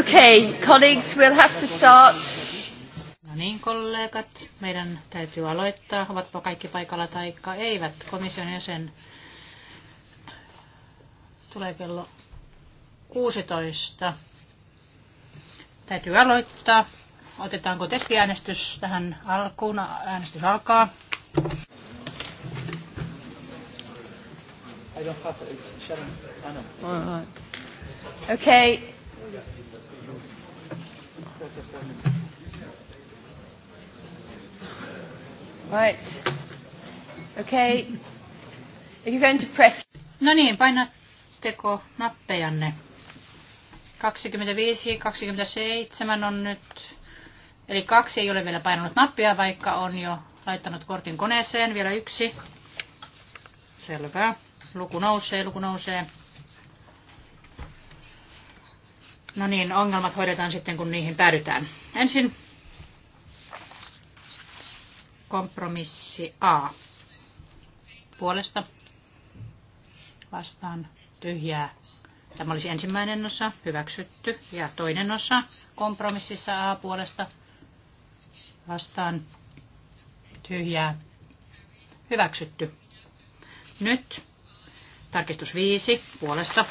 Okay, colleagues, we'll have to start. No niin, kollegat, meidän täytyy aloittaa, ovatpa kaikki paikalla tai eivät. Komission jäsen tulee kello 16. Täytyy aloittaa. Otetaanko testiäänestys tähän alkuun? Äänestys alkaa. I don't have it. Sharon, I know. All Okay. Right. Okay. Are you going to press? No niin, painatteko nappejanne? 25, 27 on nyt. Eli kaksi ei ole vielä painanut nappia, vaikka on jo laittanut kortin koneeseen. Vielä yksi. Selvä. Luku nousee, luku nousee. No niin, ongelmat hoidetaan sitten, kun niihin päädytään. Ensin kompromissi A. Puolesta vastaan tyhjää. Tämä olisi ensimmäinen osa, hyväksytty. Ja toinen osa kompromississa A puolesta vastaan tyhjää, hyväksytty. Nyt tarkistus 5 puolesta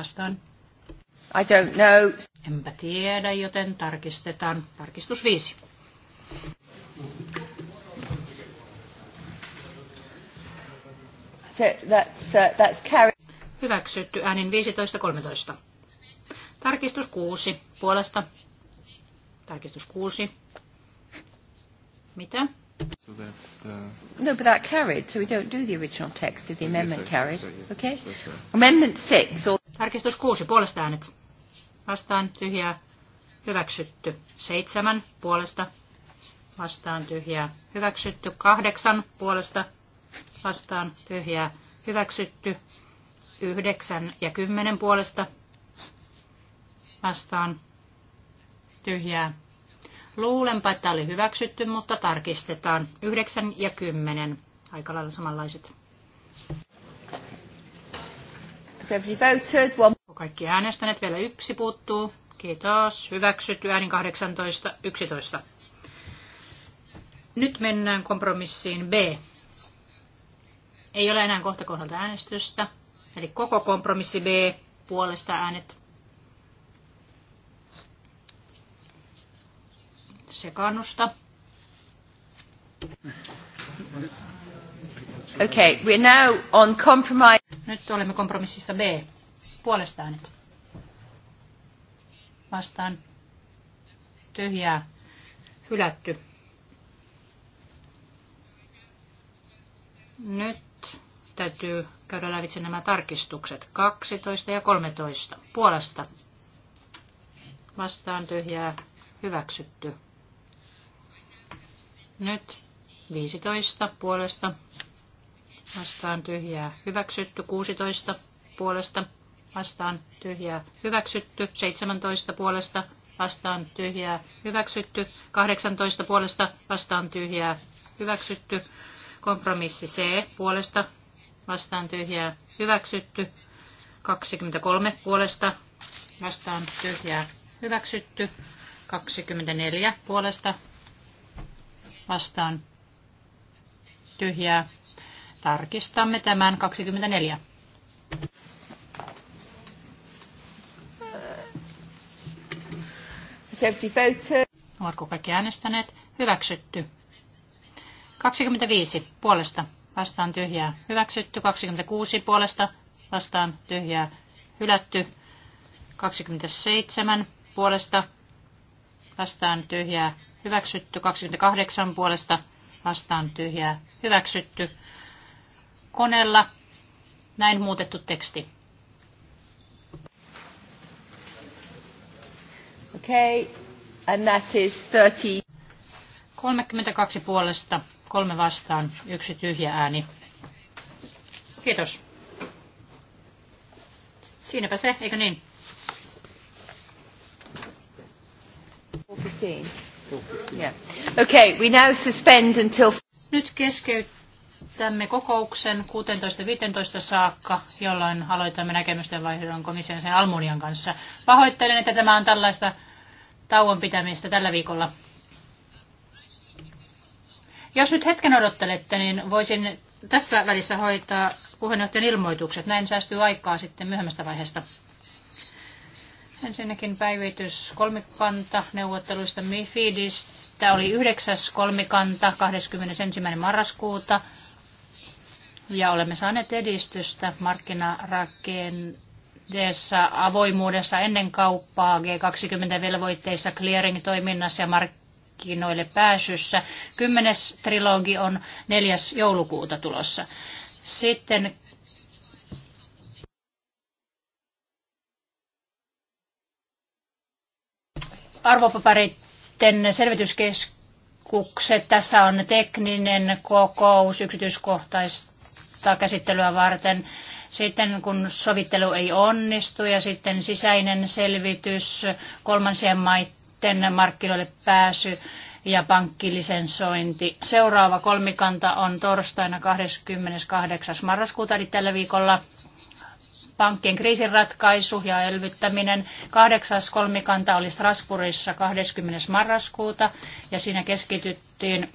Vastaan. I don't know. Enpä tiedä, joten tarkistetaan. Tarkistus viisi. So that's, uh, that's carry. Hyväksytty äänin 15.13. Tarkistus 6. Puolesta. Tarkistus 6. Mitä? So that's the... No, but that carried, so we don't do the original text if the amendment yes, carried. So, yes, okay? So, so. Amendment six. Or... Tarkistus kuusi puolesta äänet. Vastaan tyhjä. hyväksytty. Seitsemän puolesta. Vastaan tyhjä. hyväksytty. Kahdeksan puolesta. Vastaan tyhjä. hyväksytty. Yhdeksän ja kymmenen puolesta. Vastaan tyhjää, Luulenpa, että oli hyväksytty, mutta tarkistetaan. 9 ja 10. Aika lailla samanlaiset. Kaikki äänestäneet. Vielä yksi puuttuu. Kiitos. Hyväksytty äänin 18, 11. Nyt mennään kompromissiin B. Ei ole enää kohta kohdalta äänestystä. Eli koko kompromissi B puolesta äänet sekannusta. Okay, we're now on compromise. Nyt olemme kompromississa B. Puolesta äänet. Vastaan. Tyhjää. Hylätty. Nyt täytyy käydä lävitse nämä tarkistukset. 12 ja 13. Puolesta. Vastaan tyhjää. Hyväksytty. Nyt 15 puolesta vastaan tyhjää hyväksytty, 16 puolesta vastaan tyhjää hyväksytty, 17 puolesta vastaan tyhjää hyväksytty, 18 puolesta vastaan tyhjää hyväksytty, kompromissi C puolesta vastaan tyhjää hyväksytty, 23 puolesta vastaan tyhjää hyväksytty, 24 puolesta vastaan tyhjää. Tarkistamme tämän 24. Ovatko kaikki äänestäneet? Hyväksytty. 25 puolesta vastaan tyhjää. Hyväksytty. 26 puolesta vastaan tyhjää. Hylätty. 27 puolesta vastaan tyhjää hyväksytty. 28 puolesta vastaan tyhjää hyväksytty. Koneella näin muutettu teksti. Okay, and that is 30. 32 puolesta, kolme vastaan, yksi tyhjä ääni. Kiitos. Siinäpä se, eikö niin? 15. Yeah. Okay, we now suspend until... Nyt keskeytämme kokouksen 16.15 saakka, jolloin aloitamme näkemysten vaihdon komission sen Almunian kanssa. Pahoittelen, että tämä on tällaista tauon pitämistä tällä viikolla. Jos nyt hetken odottelette, niin voisin tässä välissä hoitaa puheenjohtajan ilmoitukset. Näin säästyy aikaa sitten myöhemmästä vaiheesta. Ensinnäkin päivitys kolmikanta neuvotteluista MIFIDistä oli 9. kolmikanta 21. marraskuuta. Ja olemme saaneet edistystä markkinarakenteessa, avoimuudessa ennen kauppaa, G20-velvoitteissa, clearing-toiminnassa ja markkinoille pääsyssä. Kymmenes trilogi on 4. joulukuuta tulossa. Sitten arvopapereiden selvityskeskukset. Tässä on tekninen kokous yksityiskohtaista käsittelyä varten. Sitten kun sovittelu ei onnistu ja sitten sisäinen selvitys, kolmansien maiden markkinoille pääsy ja pankkilisensointi. Seuraava kolmikanta on torstaina 28. marraskuuta, eli tällä viikolla pankkien kriisinratkaisu ja elvyttäminen. Kahdeksas kolmikanta oli Strasbourgissa 20. marraskuuta ja siinä keskityttiin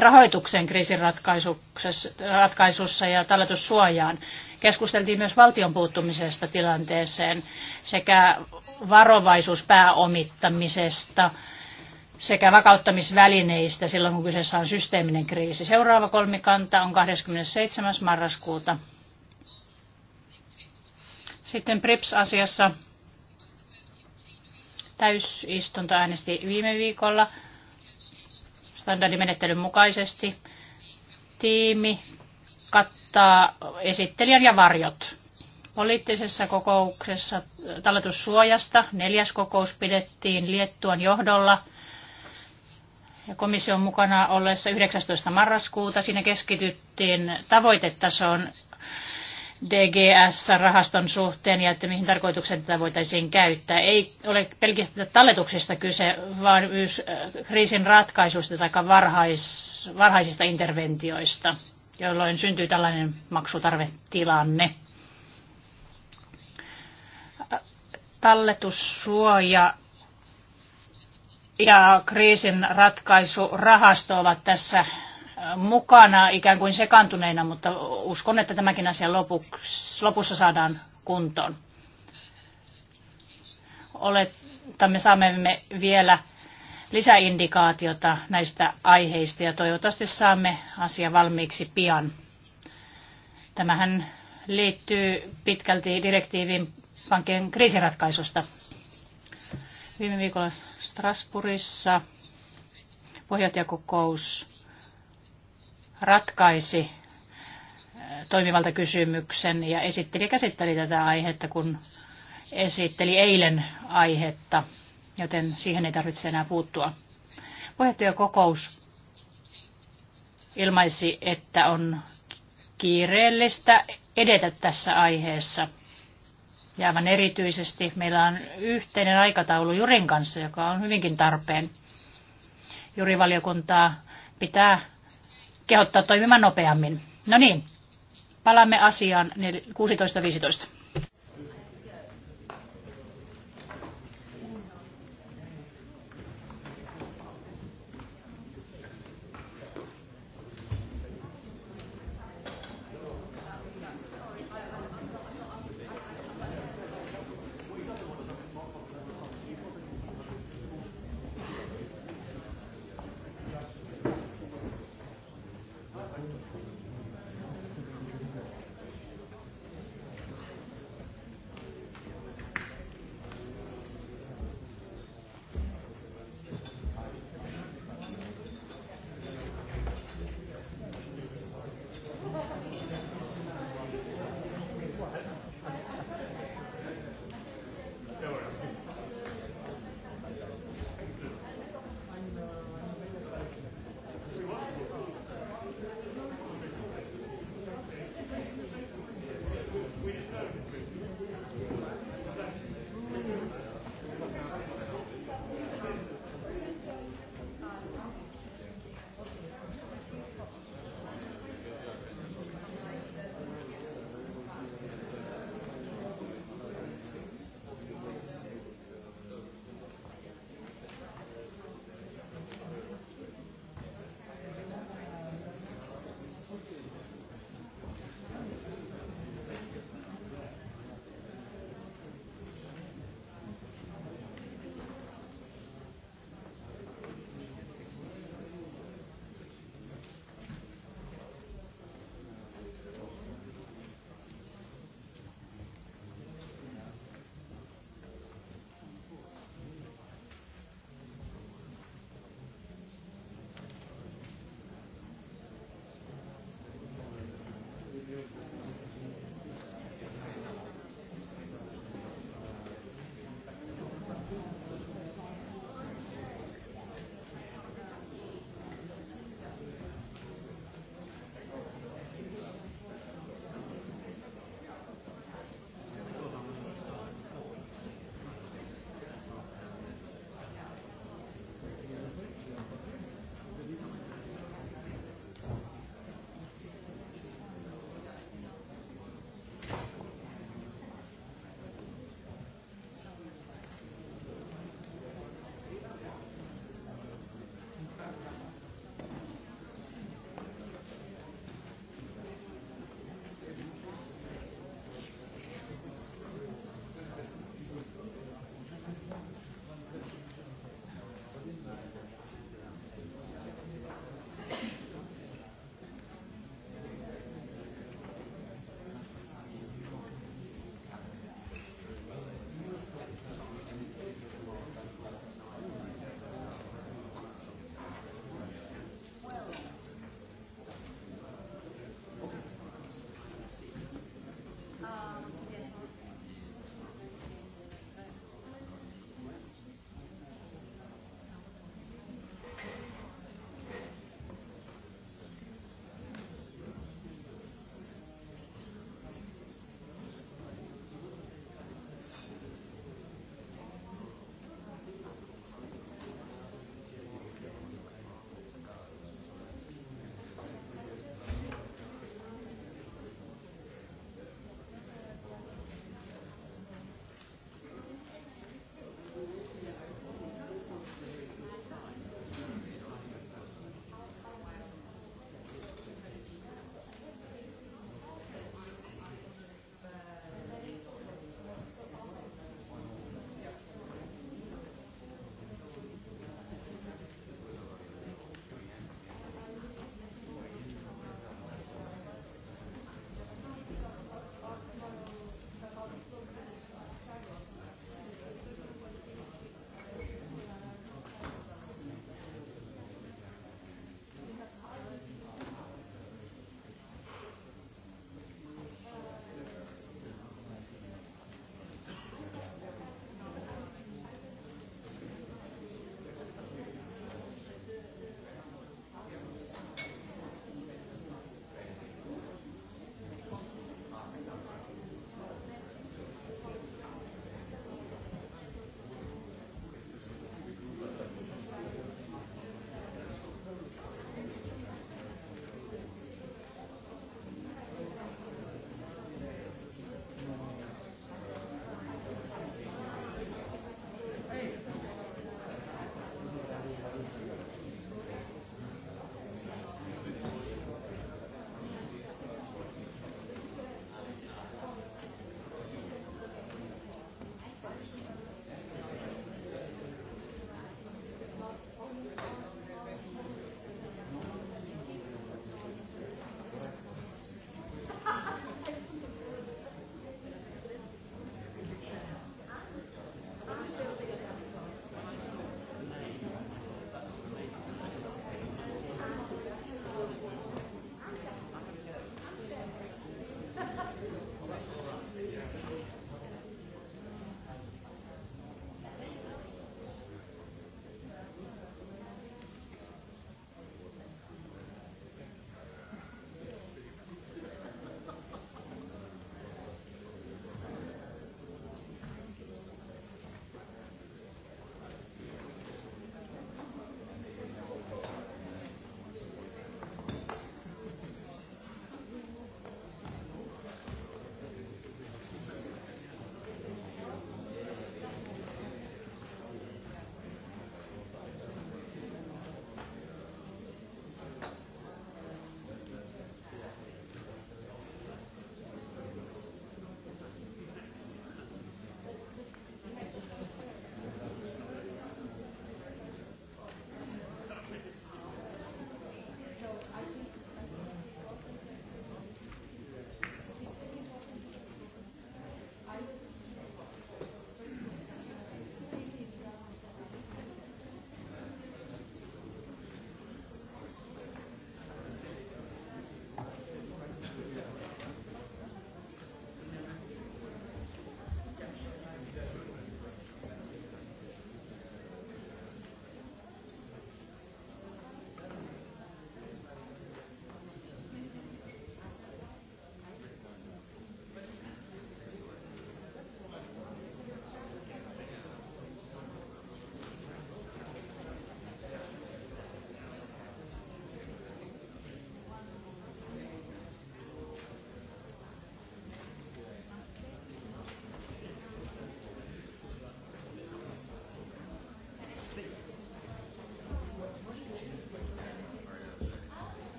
rahoituksen kriisinratkaisussa ja talletussuojaan. Keskusteltiin myös valtion puuttumisesta tilanteeseen sekä varovaisuuspääomittamisesta sekä vakauttamisvälineistä silloin, kun kyseessä on systeeminen kriisi. Seuraava kolmikanta on 27. marraskuuta sitten PREPS-asiassa täysistunto äänesti viime viikolla standardimenettelyn mukaisesti. Tiimi kattaa esittelijän ja varjot. Poliittisessa kokouksessa talletussuojasta neljäs kokous pidettiin Liettuan johdolla ja komission mukana ollessa 19. marraskuuta. Siinä keskityttiin tavoitetason DGS-rahaston suhteen ja että mihin tarkoitukseen tätä voitaisiin käyttää. Ei ole pelkästään talletuksista kyse, vaan myös äh, kriisin ratkaisuista tai varhais, varhaisista interventioista, jolloin syntyy tällainen maksutarvetilanne. Talletussuoja ja kriisin ratkaisurahasto ovat tässä mukana ikään kuin sekantuneina, mutta uskon, että tämäkin asia lopuksi, lopussa saadaan kuntoon. Olettamme saamme vielä lisäindikaatiota näistä aiheista ja toivottavasti saamme asia valmiiksi pian. Tämähän liittyy pitkälti direktiivin pankkien kriisiratkaisusta. Viime viikolla Strasbourgissa pohjoitajakokous ratkaisi äh, toimivalta kysymyksen ja esitteli käsitteli tätä aihetta, kun esitteli eilen aihetta, joten siihen ei tarvitse enää puuttua. Puheenjohtajakokous ilmaisi, että on kiireellistä edetä tässä aiheessa. Ja aivan erityisesti meillä on yhteinen aikataulu Jurin kanssa, joka on hyvinkin tarpeen. Jurivaliokuntaa pitää kehottaa toimimaan nopeammin. No niin, palaamme asiaan 16.15.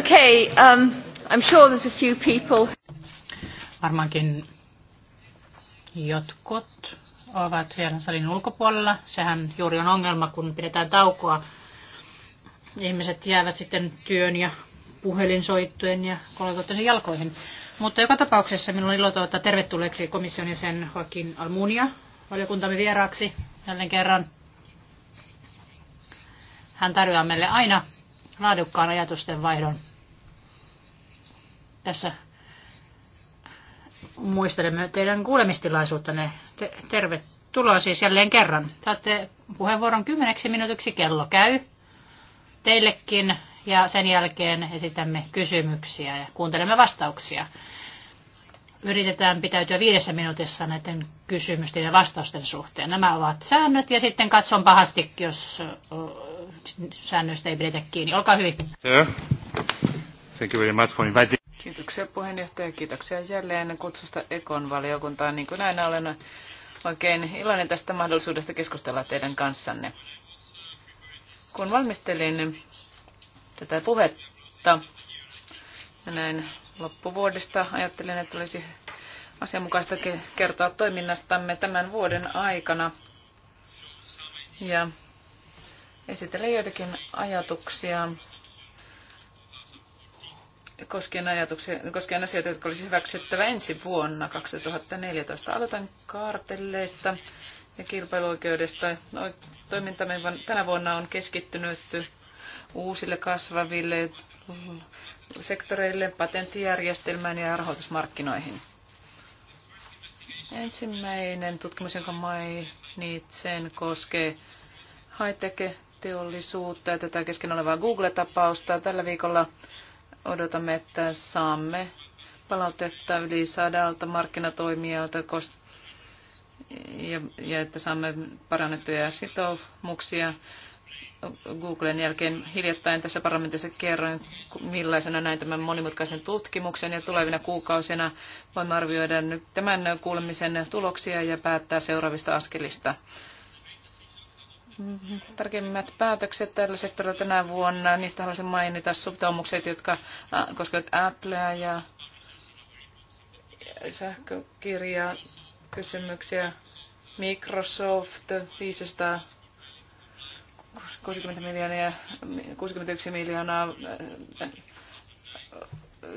Okay, um, I'm sure there's a few people. Varmaankin jotkut ovat vielä salin ulkopuolella. Sehän juuri on ongelma, kun pidetään taukoa. Ihmiset jäävät sitten työn ja puhelinsoittujen ja kollegoittensa jalkoihin. Mutta joka tapauksessa minulla on ilo toivottaa tervetulleeksi komission jäsen Joaquin Almunia valiokuntamme vieraaksi jälleen kerran. Hän tarjoaa meille aina laadukkaan ajatusten vaihdon tässä muistelemme teidän kuulemistilaisuuttanne. Te- tervetuloa siis jälleen kerran. Saatte puheenvuoron kymmeneksi minuutiksi, kello käy teillekin ja sen jälkeen esitämme kysymyksiä ja kuuntelemme vastauksia. Yritetään pitäytyä viidessä minuutissa näiden kysymysten ja vastausten suhteen. Nämä ovat säännöt ja sitten katson pahasti, jos säännöistä ei pidetä kiinni. Olkaa hyvin. Thank you very much for inviting. Kiitoksia puheenjohtaja, kiitoksia jälleen kutsusta Ekon valiokuntaan. Niin kuin aina olen oikein iloinen tästä mahdollisuudesta keskustella teidän kanssanne. Kun valmistelin tätä puhetta ja näin loppuvuodesta, ajattelin, että olisi asianmukaista kertoa toiminnastamme tämän vuoden aikana ja esitellä joitakin ajatuksia koskien, ajatuksia, koskien asioita, jotka olisi hyväksyttävä ensi vuonna 2014. Aloitan kartelleista ja kilpailuoikeudesta. No, toimintamme tänä vuonna on keskittynyt uusille kasvaville sektoreille, patenttijärjestelmään ja rahoitusmarkkinoihin. Ensimmäinen tutkimus, jonka mainitsen, koskee high-tech-teollisuutta ja tätä kesken olevaa Google-tapausta. Tällä viikolla Odotamme, että saamme palautetta yli sadalta markkinatoimijalta ja, ja että saamme parannettuja sitoumuksia. Googlen jälkeen hiljattain tässä parlamentissa kerroin, millaisena näin tämän monimutkaisen tutkimuksen ja tulevina kuukausina voimme arvioida nyt tämän kuulemisen tuloksia ja päättää seuraavista askelista tarkemmat päätökset tällä sektorilla tänä vuonna. Niistä haluaisin mainita sopimukset, jotka koskevat Applea ja sähkökirja, kysymyksiä. Microsoft 500 60 miljoonaa, 61 miljoonaa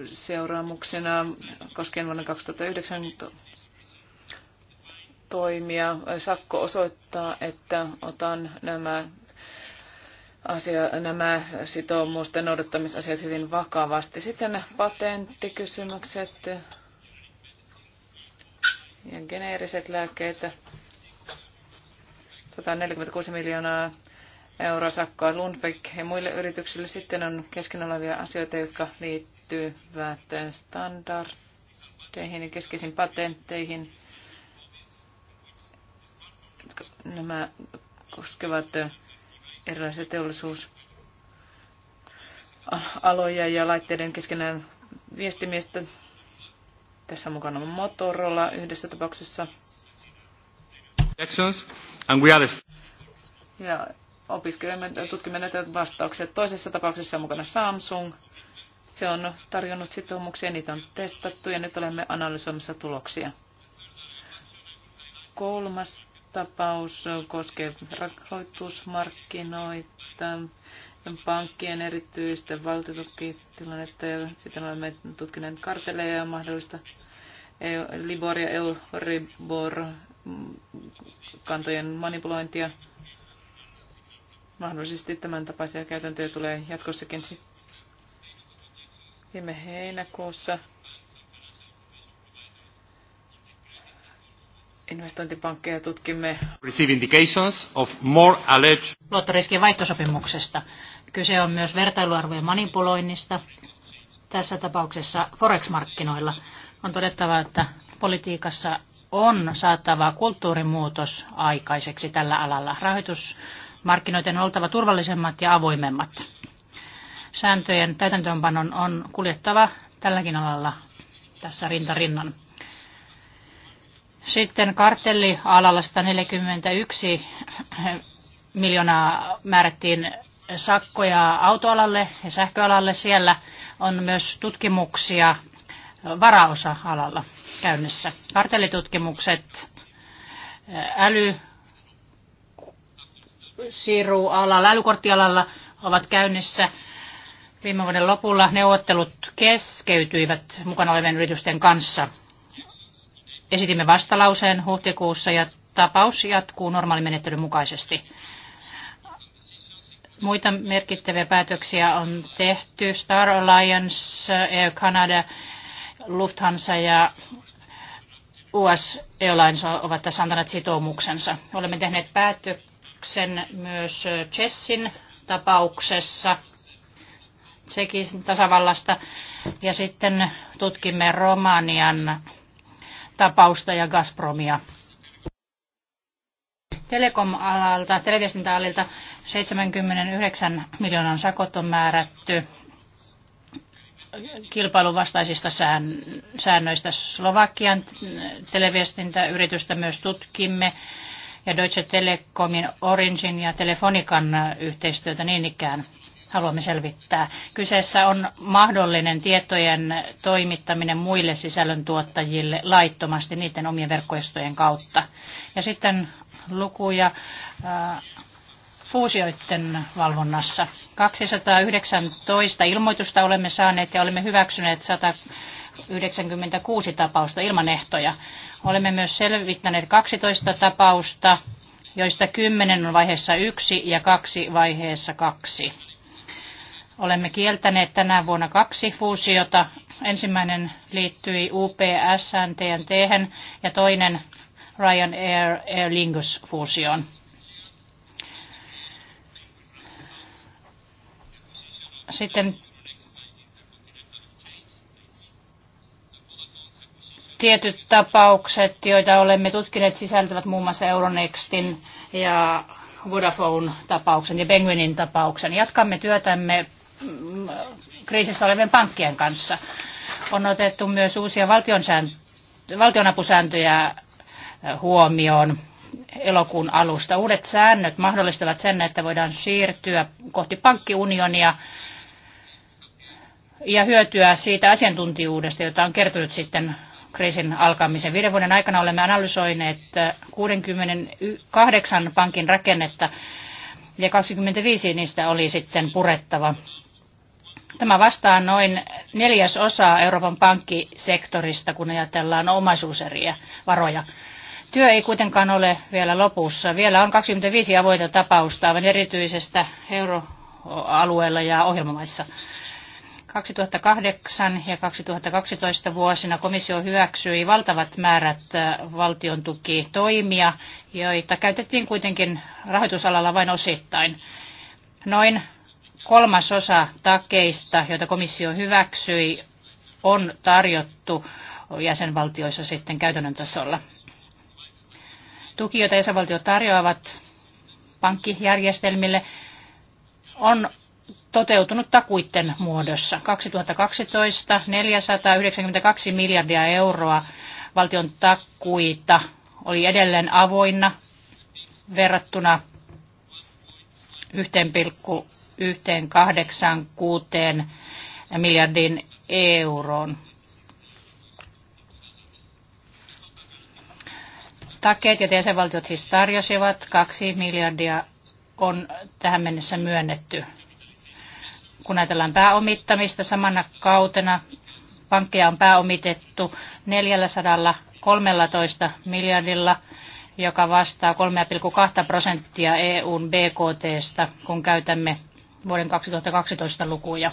seuraamuksena koskien vuonna 2019 toimia. Sakko osoittaa, että otan nämä, asia, nämä sitoumusten noudattamisasiat hyvin vakavasti. Sitten patenttikysymykset ja geneeriset lääkkeet. 146 miljoonaa euroa sakkoa Lundbeck ja muille yrityksille. Sitten on kesken olevia asioita, jotka liittyvät standardeihin ja keskeisiin patentteihin nämä koskevat erilaisia teollisuusaloja ja laitteiden keskenään viestimiestä. Tässä on mukana Motorola yhdessä tapauksessa. And we ja opiskelemme tutkimme näitä vastauksia. Toisessa tapauksessa on mukana Samsung. Se on tarjonnut sitoumuksia, niitä on testattu ja nyt olemme analysoimassa tuloksia. Kolmas tapaus koskee rahoitusmarkkinoita, pankkien erityistä valtiotukitilannetta ja sitten olemme tutkineet karteleja ja mahdollista e- Libor ja Euribor kantojen manipulointia. Mahdollisesti tämän tapaisia käytäntöjä tulee jatkossakin viime heinäkuussa investointipankkeja tutkimme. Receive indications of more alleged... Luottoriskin vaihtosopimuksesta. Kyse on myös vertailuarvojen manipuloinnista, tässä tapauksessa Forex-markkinoilla. On todettava, että politiikassa on saatava kulttuurimuutos aikaiseksi tällä alalla. Rahoitusmarkkinoiden on oltava turvallisemmat ja avoimemmat. Sääntöjen täytäntöönpanon on kuljettava tälläkin alalla tässä rinta rinnan. Sitten kartellialalla 141 miljoonaa määrättiin sakkoja autoalalle ja sähköalalle. Siellä on myös tutkimuksia varaosa-alalla käynnissä. Kartellitutkimukset, äly, alalla, älykorttialalla ovat käynnissä. Viime vuoden lopulla neuvottelut keskeytyivät mukana olevien yritysten kanssa – Esitimme vastalauseen huhtikuussa ja tapaus jatkuu normaalimenettelyn mukaisesti. Muita merkittäviä päätöksiä on tehty. Star Alliance, Air Canada, Lufthansa ja US Airlines ovat tässä antaneet sitoumuksensa. Olemme tehneet päätöksen myös Chessin tapauksessa Tsekin tasavallasta ja sitten tutkimme Romanian tapausta ja Gazpromia. Telekom-alalta, televiestintäalilta 79 miljoonan sakot on määrätty kilpailun vastaisista säännöistä Slovakian televiestintäyritystä myös tutkimme ja Deutsche Telekomin, Orangein ja Telefonikan yhteistyötä niin ikään haluamme selvittää. Kyseessä on mahdollinen tietojen toimittaminen muille sisällöntuottajille laittomasti niiden omien verkkoistojen kautta. Ja sitten lukuja äh, fuusioiden valvonnassa. 219 ilmoitusta olemme saaneet ja olemme hyväksyneet 196 tapausta ilman ehtoja. Olemme myös selvittäneet 12 tapausta, joista 10 on vaiheessa 1 ja 2 vaiheessa 2. Olemme kieltäneet tänä vuonna kaksi fuusiota. Ensimmäinen liittyi UPS, TNT ja toinen Ryanair Air Lingus-fuusioon. Sitten tietyt tapaukset, joita olemme tutkineet, sisältävät muun muassa Euronextin ja Vodafone-tapauksen ja Penguinin tapauksen. Jatkamme työtämme Mm, kriisissä olevien pankkien kanssa. On otettu myös uusia valtionapusääntöjä eh, huomioon elokuun alusta. Uudet säännöt mahdollistavat sen, että voidaan siirtyä kohti pankkiunionia ja hyötyä siitä asiantuntijuudesta, jota on kertynyt sitten kriisin alkamisen. Viiden vuoden aikana olemme analysoineet 68 pankin rakennetta ja 25 niistä oli sitten purettava. Tämä vastaa noin neljäs Euroopan pankkisektorista, kun ajatellaan omaisuuseriä varoja. Työ ei kuitenkaan ole vielä lopussa. Vielä on 25 avointa tapausta, aivan erityisestä euroalueella ja ohjelmamaissa. 2008 ja 2012 vuosina komissio hyväksyi valtavat määrät valtion toimia, joita käytettiin kuitenkin rahoitusalalla vain osittain. Noin Kolmas osa takeista, joita komissio hyväksyi, on tarjottu jäsenvaltioissa sitten käytännön tasolla. Tuki, jota jäsenvaltiot tarjoavat pankkijärjestelmille, on toteutunut takuitten muodossa. 2012 492 miljardia euroa valtion takuita oli edelleen avoinna verrattuna yhteen kahdeksan kuuteen miljardin euroon. Takeet, ja jäsenvaltiot siis tarjosivat, kaksi miljardia on tähän mennessä myönnetty. Kun ajatellaan pääomittamista samana kautena, pankkeja on pääomitettu 413 miljardilla, joka vastaa 3,2 prosenttia EUn BKTstä, kun käytämme vuoden 2012 lukuja.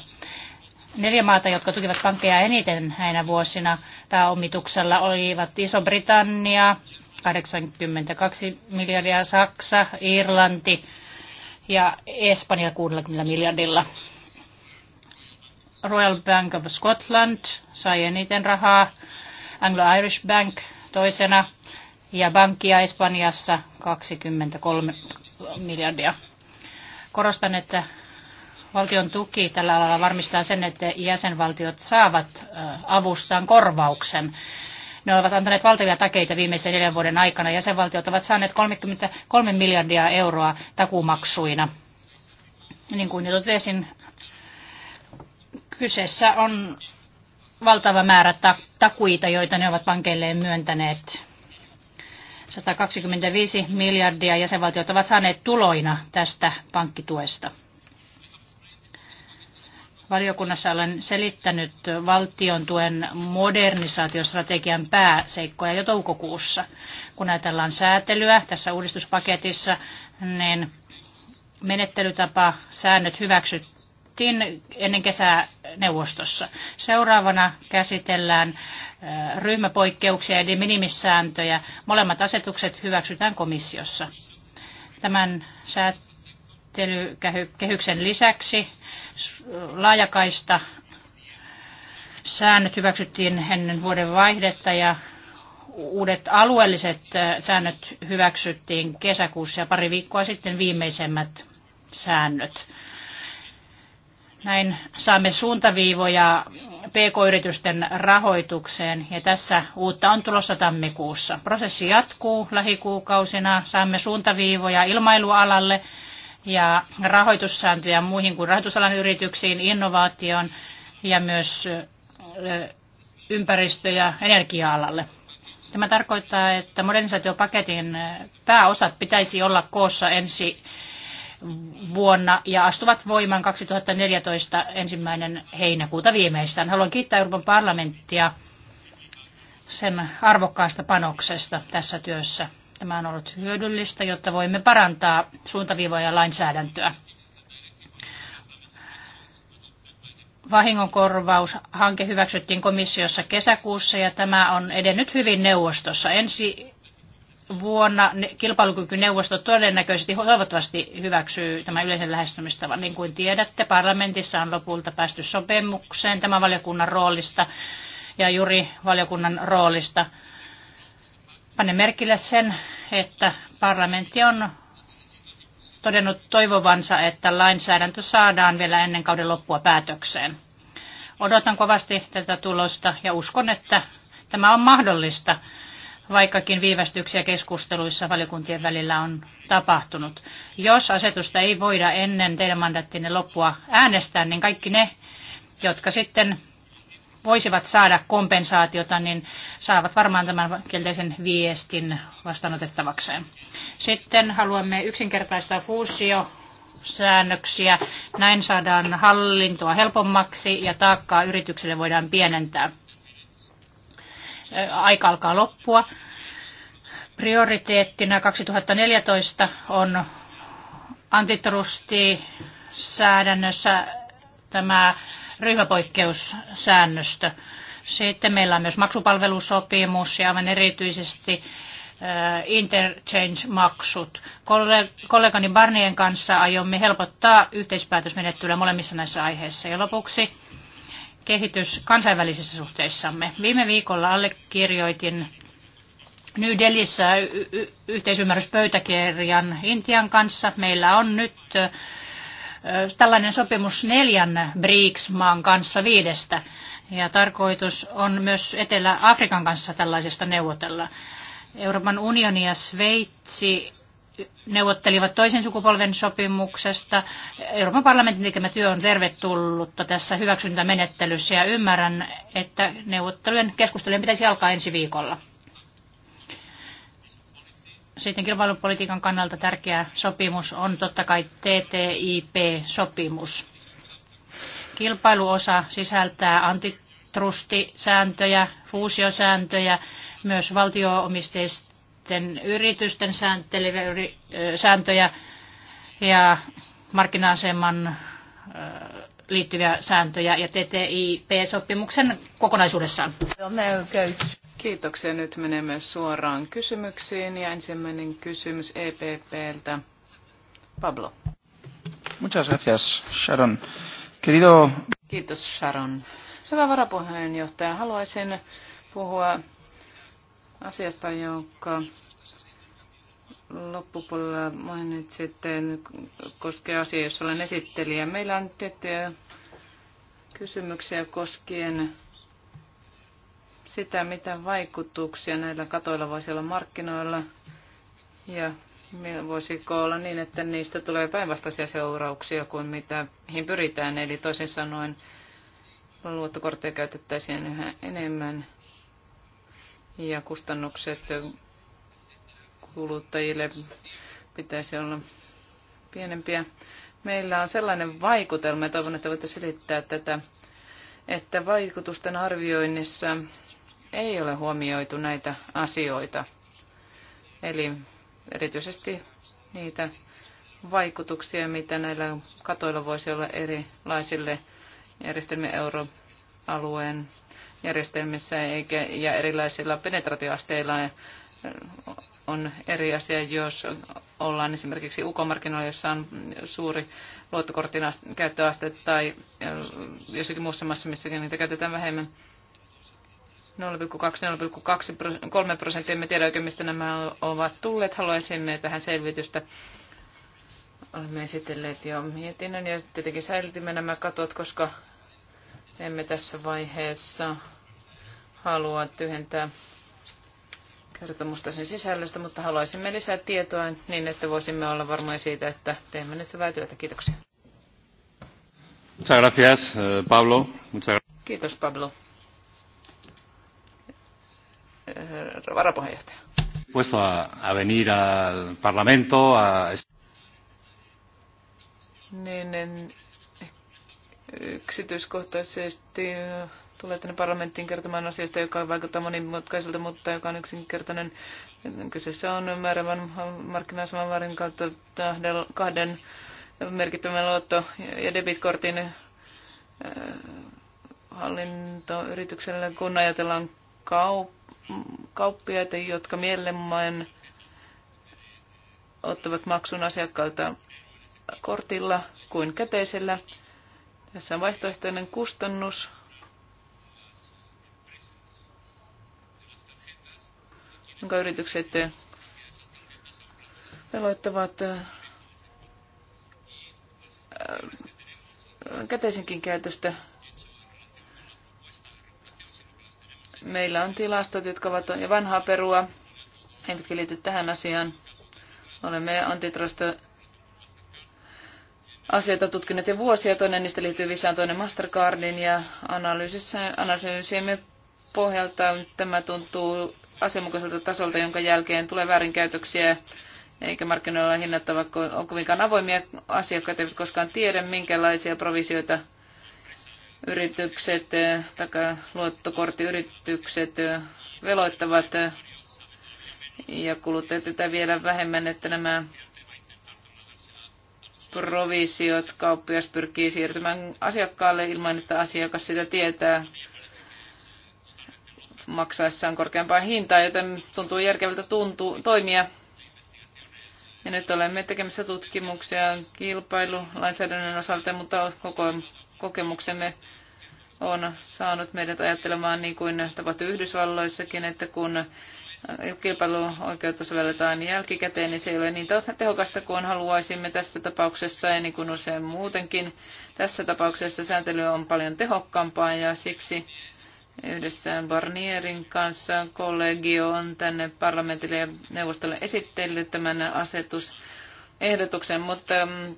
Neljä maata, jotka tukivat pankkeja eniten näinä vuosina pääomituksella, olivat Iso-Britannia, 82 miljardia, Saksa, Irlanti ja Espanja 60 miljardilla. Royal Bank of Scotland sai eniten rahaa, Anglo-Irish Bank toisena ja Bankia Espanjassa 23 miljardia. Korostan, että valtion tuki tällä alalla varmistaa sen, että jäsenvaltiot saavat avustaan korvauksen. Ne ovat antaneet valtavia takeita viimeisen neljän vuoden aikana. Jäsenvaltiot ovat saaneet 33 miljardia euroa takumaksuina. Niin kuin jo totesin, kyseessä on valtava määrä takuita, joita ne ovat pankeilleen myöntäneet. 125 miljardia jäsenvaltiot ovat saaneet tuloina tästä pankkituesta. Valiokunnassa olen selittänyt valtion tuen modernisaatiostrategian pääseikkoja jo toukokuussa. Kun ajatellaan säätelyä tässä uudistuspaketissa, niin menettelytapa, säännöt hyväksyttiin ennen kesää neuvostossa. Seuraavana käsitellään eh, ryhmäpoikkeuksia ja de minimissääntöjä. Molemmat asetukset hyväksytään komissiossa. Tämän säät sääntelykehyksen lisäksi laajakaista säännöt hyväksyttiin ennen vuoden vaihdetta ja uudet alueelliset äh, säännöt hyväksyttiin kesäkuussa ja pari viikkoa sitten viimeisemmät säännöt. Näin saamme suuntaviivoja PK-yritysten rahoitukseen ja tässä uutta on tulossa tammikuussa. Prosessi jatkuu lähikuukausina, saamme suuntaviivoja ilmailualalle ja rahoitussääntöjä muihin kuin rahoitusalan yrityksiin, innovaatioon ja myös ympäristö- ja energia-alalle. Tämä tarkoittaa, että modernisaatiopaketin pääosat pitäisi olla koossa ensi vuonna ja astuvat voimaan 2014 ensimmäinen heinäkuuta viimeistään. Haluan kiittää Euroopan parlamenttia sen arvokkaasta panoksesta tässä työssä. Tämä on ollut hyödyllistä, jotta voimme parantaa suuntaviivoja ja lainsäädäntöä. Vahingonkorvaushanke hyväksyttiin komissiossa kesäkuussa ja tämä on edennyt hyvin neuvostossa. Ensi vuonna kilpailukykyneuvosto todennäköisesti toivottavasti hyväksyy tämän yleisen lähestymistavan. Niin kuin tiedätte, parlamentissa on lopulta päästy sopimukseen tämän valiokunnan roolista ja juuri valiokunnan roolista – Panne merkille sen, että parlamentti on todennut toivovansa, että lainsäädäntö saadaan vielä ennen kauden loppua päätökseen. Odotan kovasti tätä tulosta ja uskon, että tämä on mahdollista, vaikkakin viivästyksiä keskusteluissa valiokuntien välillä on tapahtunut. Jos asetusta ei voida ennen teidän mandaattinne loppua äänestää, niin kaikki ne, jotka sitten voisivat saada kompensaatiota, niin saavat varmaan tämän kielteisen viestin vastaanotettavakseen. Sitten haluamme yksinkertaistaa fuusio säännöksiä. Näin saadaan hallintoa helpommaksi ja taakkaa yritykselle voidaan pienentää. Aika alkaa loppua. Prioriteettina 2014 on säädännössä tämä ryhmäpoikkeussäännöstö. Sitten meillä on myös maksupalvelusopimus ja aivan erityisesti äh, interchange-maksut. Kollegani Barnien kanssa aiomme helpottaa yhteispäätösmenettelyä molemmissa näissä aiheissa. Ja lopuksi kehitys kansainvälisissä suhteissamme. Viime viikolla allekirjoitin New Delhissä yhteisymmärryspöytäkirjan Intian kanssa. Meillä on nyt äh, tällainen sopimus neljän BRICS-maan kanssa viidestä. Ja tarkoitus on myös Etelä-Afrikan kanssa tällaisesta neuvotella. Euroopan unioni ja Sveitsi neuvottelivat toisen sukupolven sopimuksesta. Euroopan parlamentin tekemä työ on tervetullutta tässä hyväksyntämenettelyssä ja ymmärrän, että neuvottelujen keskustelujen pitäisi alkaa ensi viikolla sitten kilpailupolitiikan kannalta tärkeä sopimus on totta kai TTIP-sopimus. Kilpailuosa sisältää antitrustisääntöjä, fuusiosääntöjä, myös valtioomisteisten yritysten sääntöjä ja markkina-aseman liittyviä sääntöjä ja TTIP-sopimuksen kokonaisuudessaan. Kiitoksia. Nyt menemme suoraan kysymyksiin ja ensimmäinen kysymys EPPltä. Pablo. Muchas gracias, Sharon. Querido... Kiitos, Sharon. Hyvä varapuheenjohtaja. Haluaisin puhua asiasta, jonka loppupuolella mainitsitte, koskee asia, jos olen esittelijä. Meillä on tiettyjä kysymyksiä koskien sitä, mitä vaikutuksia näillä katoilla voisi olla markkinoilla ja voisiko olla niin, että niistä tulee päinvastaisia seurauksia kuin mitä mihin pyritään. Eli toisin sanoen luottokortteja käytettäisiin yhä enemmän ja kustannukset kuluttajille pitäisi olla pienempiä. Meillä on sellainen vaikutelma, ja toivon, että voitte selittää tätä, että vaikutusten arvioinnissa ei ole huomioitu näitä asioita. Eli erityisesti niitä vaikutuksia, mitä näillä katoilla voisi olla erilaisille järjestelmien euroalueen järjestelmissä eikä, ja erilaisilla penetraatioasteilla on eri asia, jos ollaan esimerkiksi ukomarkkinoilla, jossa on suuri luottokortin käyttöaste tai äh, jossakin muussa maassa, missä niitä käytetään vähemmän. 0,2-0,3 prosenttia. Me tiedä oikein, mistä nämä ovat tulleet. Haluaisimme tähän selvitystä. Olemme esitelleet jo mietinnön ja tietenkin säilytimme nämä katot, koska emme tässä vaiheessa halua tyhjentää kertomusta sen sisällöstä, mutta haluaisimme lisää tietoa niin, että voisimme olla varmoja siitä, että teemme nyt hyvää työtä. Kiitoksia. Muchas gracias, eh, Pablo. Muchas... Kiitos, Pablo. varapuheenjohtaja. A venir al parlamento a... Niin, en yksityiskohtaisesti tulee tänne parlamenttiin kertomaan asiasta, joka vaikuttaa monimutkaiselta, mutta joka on yksinkertainen. Kyseessä on määrävän markkina-aseman kautta kahden merkittävän luotto- ja debitkortin äh, hallintoyrityksellä, kun ajatellaan kauppaa kauppiaita, jotka mielemmin ottavat maksun asiakkailta kortilla kuin käteisellä. Tässä on vaihtoehtoinen kustannus. jonka yritykset veloittavat äh, äh, käteisenkin käytöstä Meillä on tilastot, jotka ovat jo vanhaa perua, eivätkä liity tähän asiaan. Olemme antitrusta asioita tutkineet jo vuosia. Toinen niistä liittyy visään toinen Mastercardin ja analyysiemme pohjalta tämä tuntuu asianmukaiselta tasolta, jonka jälkeen tulee väärinkäytöksiä eikä markkinoilla hinnattava on kovinkaan avoimia. Asiakkaat eivät koskaan tiedä, minkälaisia provisioita yritykset eh, tai luottokorttiyritykset eh, veloittavat eh, ja kuluttajat tätä vielä vähemmän, että nämä provisiot kauppias pyrkii siirtymään asiakkaalle ilman, että asiakas sitä tietää maksaessaan korkeampaa hintaa, joten tuntuu järkevältä tuntuu, toimia. Ja nyt olemme tekemässä tutkimuksia kilpailulainsäädännön osalta, mutta koko kokemuksemme on saanut meidät ajattelemaan niin kuin tapahtui Yhdysvalloissakin, että kun kilpailuoikeutta sovelletaan jälkikäteen, niin se ei ole niin tehokasta kuin haluaisimme tässä tapauksessa ja niin kuin usein muutenkin. Tässä tapauksessa sääntely on paljon tehokkaampaa ja siksi yhdessä Barnierin kanssa kollegio on tänne parlamentille ja neuvostolle esittellyt tämän asetus ehdotuksen, mutta mm,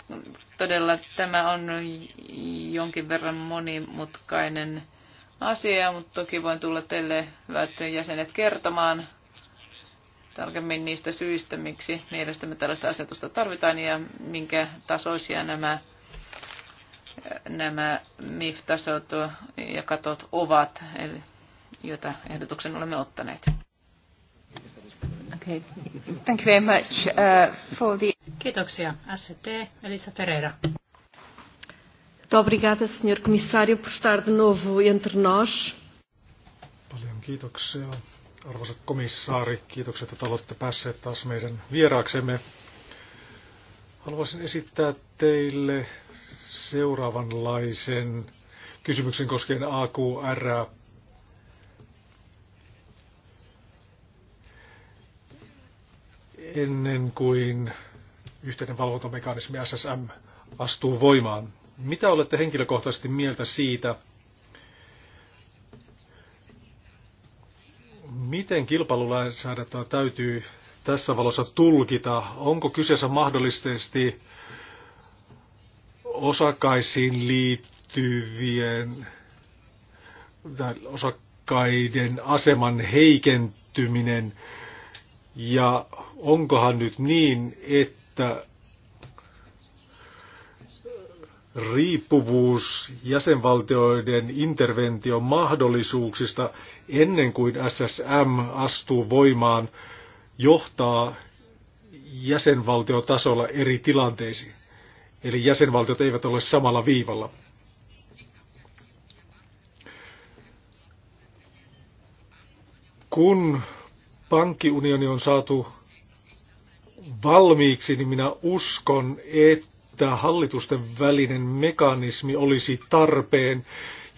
todella tämä on jonkin verran monimutkainen asia, mutta toki voin tulla teille hyvät jäsenet kertomaan tarkemmin niistä syistä, miksi mielestämme tällaista asetusta tarvitaan ja minkä tasoisia nämä, nämä MIF-tasot ja katot ovat, eli, joita ehdotuksen olemme ottaneet. Okay. Thank you very much uh, for the... Kiitoksia. ST Elisa Ferreira. Muito obrigada, Sr. Comissário, por estar de novo entre nós. Paljon kiitoksia, arvoisa komissaari. Kiitokset, että olette päässeet taas meidän vieraaksemme. Haluaisin esittää teille seuraavanlaisen kysymyksen koskien AQR ennen kuin yhteinen valvontamekanismi SSM astuu voimaan. Mitä olette henkilökohtaisesti mieltä siitä, miten kilpailulainsäädäntöä täytyy tässä valossa tulkita? Onko kyseessä mahdollisesti osakkaisiin liittyvien osakkaiden aseman heikentyminen? Ja onkohan nyt niin, että riippuvuus jäsenvaltioiden intervention mahdollisuuksista ennen kuin SSM astuu voimaan johtaa jäsenvaltiotasolla eri tilanteisiin. Eli jäsenvaltiot eivät ole samalla viivalla. Kun pankkiunioni on saatu valmiiksi, niin minä uskon, että hallitusten välinen mekanismi olisi tarpeen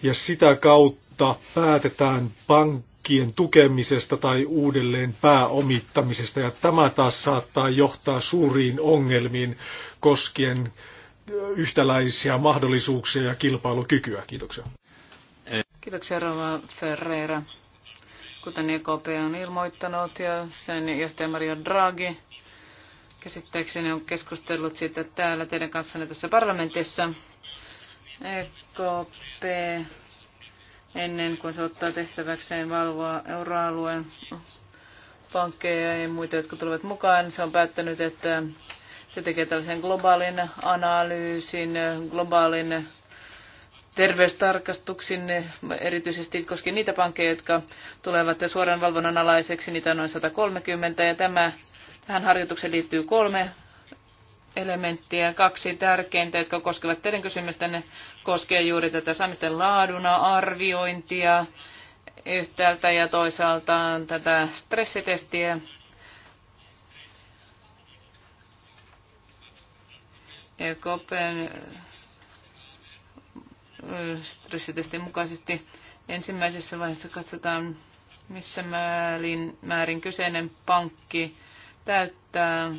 ja sitä kautta päätetään pankkien tukemisesta tai uudelleen pääomittamisesta. Ja tämä taas saattaa johtaa suuriin ongelmiin koskien yhtäläisiä mahdollisuuksia ja kilpailukykyä. Kiitoksia. Kiitoksia Rova Ferreira kuten EKP on ilmoittanut ja sen johtaja Mario Draghi käsittääkseni on keskustellut siitä täällä teidän kanssanne tässä parlamentissa. EKP ennen kuin se ottaa tehtäväkseen valvoa euroalueen pankkeja ja muita, jotka tulevat mukaan, se on päättänyt, että se tekee tällaisen globaalin analyysin, globaalin terveystarkastuksiin, erityisesti koskien niitä pankkeja, jotka tulevat suoran valvonnan alaiseksi, niitä on noin 130, ja tämä, tähän harjoitukseen liittyy kolme elementtiä, kaksi tärkeintä, jotka koskevat teidän kysymystänne, koskee juuri tätä saamisten laaduna, arviointia yhtäältä ja toisaalta tätä stressitestiä. Kopen stressitestin mukaisesti. Ensimmäisessä vaiheessa katsotaan, missä määrin, määrin kyseinen pankki täyttää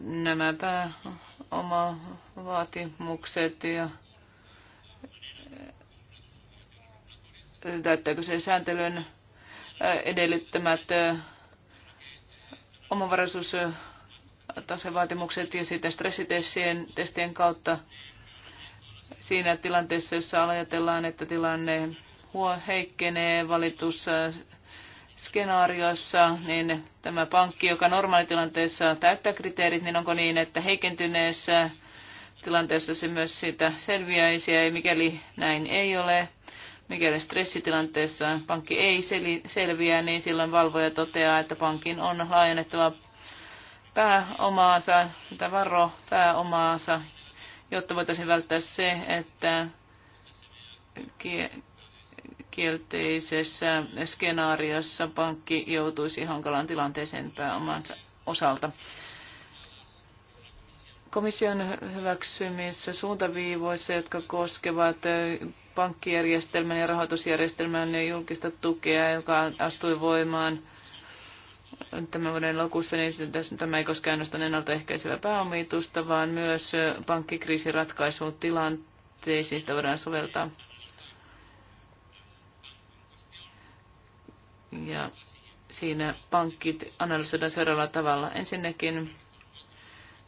nämä oma vaatimukset ja täyttääkö se sääntelyn edellyttämät omavaraisuustasevaatimukset ja sitten stressitestien testien kautta siinä tilanteessa, jossa ajatellaan, että tilanne heikkenee valitussa skenaariossa, niin tämä pankki, joka normaalitilanteessa täyttää kriteerit, niin onko niin, että heikentyneessä tilanteessa se myös siitä selviäisi, ja mikäli näin ei ole, mikäli stressitilanteessa pankki ei selviä, niin silloin valvoja toteaa, että pankin on laajennettava pääomaansa, tai varo pääomaansa jotta voitaisiin välttää se, että kielteisessä skenaariossa pankki joutuisi hankalaan tilanteeseen pääomansa osalta. Komission hyväksymissä suuntaviivoissa, jotka koskevat pankkijärjestelmän ja rahoitusjärjestelmän ja julkista tukea, joka astui voimaan – tämän vuoden lokussa, niin tämä ei koske ainoastaan ennaltaehkäisevää pääomitusta, vaan myös pankkikriisiratkaisuun tilanteisiin sitä voidaan soveltaa. Ja siinä pankkit analysoidaan seuraavalla tavalla. Ensinnäkin,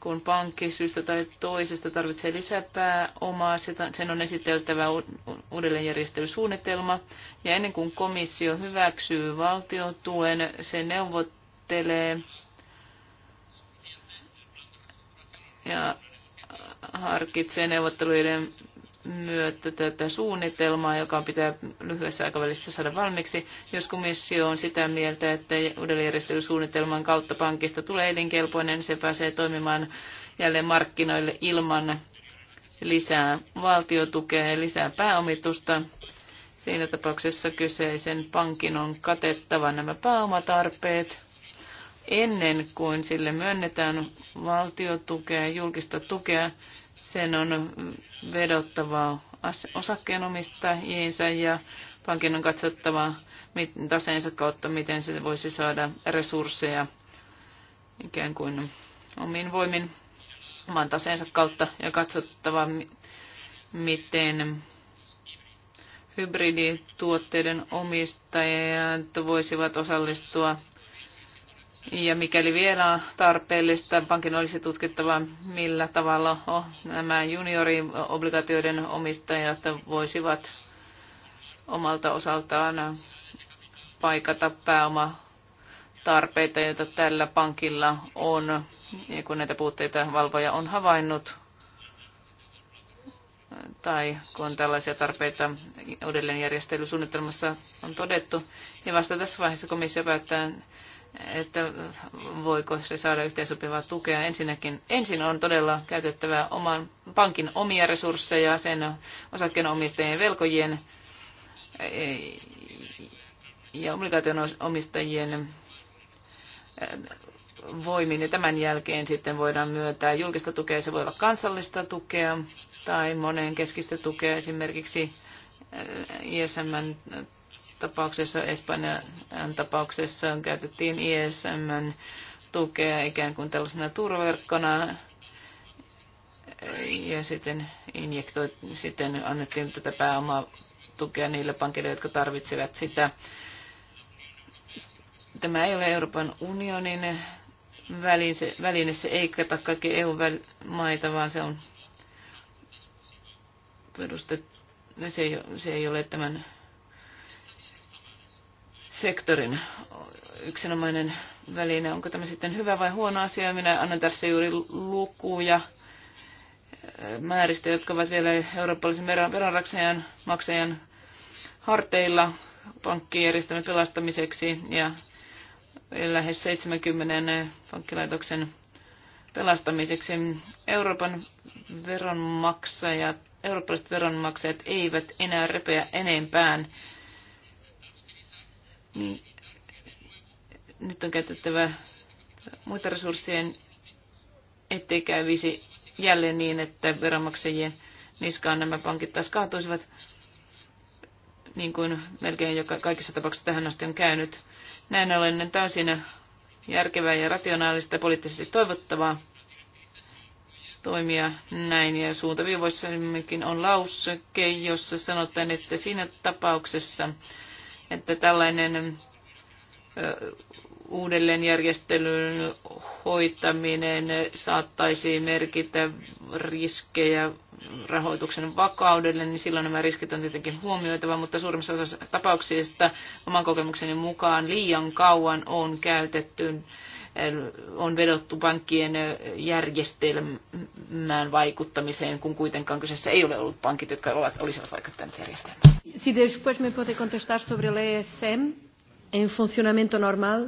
kun pankki syystä tai toisesta tarvitsee lisää pääomaa, sen on esiteltävä uudelleenjärjestelysuunnitelma. Ja ennen kuin komissio hyväksyy valtiotuen, se neuvot, neuvottelee ja harkitsee neuvotteluiden myötä tätä suunnitelmaa, joka pitää lyhyessä aikavälissä saada valmiiksi. Jos komissio on sitä mieltä, että uudelleenjärjestelysuunnitelman kautta pankista tulee elinkelpoinen, se pääsee toimimaan jälleen markkinoille ilman lisää valtiotukea ja lisää pääomitusta. Siinä tapauksessa kyseisen pankin on katettava nämä pääomatarpeet ennen kuin sille myönnetään valtiotukea ja julkista tukea, sen on vedottava osakkeenomistajiinsa ja pankin on katsottava taseensa kautta, miten se voisi saada resursseja ikään kuin omiin voimin oman taseensa kautta ja katsottava, miten hybridituotteiden omistajat voisivat osallistua ja mikäli vielä on tarpeellista, pankin olisi tutkittava, millä tavalla nämä junioriobligaatioiden omistajat voisivat omalta osaltaan paikata pääoma tarpeita, joita tällä pankilla on, ja kun näitä puutteita valvoja on havainnut, tai kun tällaisia tarpeita uudelleenjärjestelysuunnitelmassa on todettu, niin vasta tässä vaiheessa komissio päättää että voiko se saada yhteensopivaa tukea. Ensinnäkin, ensin on todella käytettävä oman pankin omia resursseja, sen osakkeenomistajien velkojien eh, ja obligaation omistajien eh, voimin. Ja tämän jälkeen sitten voidaan myöntää julkista tukea, se voi olla kansallista tukea tai monen keskistä tukea esimerkiksi eh, ISM tapauksessa, Espanjan tapauksessa käytettiin ism tukea ikään kuin tällaisena turverkkona ja sitten, injektoi, sitten annettiin tätä pääomaa tukea niille pankille, jotka tarvitsevat sitä. Tämä ei ole Euroopan unionin väline, se ei kata kaikki EU-maita, vaan se on perustettu, se ei, se ei ole tämän sektorin yksinomainen väline. Onko tämä sitten hyvä vai huono asia? Minä annan tässä juuri lukuja määristä, jotka ovat vielä eurooppalaisen veronraksajan maksajan harteilla pankkijärjestelmän pelastamiseksi ja lähes 70 pankkilaitoksen pelastamiseksi. Euroopan veronmaksajat, eurooppalaiset veronmaksajat eivät enää repeä enempään niin nyt on käytettävä muita resurssien, ettei kävisi jälleen niin, että veronmaksajien niskaan nämä pankit taas kaatuisivat, niin kuin melkein joka kaikissa tapauksissa tähän asti on käynyt. Näin ollen on täysin järkevää ja rationaalista ja poliittisesti toivottavaa toimia näin. Ja suuntaviivoissa on lauseke, jossa sanotaan, että siinä tapauksessa, että tällainen uudelleenjärjestelyn hoitaminen saattaisi merkitä riskejä rahoituksen vakaudelle, niin silloin nämä riskit on tietenkin huomioitava, mutta suurimmassa osassa tapauksista oman kokemukseni mukaan liian kauan on käytetty on vedottu pankkien järjestelmään vaikuttamiseen, kun kuitenkaan kyseessä ei ole ollut pankit, jotka ovat, olisivat vaikuttaneet järjestelmään. Si después me puede contestar sobre el ESM en funcionamiento normal.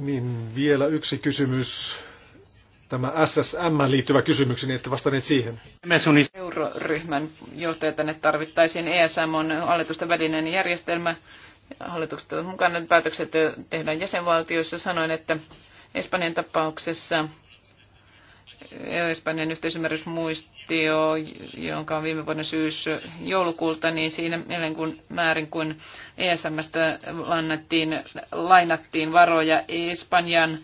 Niin vielä yksi kysymys. Tämä SSM liittyvä kysymys, niin että vastanneet siihen. Euroryhmän johtaja tänne tarvittaisiin. ESM on hallitusten välinen järjestelmä. Hallitukset ovat mukana. Päätökset tehdään jäsenvaltioissa. Sanoin, että Espanjan tapauksessa Espanjan yhteisymmärrysmuistio, jonka on viime vuoden syys-joulukuulta, niin siinä mielen kuin määrin kuin ESMstä lannattiin, lainattiin varoja Espanjan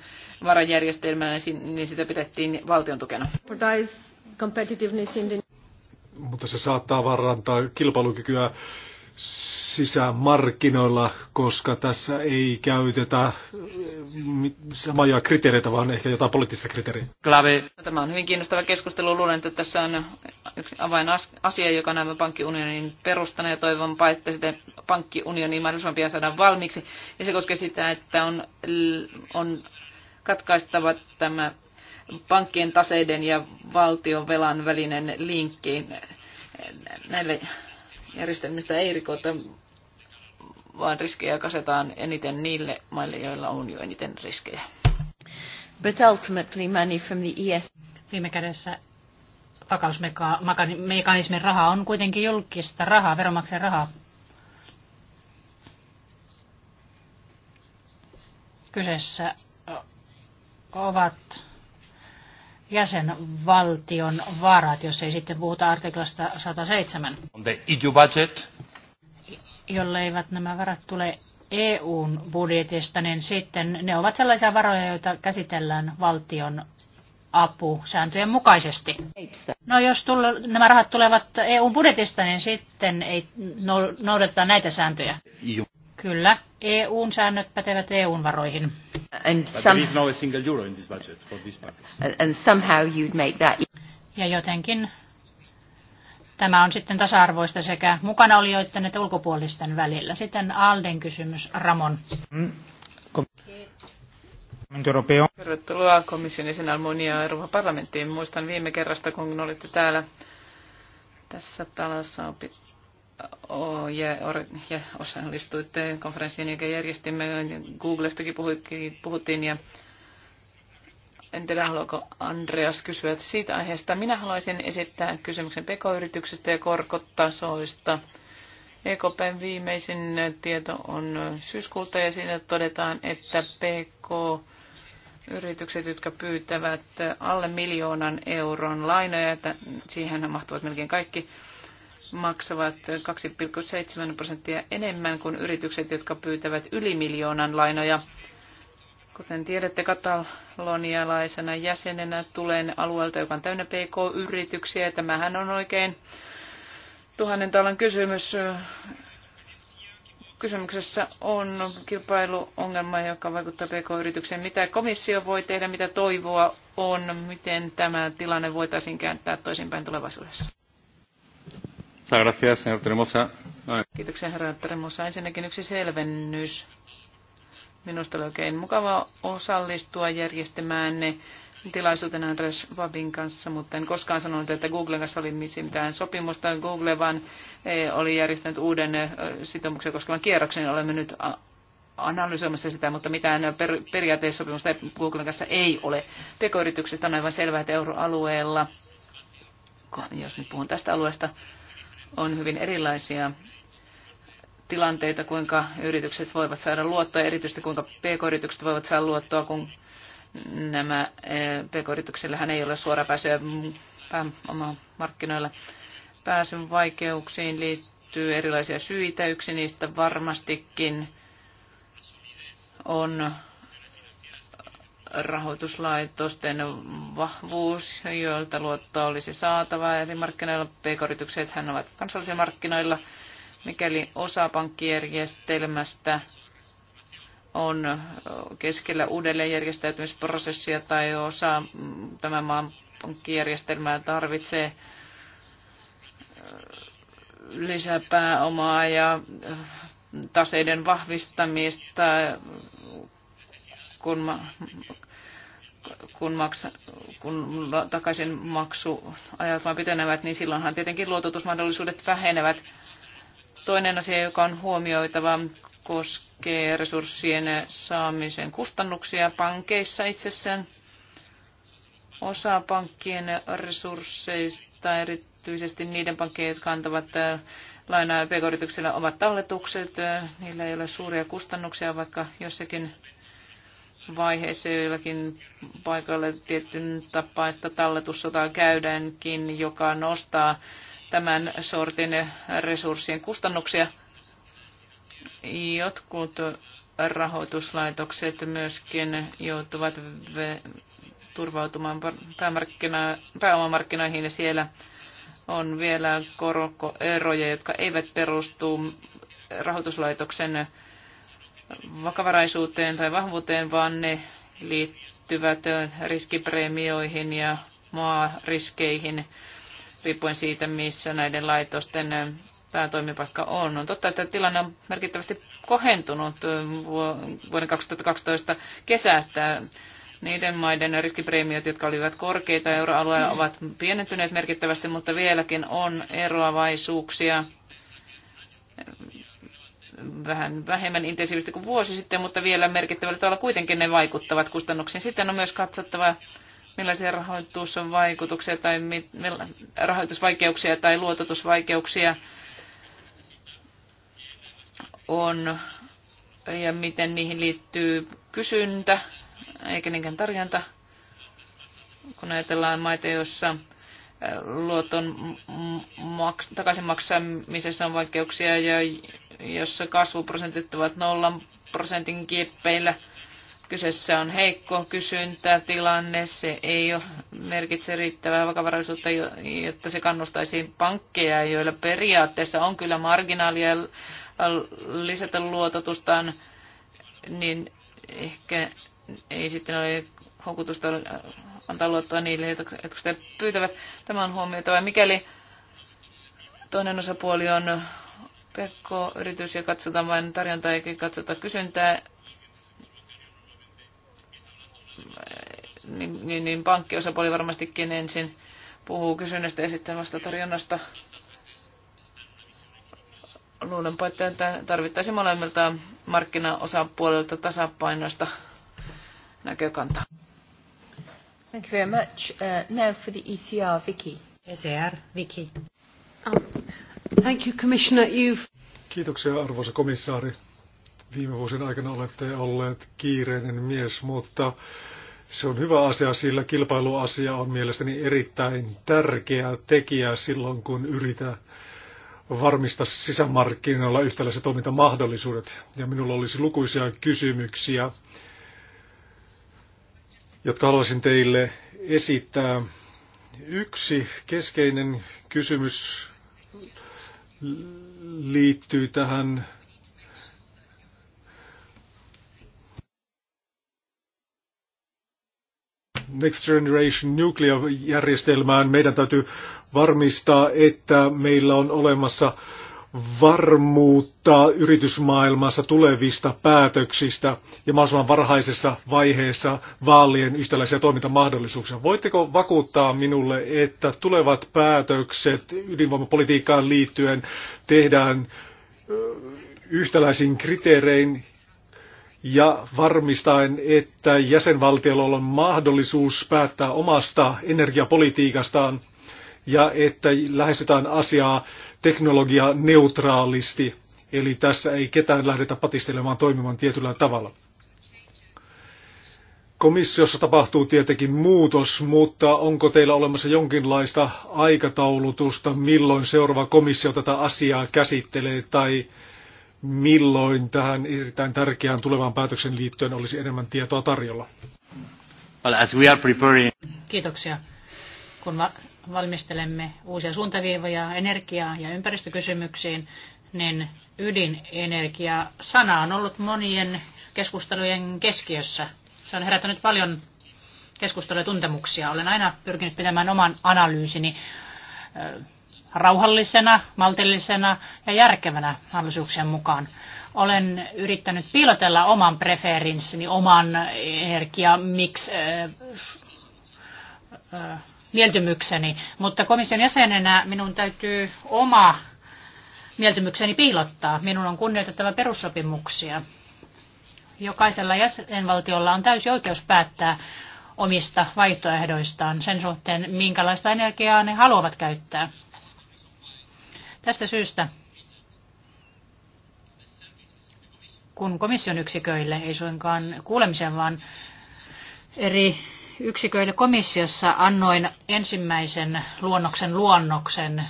varajärjestelmään, niin sitä pidettiin valtion tukena. Mutta se saattaa varantaa kilpailukykyä sisämarkkinoilla, koska tässä ei käytetä samoja kriteereitä, vaan ehkä jotain poliittista kriteeriä. Klavi. Tämä on hyvin kiinnostava keskustelu. Luulen, että tässä on yksi avainasia, joka näemme pankkiunionin perustana ja toivonpa, että sitten pankkiunioni mahdollisimman pian saadaan valmiiksi. Ja se koskee sitä, että on, on katkaistava tämä pankkien taseiden ja valtion velan välinen linkki näille järjestelmistä ei rikota, vaan riskejä kasetaan eniten niille maille, joilla on jo eniten riskejä. But ultimately money from the ES. Viime kädessä vakausmekanismin raha on kuitenkin julkista rahaa, veronmaksajan rahaa. Kyseessä ovat jäsenvaltion varat, jos ei sitten puhuta artiklasta 107. On the EU budget. Jolleivät nämä varat tule EUn budjetista, niin sitten ne ovat sellaisia varoja, joita käsitellään valtion apusääntöjen mukaisesti. No jos tulla, nämä rahat tulevat EUn budjetista, niin sitten ei noudateta näitä sääntöjä. Kyllä, EUn säännöt pätevät EUn varoihin. And But some, there is no a single euro in this budget for this purpose. And somehow you'd make that... E- ja jotenkin tämä on sitten tasa-arvoista sekä olijoiden että ulkopuolisten välillä. Sitten Alden kysymys, Ramon. Mm. Tervetuloa komission jäsen Almonia Euroopan parlamenttiin. Muistan viime kerrasta, kun olitte täällä tässä talossa, ja, ja osallistuitte konferenssiin, jonka järjestimme. Googlestakin puhuttiin ja en tiedä, haluaako Andreas kysyä siitä aiheesta. Minä haluaisin esittää kysymyksen pk-yrityksistä ja korkotasoista. EKPn viimeisin tieto on syyskuulta ja siinä todetaan, että pk yritykset, jotka pyytävät alle miljoonan euron lainoja, että siihen mahtuvat melkein kaikki, maksavat 2,7 prosenttia enemmän kuin yritykset, jotka pyytävät yli miljoonan lainoja. Kuten tiedätte, katalonialaisena jäsenenä tulen alueelta, joka on täynnä PK-yrityksiä. Tämähän on oikein tuhannen talan kysymys. Kysymyksessä on kilpailuongelma, joka vaikuttaa PK-yritykseen. Mitä komissio voi tehdä, mitä toivoa on, miten tämä tilanne voitaisiin kääntää toisinpäin tulevaisuudessa? Kiitoksia, herra Tremosa. Ensinnäkin yksi selvennys. Minusta oli oikein mukava osallistua järjestämään tilaisuuteen Andres Wabin kanssa, mutta en koskaan sanonut, että Googlen kanssa oli mitään sopimusta. Google vaan e, oli järjestänyt uuden e, sitoumuksen koskevan kierroksen. Olemme nyt analysoimassa sitä, mutta mitään per, periaatteissopimusta Googlen kanssa ei ole. Pekoyrityksistä on aivan selvää, että euroalueella, jos nyt puhun tästä alueesta, on hyvin erilaisia tilanteita, kuinka yritykset voivat saada luottoa, erityisesti kuinka pk-yritykset voivat saada luottoa, kun nämä eh, pk-yrityksillähän ei ole suoraa pääsyä markkinoilla. Pääsyn vaikeuksiin liittyy erilaisia syitä. Yksi niistä varmastikin on rahoituslaitosten vahvuus, joilta luottoa olisi saatava eri markkinoilla. pk hän ovat kansallisilla markkinoilla. Mikäli osa pankkijärjestelmästä on keskellä uudelleenjärjestäytymisprosessia tai osa tämän maan pankkijärjestelmää tarvitsee lisäpääomaa ja taseiden vahvistamista kun, kun, maksa, kun takaisin maksu vaan pitenevät, niin silloinhan tietenkin luototusmahdollisuudet vähenevät. Toinen asia, joka on huomioitava, koskee resurssien saamisen kustannuksia pankeissa itsessään. Osa pankkien resursseista, erityisesti niiden pankkien, jotka antavat lainaa pk ovat talletukset. Niillä ei ole suuria kustannuksia, vaikka jossakin vaiheessa joillakin paikoilla tietyn tapaista talletussotaa käydäänkin, joka nostaa tämän sortin resurssien kustannuksia. Jotkut rahoituslaitokset myöskin joutuvat turvautumaan pääomamarkkinoihin ja siellä on vielä korkoeroja, jotka eivät perustu rahoituslaitoksen vakavaraisuuteen tai vahvuuteen, vaan ne liittyvät riskipreemioihin ja maariskeihin, riippuen siitä, missä näiden laitosten päätoimipaikka on. On totta, että tilanne on merkittävästi kohentunut vuoden 2012 kesästä. Niiden maiden riskipreemiot, jotka olivat korkeita euroalueella, mm. ovat pienentyneet merkittävästi, mutta vieläkin on eroavaisuuksia vähän vähemmän intensiivistä kuin vuosi sitten, mutta vielä merkittävällä tavalla kuitenkin ne vaikuttavat kustannuksiin. Sitten on myös katsottava, millaisia vaikutuksia tai rahoitusvaikeuksia tai luototusvaikeuksia on ja miten niihin liittyy kysyntä eikä niinkään tarjonta. Kun ajatellaan maita, joissa luoton maks- takaisin maksamisessa on vaikeuksia ja jossa kasvuprosentit ovat nollan prosentin kieppeillä. Kyseessä on heikko kysyntä, tilanne, se ei ole merkitse riittävää vakavaraisuutta, jotta se kannustaisi pankkeja, joilla periaatteessa on kyllä marginaalia lisätä luototustaan, niin ehkä ei sitten ole houkutusta antaa luottoa niille, jotka sitä pyytävät. Tämä on huomioitava. Mikäli toinen osapuoli on PK-yritys ja katsotaan vain tarjontaa eikä katsota kysyntää, niin, niin, niin pankkiosapuoli varmastikin ensin puhuu kysynnästä ja sitten vasta tarjonnasta. Luulenpa, että tarvittaisiin molemmilta markkinaosapuolelta tasapainoista näkökantaa. Thank you very much. Uh, now for the ECR, Vicky. ECR, Vicky. Oh. Thank you, Commissioner. You've... Kiitoksia, arvoisa komissaari. Viime vuosien aikana olette olleet kiireinen mies, mutta se on hyvä asia, sillä kilpailuasia on mielestäni erittäin tärkeä tekijä silloin, kun yritä varmistaa sisämarkkinoilla yhtäläiset toimintamahdollisuudet. Ja minulla olisi lukuisia kysymyksiä, jotka haluaisin teille esittää. Yksi keskeinen kysymys liittyy tähän Next Generation Nuclear-järjestelmään. Meidän täytyy varmistaa, että meillä on olemassa äh, varmuutta yritysmaailmassa tulevista päätöksistä ja mahdollisimman varhaisessa vaiheessa vaalien yhtäläisiä toimintamahdollisuuksia. Voitteko vakuuttaa minulle, että tulevat päätökset ydinvoimapolitiikkaan liittyen tehdään yhtäläisiin kriteerein ja varmistaen, että jäsenvaltiolla on mahdollisuus päättää omasta energiapolitiikastaan ja että lähestytään asiaa teknologia neutraalisti. Eli tässä ei ketään lähdetä patistelemaan toimimaan tietyllä tavalla. Komissiossa tapahtuu tietenkin muutos, mutta onko teillä olemassa jonkinlaista aikataulutusta, milloin seuraava komissio tätä asiaa käsittelee tai milloin tähän erittäin tärkeään tulevaan päätöksen liittyen olisi enemmän tietoa tarjolla? Kiitoksia. Kun valmistelemme uusia suuntaviivoja energiaa ja ympäristökysymyksiin, niin ydinenergia-sana on ollut monien keskustelujen keskiössä. Se on herättänyt paljon keskustelua ja tuntemuksia. Olen aina pyrkinyt pitämään oman analyysini rauhallisena, maltillisena ja järkevänä mahdollisuuksien mukaan. Olen yrittänyt piilotella oman preferenssini, oman energia mix mieltymykseni, mutta komission jäsenenä minun täytyy oma mieltymykseni piilottaa. Minun on kunnioitettava perussopimuksia. Jokaisella jäsenvaltiolla on täysi oikeus päättää omista vaihtoehdoistaan sen suhteen, minkälaista energiaa ne haluavat käyttää. Tästä syystä, kun komission yksiköille, ei suinkaan kuulemisen, vaan eri yksiköille komissiossa annoin ensimmäisen luonnoksen luonnoksen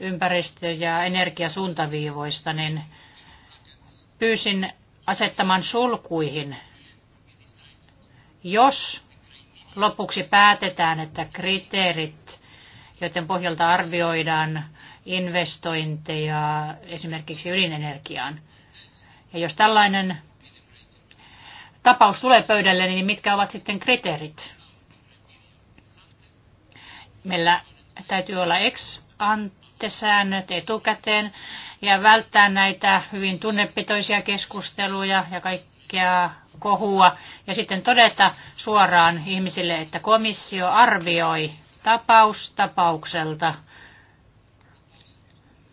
ympäristö- ja energiasuuntaviivoista, niin pyysin asettamaan sulkuihin, jos lopuksi päätetään, että kriteerit, joiden pohjalta arvioidaan investointeja esimerkiksi ydinenergiaan. Ja jos tällainen tapaus tulee pöydälle, niin mitkä ovat sitten kriteerit? Meillä täytyy olla ex säännöt etukäteen ja välttää näitä hyvin tunnepitoisia keskusteluja ja kaikkea kohua ja sitten todeta suoraan ihmisille, että komissio arvioi tapaus tapaukselta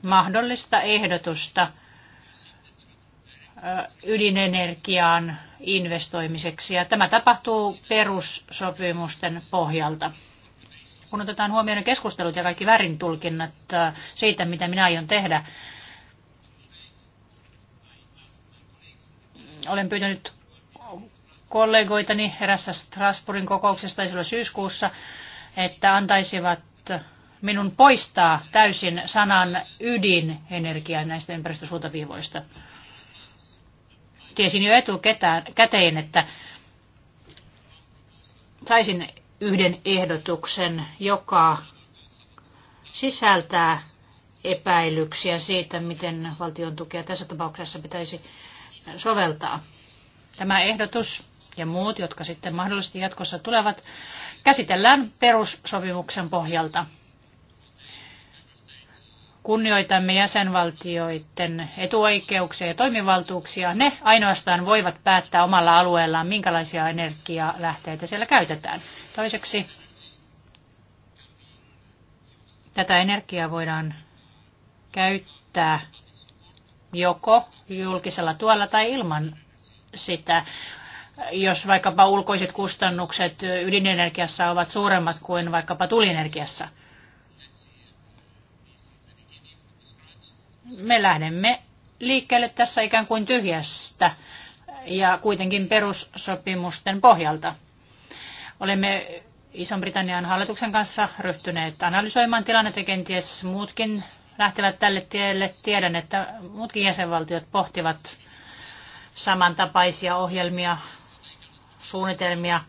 mahdollista ehdotusta – ydinenergiaan investoimiseksi. Ja tämä tapahtuu perussopimusten pohjalta. Kun otetaan huomioon ne keskustelut ja kaikki värintulkinnat siitä, mitä minä aion tehdä, olen pyytänyt kollegoitani erässä Strasbourgin kokouksessa tai syyskuussa, että antaisivat minun poistaa täysin sanan ydinenergia näistä ympäristösuuntaviivoista tiesin jo etukäteen, että saisin yhden ehdotuksen, joka sisältää epäilyksiä siitä, miten valtion tukea tässä tapauksessa pitäisi soveltaa. Tämä ehdotus ja muut, jotka sitten mahdollisesti jatkossa tulevat, käsitellään perussopimuksen pohjalta kunnioitamme jäsenvaltioiden etuoikeuksia ja toimivaltuuksia, ne ainoastaan voivat päättää omalla alueellaan, minkälaisia energialähteitä siellä käytetään. Toiseksi tätä energiaa voidaan käyttää joko julkisella tuella tai ilman sitä. Jos vaikkapa ulkoiset kustannukset ydinenergiassa ovat suuremmat kuin vaikkapa tulienergiassa – me lähdemme liikkeelle tässä ikään kuin tyhjästä ja kuitenkin perussopimusten pohjalta. Olemme iso britannian hallituksen kanssa ryhtyneet analysoimaan tilannetta, kenties muutkin lähtevät tälle tielle. Tiedän, että muutkin jäsenvaltiot pohtivat samantapaisia ohjelmia, suunnitelmia,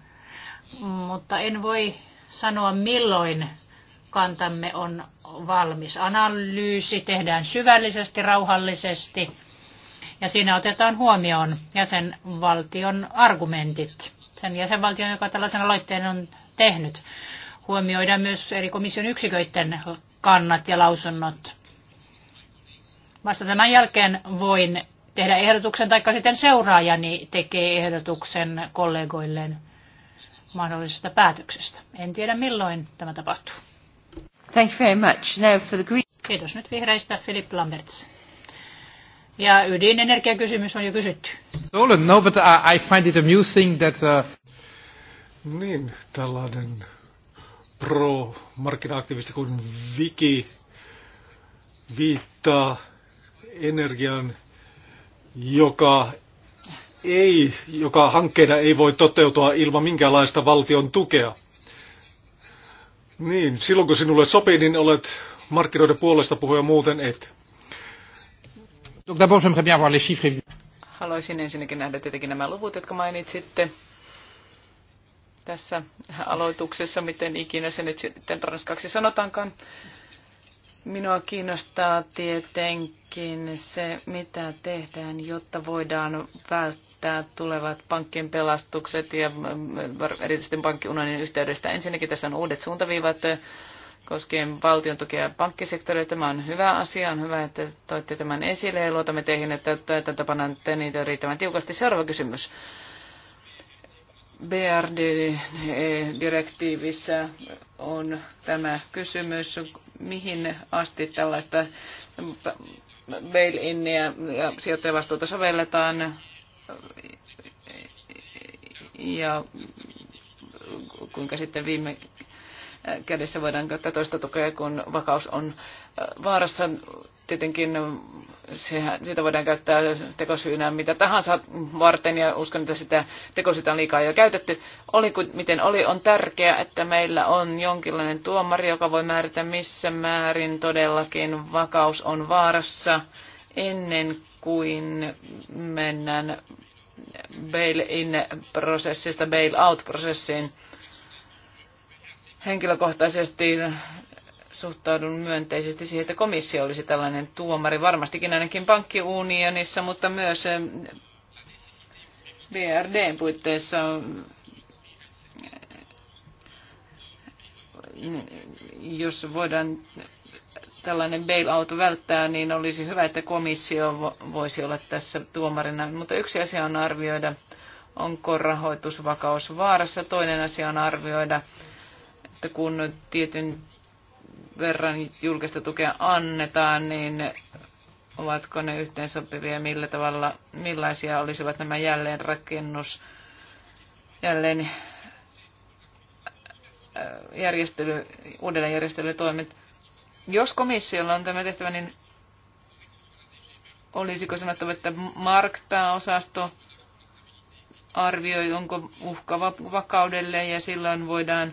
mutta en voi sanoa milloin kantamme on valmis. Analyysi tehdään syvällisesti, rauhallisesti ja siinä otetaan huomioon jäsenvaltion argumentit. Sen jäsenvaltion, joka tällaisen aloitteen on tehnyt. Huomioidaan myös eri komission yksiköiden kannat ja lausunnot. Vasta tämän jälkeen voin tehdä ehdotuksen, tai sitten seuraajani tekee ehdotuksen kollegoilleen mahdollisesta päätöksestä. En tiedä milloin tämä tapahtuu. Thank you very much. Now for the green... Kiitos nyt vihreistä, Philip Lamberts. Ja ydinenergiakysymys on jo kysytty. No, but I, I find it amusing that... Uh... Niin, tällainen pro-markkina-aktivisti kuin Viki viittaa energian, joka ei, joka hankkeena ei voi toteutua ilman minkäänlaista valtion tukea. Niin, silloin kun sinulle sopii, niin olet markkinoiden puolesta puhuja, muuten et. Donc d'abord, j'aimerais bien voir les chiffres. Haluaisin ensinnäkin nähdä tietenkin nämä luvut, jotka mainitsitte tässä aloituksessa, miten ikinä se nyt sitten ranskaksi sanotaankaan. Minua kiinnostaa tietenkin se, mitä tehdään, jotta voidaan välttää että tulevat pankkien pelastukset ja mm, mm, erityisesti pankkiunanin yhteydestä. Ensinnäkin tässä on uudet suuntaviivat koskien valtion tukea pankkisektorille. Tämä on hyvä asia, on hyvä, että toitte tämän esille ja luotamme teihin, että tätä te niitä riittävän tiukasti. Seuraava kysymys. BRD-direktiivissä on tämä kysymys, mihin asti tällaista bail-inia ja sijoittajavastuuta sovelletaan ja kuinka sitten viime kädessä voidaan käyttää toista tukea, kun vakaus on äh, vaarassa. Tietenkin äh, sehän, sitä voidaan käyttää tekosyynä mitä tahansa varten ja uskon, että sitä tekosyytä on liikaa jo käytetty. Oli kuin miten oli, on tärkeää, että meillä on jonkinlainen tuomari, joka voi määritä missä määrin todellakin vakaus on vaarassa ennen kuin mennään bail-in-prosessista bail-out-prosessiin. Henkilökohtaisesti suhtaudun myönteisesti siihen, että komissio olisi tällainen tuomari, varmastikin ainakin pankkiunionissa, mutta myös BRDn puitteissa jos voidaan tällainen bail-out välttää, niin olisi hyvä, että komissio voisi olla tässä tuomarina. Mutta yksi asia on arvioida, onko rahoitusvakaus vaarassa. Toinen asia on arvioida, että kun tietyn verran julkista tukea annetaan, niin ovatko ne yhteensopivia, millä tavalla, millaisia olisivat nämä jälleenrakennus, jälleen järjestely, uudelleenjärjestelytoimet. Jos komissiolla on tämä tehtävä, niin olisiko sanottava, että Mark, tämä osasto, arvioi, onko uhka vakaudelle ja silloin voidaan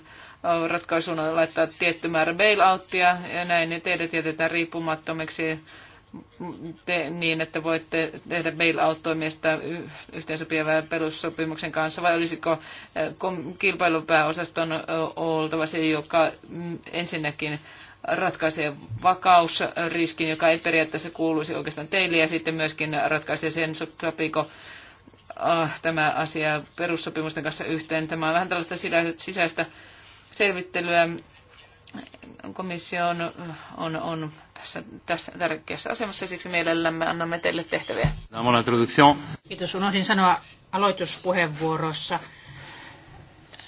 ratkaisuna laittaa tietty määrä bailouttia ja näin ne teidät jätetään riippumattomiksi te, niin, että voitte tehdä bailout-toimista yhteensopivää perussopimuksen kanssa, vai olisiko kilpailupääosaston oltava se, joka ensinnäkin ratkaisee vakausriskin, joka ei periaatteessa kuuluisi oikeastaan teille, ja sitten myöskin ratkaisee sen, sopiiko ah, tämä asia perussopimusten kanssa yhteen. Tämä on vähän tällaista sisäistä selvittelyä. Komissio on, on, on tässä, tässä tärkeässä asemassa, ja siksi mielellämme annamme teille tehtäviä. Kiitos. Unohdin sanoa aloituspuheenvuorossa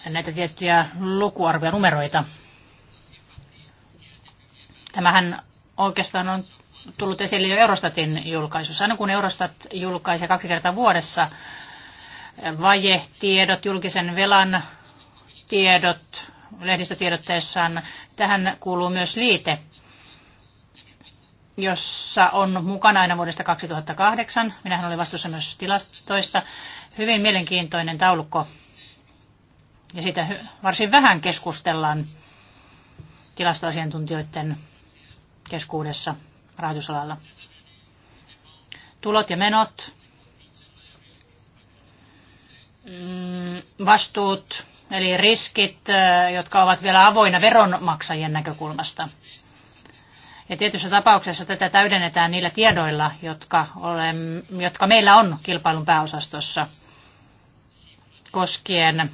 näitä tiettyjä lukuarvoja, numeroita Tämähän oikeastaan on tullut esille jo Eurostatin julkaisussa. Aina kun Eurostat julkaisee kaksi kertaa vuodessa vajetiedot, julkisen velan tiedot lehdistötiedotteessaan, tähän kuuluu myös liite, jossa on mukana aina vuodesta 2008. Minähän olin vastuussa myös tilastoista. Hyvin mielenkiintoinen taulukko. Ja siitä varsin vähän keskustellaan tilastoasiantuntijoiden keskuudessa rahoitusalalla. Tulot ja menot, mm, vastuut, eli riskit, jotka ovat vielä avoinna veronmaksajien näkökulmasta. Ja tietyissä tapauksessa tätä täydennetään niillä tiedoilla, jotka, ole, jotka meillä on kilpailun pääosastossa koskien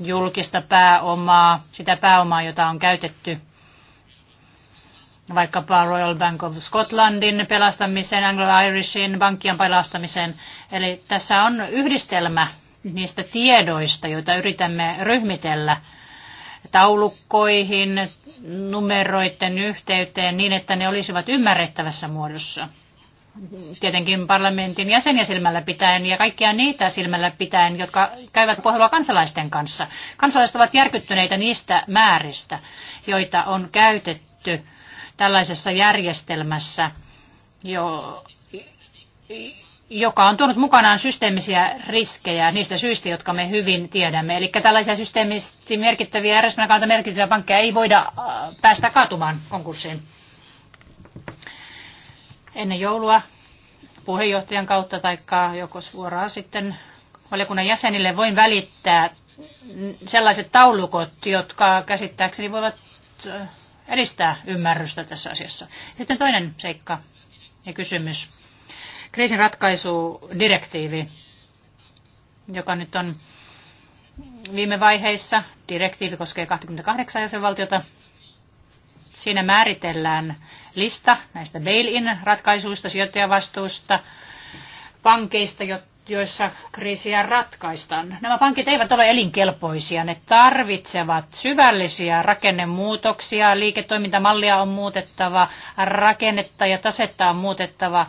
julkista pääomaa, sitä pääomaa, jota on käytetty vaikkapa Royal Bank of Scotlandin pelastamiseen, Anglo-Irishin pankkien pelastamiseen. Eli tässä on yhdistelmä niistä tiedoista, joita yritämme ryhmitellä taulukkoihin, numeroiden yhteyteen niin, että ne olisivat ymmärrettävässä muodossa. Tietenkin parlamentin jäseniä silmällä pitäen ja kaikkia niitä silmällä pitäen, jotka käyvät puhelua kansalaisten kanssa. Kansalaiset ovat järkyttyneitä niistä määristä, joita on käytetty tällaisessa järjestelmässä, jo, joka on tuonut mukanaan systeemisiä riskejä niistä syistä, jotka me hyvin tiedämme. Eli tällaisia systeemisesti merkittäviä järjestelmän kannalta merkittäviä pankkeja ei voida äh, päästä kaatumaan konkurssiin. Ennen joulua puheenjohtajan kautta tai joko suoraan sitten valiokunnan jäsenille voin välittää sellaiset taulukot, jotka käsittääkseni voivat äh, edistää ymmärrystä tässä asiassa. Sitten toinen seikka ja kysymys. Kriisin ratkaisudirektiivi, joka nyt on viime vaiheissa. Direktiivi koskee 28 jäsenvaltiota. Siinä määritellään lista näistä bail-in ratkaisuista, sijoittajavastuusta, pankeista, joissa kriisiä ratkaistaan. Nämä pankit eivät ole elinkelpoisia. Ne tarvitsevat syvällisiä rakennemuutoksia. Liiketoimintamallia on muutettava, rakennetta ja tasetta on muutettava.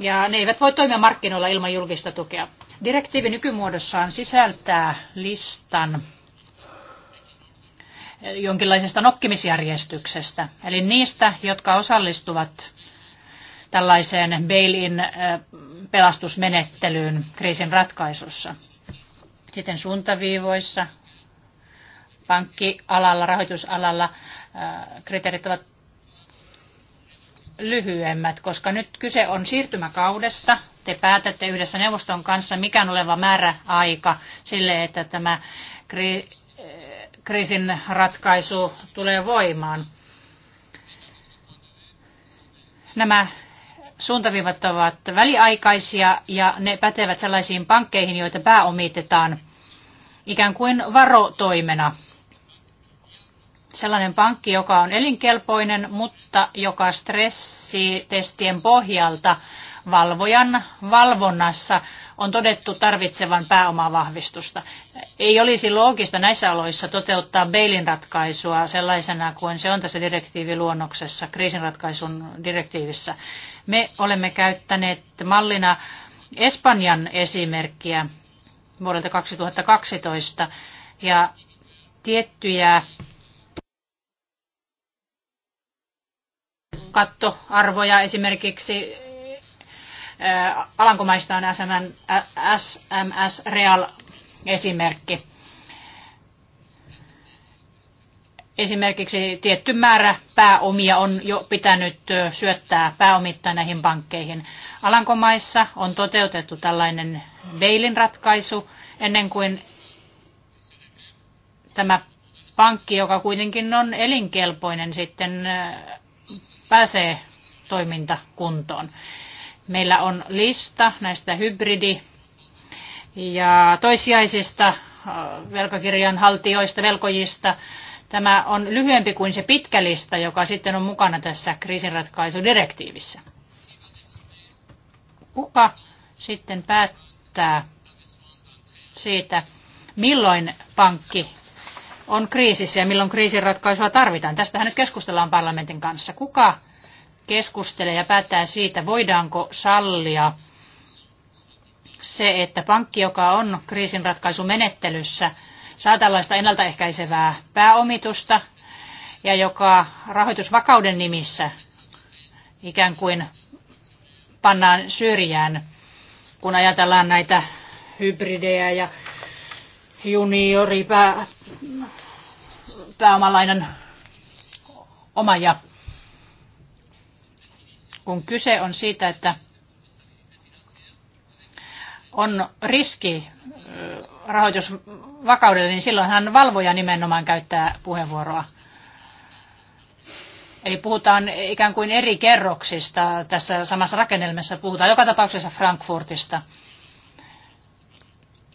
Ja ne eivät voi toimia markkinoilla ilman julkista tukea. Direktiivi nykymuodossaan sisältää listan jonkinlaisesta nokkimisjärjestyksestä, eli niistä, jotka osallistuvat tällaiseen bail-in pelastusmenettelyyn kriisin ratkaisussa. Sitten suuntaviivoissa, pankkialalla, rahoitusalalla kriteerit ovat lyhyemmät, koska nyt kyse on siirtymäkaudesta. Te päätätte yhdessä neuvoston kanssa, mikä on oleva määräaika sille, että tämä kri- kriisin ratkaisu tulee voimaan. Nämä suuntaviivat ovat väliaikaisia ja ne pätevät sellaisiin pankkeihin, joita pääomitetaan ikään kuin varotoimena. Sellainen pankki, joka on elinkelpoinen, mutta joka stressitestien pohjalta valvojan valvonnassa on todettu tarvitsevan pääomavahvistusta. Ei olisi loogista näissä aloissa toteuttaa Beilin ratkaisua sellaisena kuin se on tässä direktiiviluonnoksessa, kriisinratkaisun direktiivissä. Me olemme käyttäneet mallina Espanjan esimerkkiä vuodelta 2012 ja tiettyjä kattoarvoja esimerkiksi Alankomaista on SMS, SMS Real esimerkki. esimerkiksi tietty määrä pääomia on jo pitänyt syöttää pääomittaa näihin pankkeihin. Alankomaissa on toteutettu tällainen veilin ratkaisu ennen kuin tämä pankki, joka kuitenkin on elinkelpoinen, sitten pääsee toimintakuntoon. Meillä on lista näistä hybridi- ja toisiaisista velkakirjan haltijoista, velkojista, Tämä on lyhyempi kuin se pitkä lista, joka sitten on mukana tässä kriisinratkaisudirektiivissä. Kuka sitten päättää siitä, milloin pankki on kriisissä ja milloin kriisinratkaisua tarvitaan. Tästähän nyt keskustellaan parlamentin kanssa. Kuka keskustelee ja päättää siitä, voidaanko sallia se, että pankki, joka on kriisinratkaisumenettelyssä, saa tällaista ennaltaehkäisevää pääomitusta ja joka rahoitusvakauden nimissä ikään kuin pannaan syrjään, kun ajatellaan näitä hybridejä ja junioripää, pääomalainan omaja. Kun kyse on siitä, että on riski rahoitusvakaudelle, niin silloinhan valvoja nimenomaan käyttää puheenvuoroa. Eli puhutaan ikään kuin eri kerroksista tässä samassa rakennelmassa. Puhutaan joka tapauksessa Frankfurtista.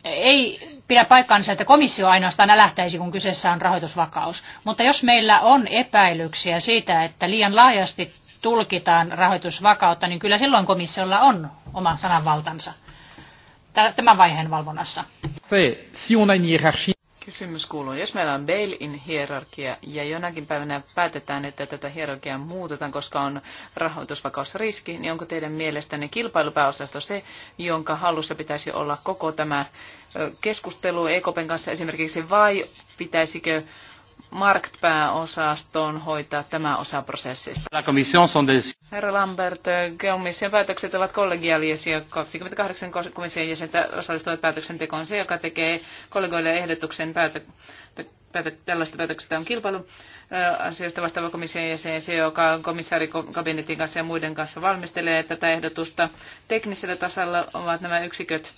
Ei pidä paikkaansa, että komissio ainoastaan lähtäisi, kun kyseessä on rahoitusvakaus. Mutta jos meillä on epäilyksiä siitä, että liian laajasti tulkitaan rahoitusvakautta, niin kyllä silloin komissiolla on oma sananvaltansa tämän vaiheen valvonnassa? Se, si on Kysymys kuuluu, jos meillä on bail-in hierarkia ja jonakin päivänä päätetään, että tätä hierarkiaa muutetaan, koska on rahoitusvakausriski, niin onko teidän mielestänne kilpailupääosasto se, jonka hallussa pitäisi olla koko tämä keskustelu EKPn kanssa esimerkiksi, vai pitäisikö Markt-pääosastoon hoitaa tämä osa prosessista. Herra Lambert, komission päätökset ovat kollegiaalisia. 28 komission jäsentä osallistuvat päätöksentekoon. Se, joka tekee kollegoille ehdotuksen päätök... päätö- tällaista päätöksestä on kilpailu äh, asioista vastaava komission jäsen, se, joka komissaarikabinetin kanssa ja muiden kanssa valmistelee tätä ehdotusta. Teknisellä tasalla ovat nämä yksiköt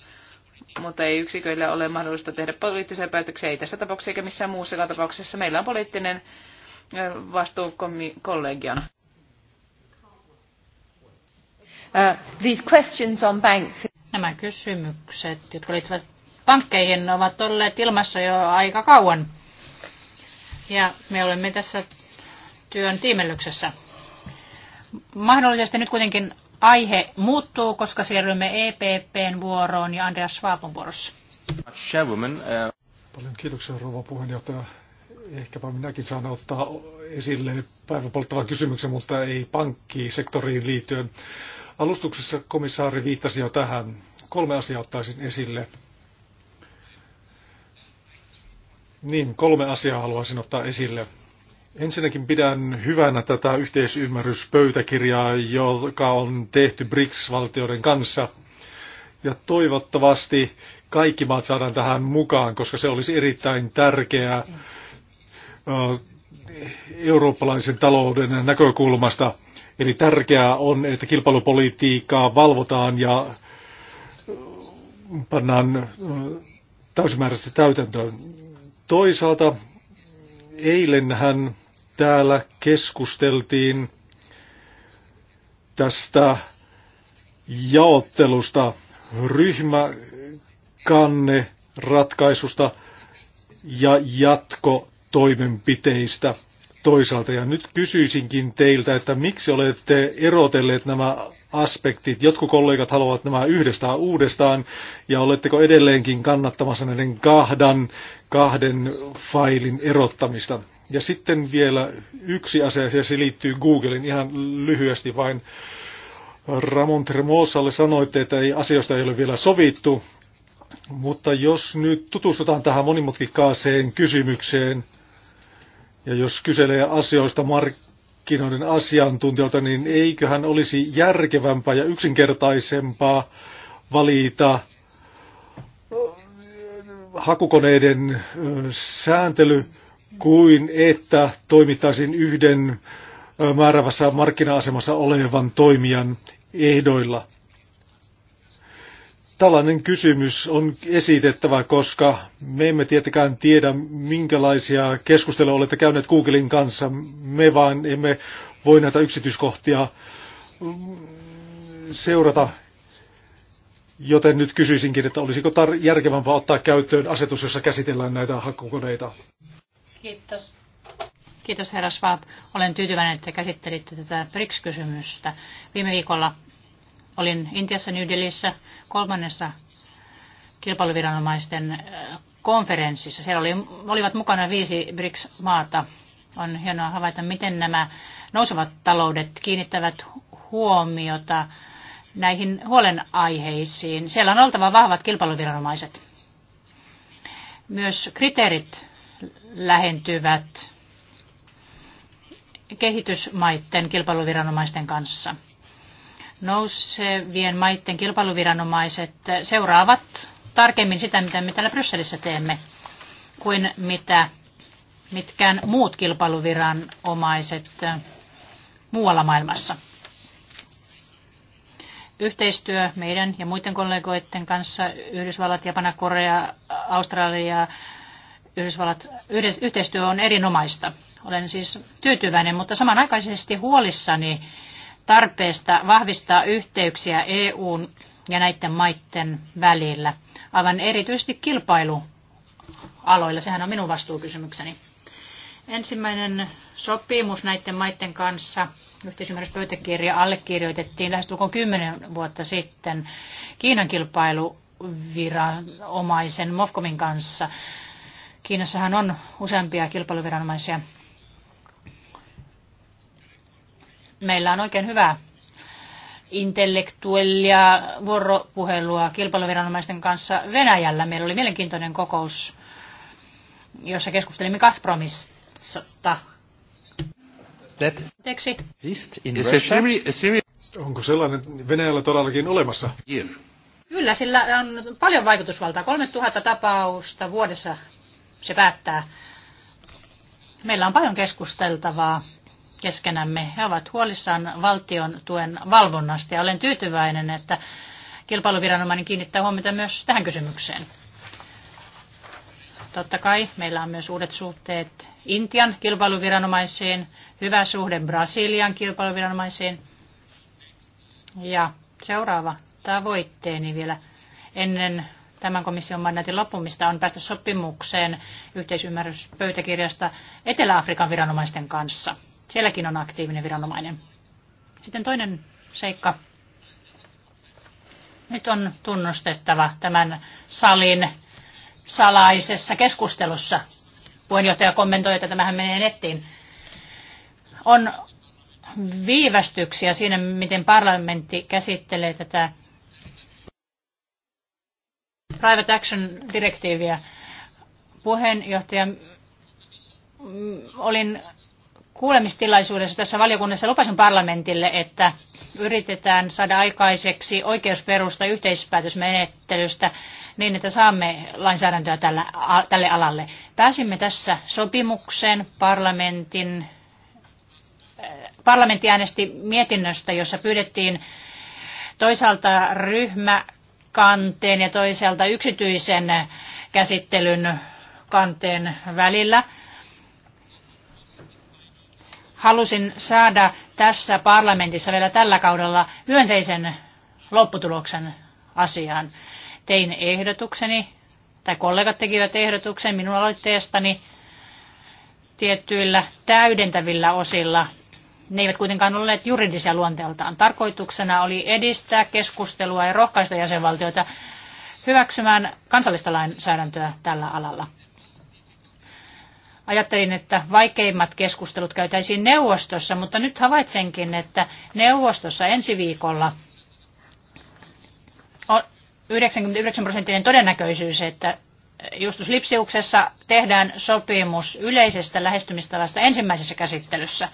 mutta ei yksiköillä ole mahdollista tehdä poliittisia päätöksiä, ei tässä tapauksessa eikä missään muussa tapauksessa. Meillä on poliittinen vastuu kollegiana. Uh, these questions on banks. Nämä kysymykset, jotka liittyvät pankkeihin, ovat olleet ilmassa jo aika kauan. Ja me olemme tässä työn tiimellyksessä. Mahdollisesti nyt kuitenkin aihe muuttuu, koska siirrymme EPPn vuoroon ja Andreas Schwabon vuorossa. Uh, Paljon kiitoksia rouva puheenjohtaja. Ehkäpä minäkin saan ottaa esille päiväpolttavan kysymyksen, mutta ei pankkisektoriin liittyen. Alustuksessa komissaari viittasi jo tähän. Kolme asiaa ottaisin esille. Niin, kolme asiaa haluaisin ottaa esille. Ensinnäkin pidän hyvänä tätä yhteisymmärryspöytäkirjaa, joka on tehty BRICS-valtioiden kanssa. Ja toivottavasti kaikki maat saadaan tähän mukaan, koska se olisi erittäin tärkeää eurooppalaisen talouden näkökulmasta. Eli tärkeää on, että kilpailupolitiikkaa valvotaan ja pannaan täysimääräisesti täytäntöön. Toisaalta eilen hän täällä keskusteltiin tästä jaottelusta, ryhmäkanne ratkaisusta ja jatkotoimenpiteistä toisaalta. Ja nyt kysyisinkin teiltä, että miksi olette erotelleet nämä aspektit. Jotkut kollegat haluavat nämä yhdestään uudestaan, ja oletteko edelleenkin kannattamassa näiden kahdan, kahden failin erottamista? Ja sitten vielä yksi asia, ja se liittyy Googlein ihan lyhyesti vain. Ramon Tremosalle sanoitte, että ei, asioista ei ole vielä sovittu, mutta jos nyt tutustutaan tähän monimutkikaaseen kysymykseen, ja jos kyselee asioista markkinoiden asiantuntijoilta, niin eiköhän olisi järkevämpää ja yksinkertaisempaa valita hakukoneiden sääntely, kuin että toimittaisin yhden määrävässä markkina-asemassa olevan toimijan ehdoilla. Tällainen kysymys on esitettävä, koska me emme tietenkään tiedä, minkälaisia keskusteluja olette käyneet Googlein kanssa. Me vaan emme voi näitä yksityiskohtia mm, seurata, joten nyt kysyisinkin, että olisiko tar- järkevämpää ottaa käyttöön asetus, jossa käsitellään näitä hakkukoneita. Kiitos. Kiitos herra Schwab. Olen tyytyväinen, että käsittelitte tätä BRICS-kysymystä. Viime viikolla olin Intiassa New Delhissä kolmannessa kilpailuviranomaisten äh, konferenssissa. Siellä oli, olivat mukana viisi BRICS-maata. On hienoa havaita, miten nämä nousevat taloudet kiinnittävät huomiota näihin huolenaiheisiin. Siellä on oltava vahvat kilpailuviranomaiset. Myös kriteerit lähentyvät kehitysmaiden kilpailuviranomaisten kanssa. Nousevien maiden kilpailuviranomaiset seuraavat tarkemmin sitä, mitä me täällä Brysselissä teemme, kuin mitä mitkään muut kilpailuviranomaiset muualla maailmassa. Yhteistyö meidän ja muiden kollegoiden kanssa, Yhdysvallat, Japana, Korea, Australia, Yhdysvallat, yhteistyö on erinomaista. Olen siis tyytyväinen, mutta samanaikaisesti huolissani tarpeesta vahvistaa yhteyksiä EUn ja näiden maiden välillä. Aivan erityisesti kilpailualoilla, sehän on minun vastuukysymykseni. Ensimmäinen sopimus näiden maiden kanssa, yhteisymmärryspöytäkirja, allekirjoitettiin lähestulkoon kymmenen vuotta sitten Kiinan kilpailuviranomaisen Mofkomin kanssa. Kiinassahan on useampia kilpailuviranomaisia. Meillä on oikein hyvää intellektuellia vuoropuhelua kilpailuviranomaisten kanssa Venäjällä. Meillä oli mielenkiintoinen kokous, jossa keskustelimme Gazpromista. That Onko sellainen Venäjällä todellakin olemassa? Kyllä, sillä on paljon vaikutusvaltaa. 3000 tapausta vuodessa se päättää. Meillä on paljon keskusteltavaa keskenämme. He ovat huolissaan valtion tuen valvonnasta ja olen tyytyväinen, että kilpailuviranomainen kiinnittää huomiota myös tähän kysymykseen. Totta kai meillä on myös uudet suhteet Intian kilpailuviranomaisiin, hyvä suhde Brasilian kilpailuviranomaisiin. Ja seuraava tavoitteeni vielä ennen tämän komission mandaatin loppumista on päästä sopimukseen yhteisymmärryspöytäkirjasta Etelä-Afrikan viranomaisten kanssa. Sielläkin on aktiivinen viranomainen. Sitten toinen seikka. Nyt on tunnustettava tämän salin salaisessa keskustelussa. Puheenjohtaja kommentoi, että tämähän menee nettiin. On viivästyksiä siinä, miten parlamentti käsittelee tätä Private Action-direktiiviä. Puheenjohtaja, olin kuulemistilaisuudessa tässä valiokunnassa lupasin parlamentille, että yritetään saada aikaiseksi oikeusperusta yhteispäätösmenettelystä niin, että saamme lainsäädäntöä tällä, tälle alalle. Pääsimme tässä sopimukseen parlamentin, parlamentti äänesti mietinnöstä, jossa pyydettiin toisaalta ryhmä kanteen ja toisaalta yksityisen käsittelyn kanteen välillä. Halusin saada tässä parlamentissa vielä tällä kaudella myönteisen lopputuloksen asiaan. Tein ehdotukseni, tai kollegat tekivät ehdotuksen minun aloitteestani tiettyillä täydentävillä osilla – ne eivät kuitenkaan olleet juridisia luonteeltaan. Tarkoituksena oli edistää keskustelua ja rohkaista jäsenvaltioita hyväksymään kansallista lainsäädäntöä tällä alalla. Ajattelin, että vaikeimmat keskustelut käytäisiin neuvostossa, mutta nyt havaitsenkin, että neuvostossa ensi viikolla on 99 prosenttinen todennäköisyys, että Justus Lipsiuksessa tehdään sopimus yleisestä lähestymistavasta ensimmäisessä käsittelyssä.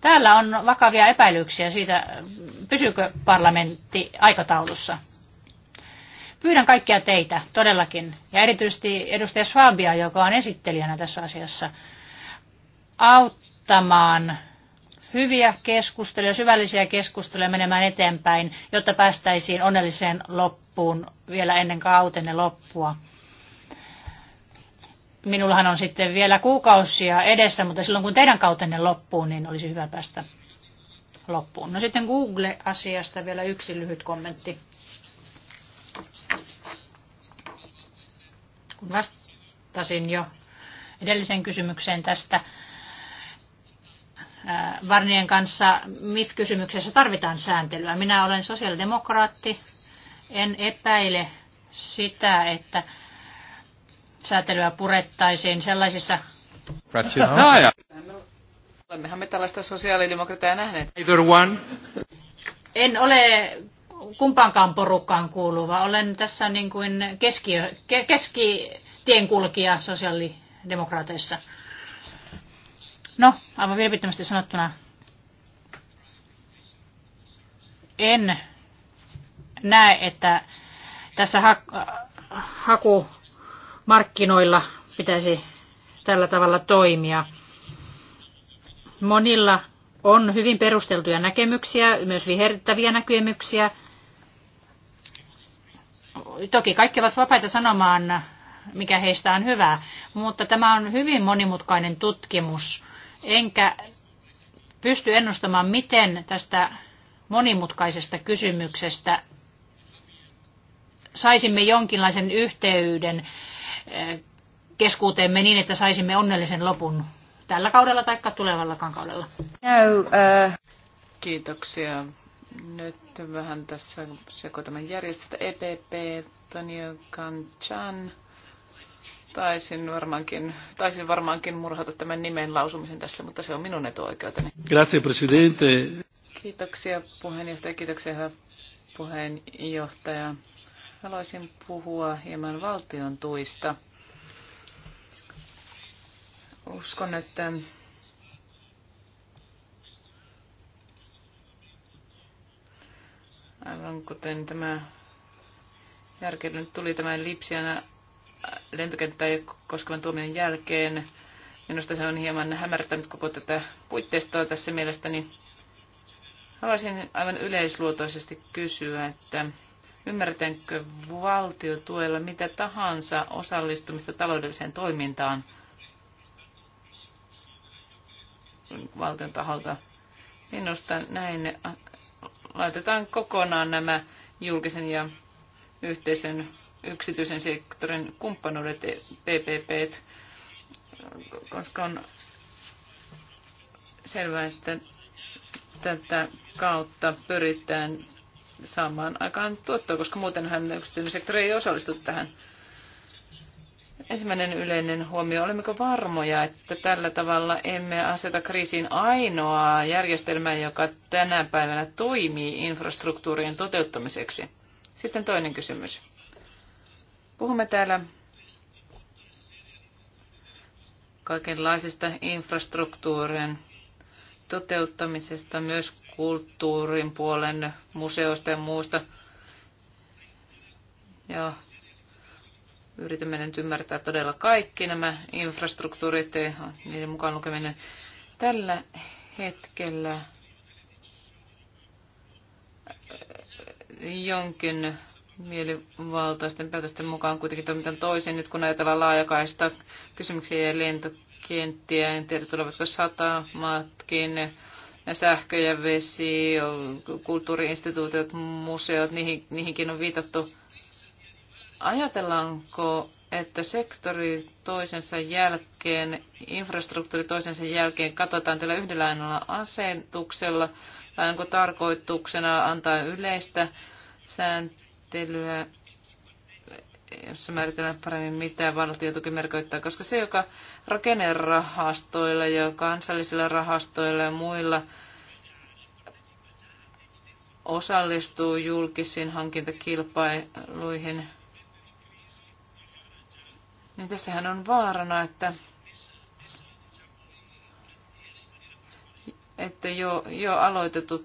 Täällä on vakavia epäilyksiä siitä, pysyykö parlamentti aikataulussa. Pyydän kaikkia teitä todellakin, ja erityisesti edustaja Swabia, joka on esittelijänä tässä asiassa, auttamaan hyviä keskusteluja, syvällisiä keskusteluja menemään eteenpäin, jotta päästäisiin onnelliseen loppuun vielä ennen kautenne loppua. Minullahan on sitten vielä kuukausia edessä, mutta silloin kun teidän kautenne loppuu, niin olisi hyvä päästä loppuun. No sitten Google-asiasta vielä yksi lyhyt kommentti. Kun vastasin jo edelliseen kysymykseen tästä Varnien kanssa MIF-kysymyksessä tarvitaan sääntelyä. Minä olen sosiaalidemokraatti, en epäile sitä, että säätelyä purettaisiin sellaisissa... Olemmehan me tällaista sosiaalidemokratiaa nähneet. Either one. En ole kumpaankaan porukkaan kuuluva. Olen tässä niin kuin keskiö, ke, keskitienkulkija sosiaalidemokraateissa. No, aivan vilpittömästi sanottuna. En näe, että tässä ha- haku markkinoilla pitäisi tällä tavalla toimia. Monilla on hyvin perusteltuja näkemyksiä, myös vihertäviä näkemyksiä. Toki kaikki ovat vapaita sanomaan, mikä heistä on hyvää, mutta tämä on hyvin monimutkainen tutkimus, enkä pysty ennustamaan, miten tästä monimutkaisesta kysymyksestä saisimme jonkinlaisen yhteyden keskuuteemme niin, että saisimme onnellisen lopun tällä kaudella tai tulevallakaan kaudella. No, uh... Kiitoksia. Nyt vähän tässä sekoitamme järjestöstä EPP, Tonio Kanchan. Taisin varmaankin, taisin varmaankin murhata tämän nimen lausumisen tässä, mutta se on minun etuoikeuteni. Grazie, presidente. Kiitoksia puheenjohtaja, kiitoksia puheenjohtaja haluaisin puhua hieman valtion tuista. Uskon, että aivan kuten tämä järkeily nyt tuli tämän Lipsian lentokenttä koskevan tuomion jälkeen, minusta se on hieman hämärtänyt koko tätä puitteistoa tässä mielestäni. Haluaisin aivan yleisluotoisesti kysyä, että Ymmärretäänkö valtiotuella mitä tahansa osallistumista taloudelliseen toimintaan valtion taholta? Minusta näin laitetaan kokonaan nämä julkisen ja yhteisön yksityisen sektorin kumppanuudet, PPP, koska on selvää, että tätä kautta pyritään saamaan aikaan tuottoa, koska muutenhan yksityinen sektori ei osallistu tähän. Ensimmäinen yleinen huomio, olemmeko varmoja, että tällä tavalla emme aseta kriisiin ainoaa järjestelmää, joka tänä päivänä toimii infrastruktuurien toteuttamiseksi? Sitten toinen kysymys. Puhumme täällä kaikenlaisista infrastruktuurien toteuttamisesta, myös kulttuurin puolen museoista ja muusta. Ja yritämme nyt ymmärtää todella kaikki nämä infrastruktuurit ja niiden mukaan lukeminen. Tällä hetkellä äh, jonkin mielivaltaisten päätösten mukaan kuitenkin toimitaan toisin. Nyt kun ajatellaan laajakaista kysymyksiä ja lentokenttiä, en tiedä tulevatko satamatkin sähkö ja vesi, kulttuuriinstituutiot, museot, niihin, niihinkin on viitattu. Ajatellaanko, että sektori toisensa jälkeen, infrastruktuuri toisensa jälkeen katsotaan tällä yhdellä ainoalla asetuksella, vai onko tarkoituksena antaa yleistä sääntelyä jossa määritellään paremmin, mitä valtiotuki merkoittaa, koska se, joka rakennerahastoilla ja kansallisilla rahastoilla ja muilla osallistuu julkisiin hankintakilpailuihin, niin tässähän on vaarana, että, että jo, jo aloitetut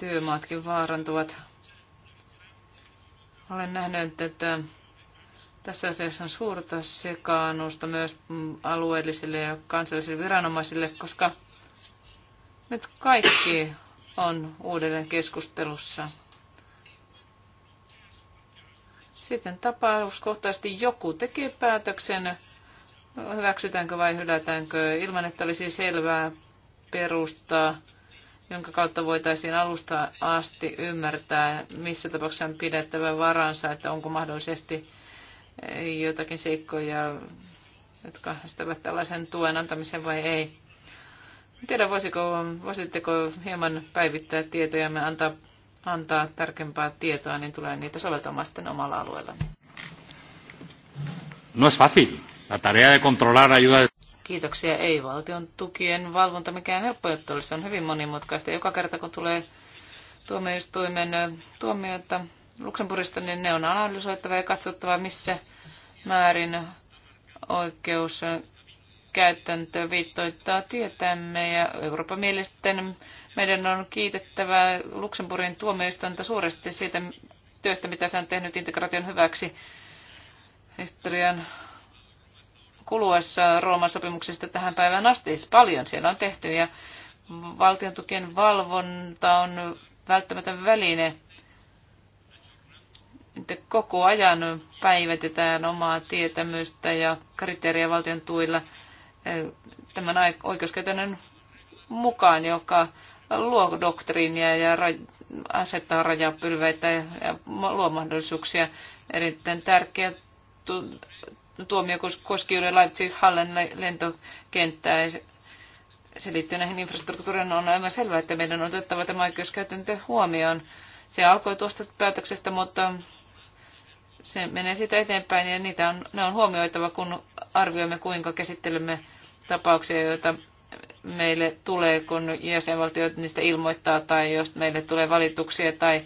työmaatkin vaarantuvat olen nähnyt, että tässä asiassa on suurta sekaannusta myös alueellisille ja kansallisille viranomaisille, koska nyt kaikki on uudelleen keskustelussa. Sitten tapauskohtaisesti joku tekee päätöksen, hyväksytäänkö vai hylätäänkö, ilman että olisi selvää perustaa jonka kautta voitaisiin alusta asti ymmärtää, missä tapauksessa on pidettävä varansa, että onko mahdollisesti eh, jotakin seikkoja, jotka estävät tällaisen tuen antamisen vai ei. En tiedä, voisiko, voisitteko hieman päivittää tietoja ja antaa, antaa tarkempaa tietoa, niin tulee niitä soveltamaan sitten omalla alueellani. No es fácil. La tarea de controlar ayuda Kiitoksia. Ei valtion tukien valvonta mikään helppo juttu Se on hyvin monimutkaista. Joka kerta kun tulee tuomioistuimen tuomioita Luxemburgista, niin ne on analysoitava ja katsottava, missä määrin oikeus käytäntö viittoittaa tietämme ja Euroopan mielestäni meidän on kiitettävä Luxemburgin tuomioistuinta suuresti siitä työstä, mitä se on tehnyt integraation hyväksi historian kuluessa Rooman sopimuksesta tähän päivään asti. Paljon siellä on tehty ja valtion tukien valvonta on välttämätön väline. Että koko ajan päivitetään omaa tietämystä ja kriteeriä valtion tuilla eh, tämän oikeuskäytännön mukaan, joka luo doktriinia ja asettaa rajapylveitä ja luo mahdollisuuksia. Erittäin tärkeä tuomio koski yli Leipzig-Hallen lentokenttää. Se liittyy näihin infrastruktuuriin. On aivan selvää, että meidän on otettava tämä oikeuskäytäntö huomioon. Se alkoi tuosta päätöksestä, mutta se menee sitä eteenpäin ja niitä on, ne on huomioitava, kun arvioimme, kuinka käsittelemme tapauksia, joita meille tulee, kun jäsenvaltiot niistä ilmoittaa tai jos meille tulee valituksia tai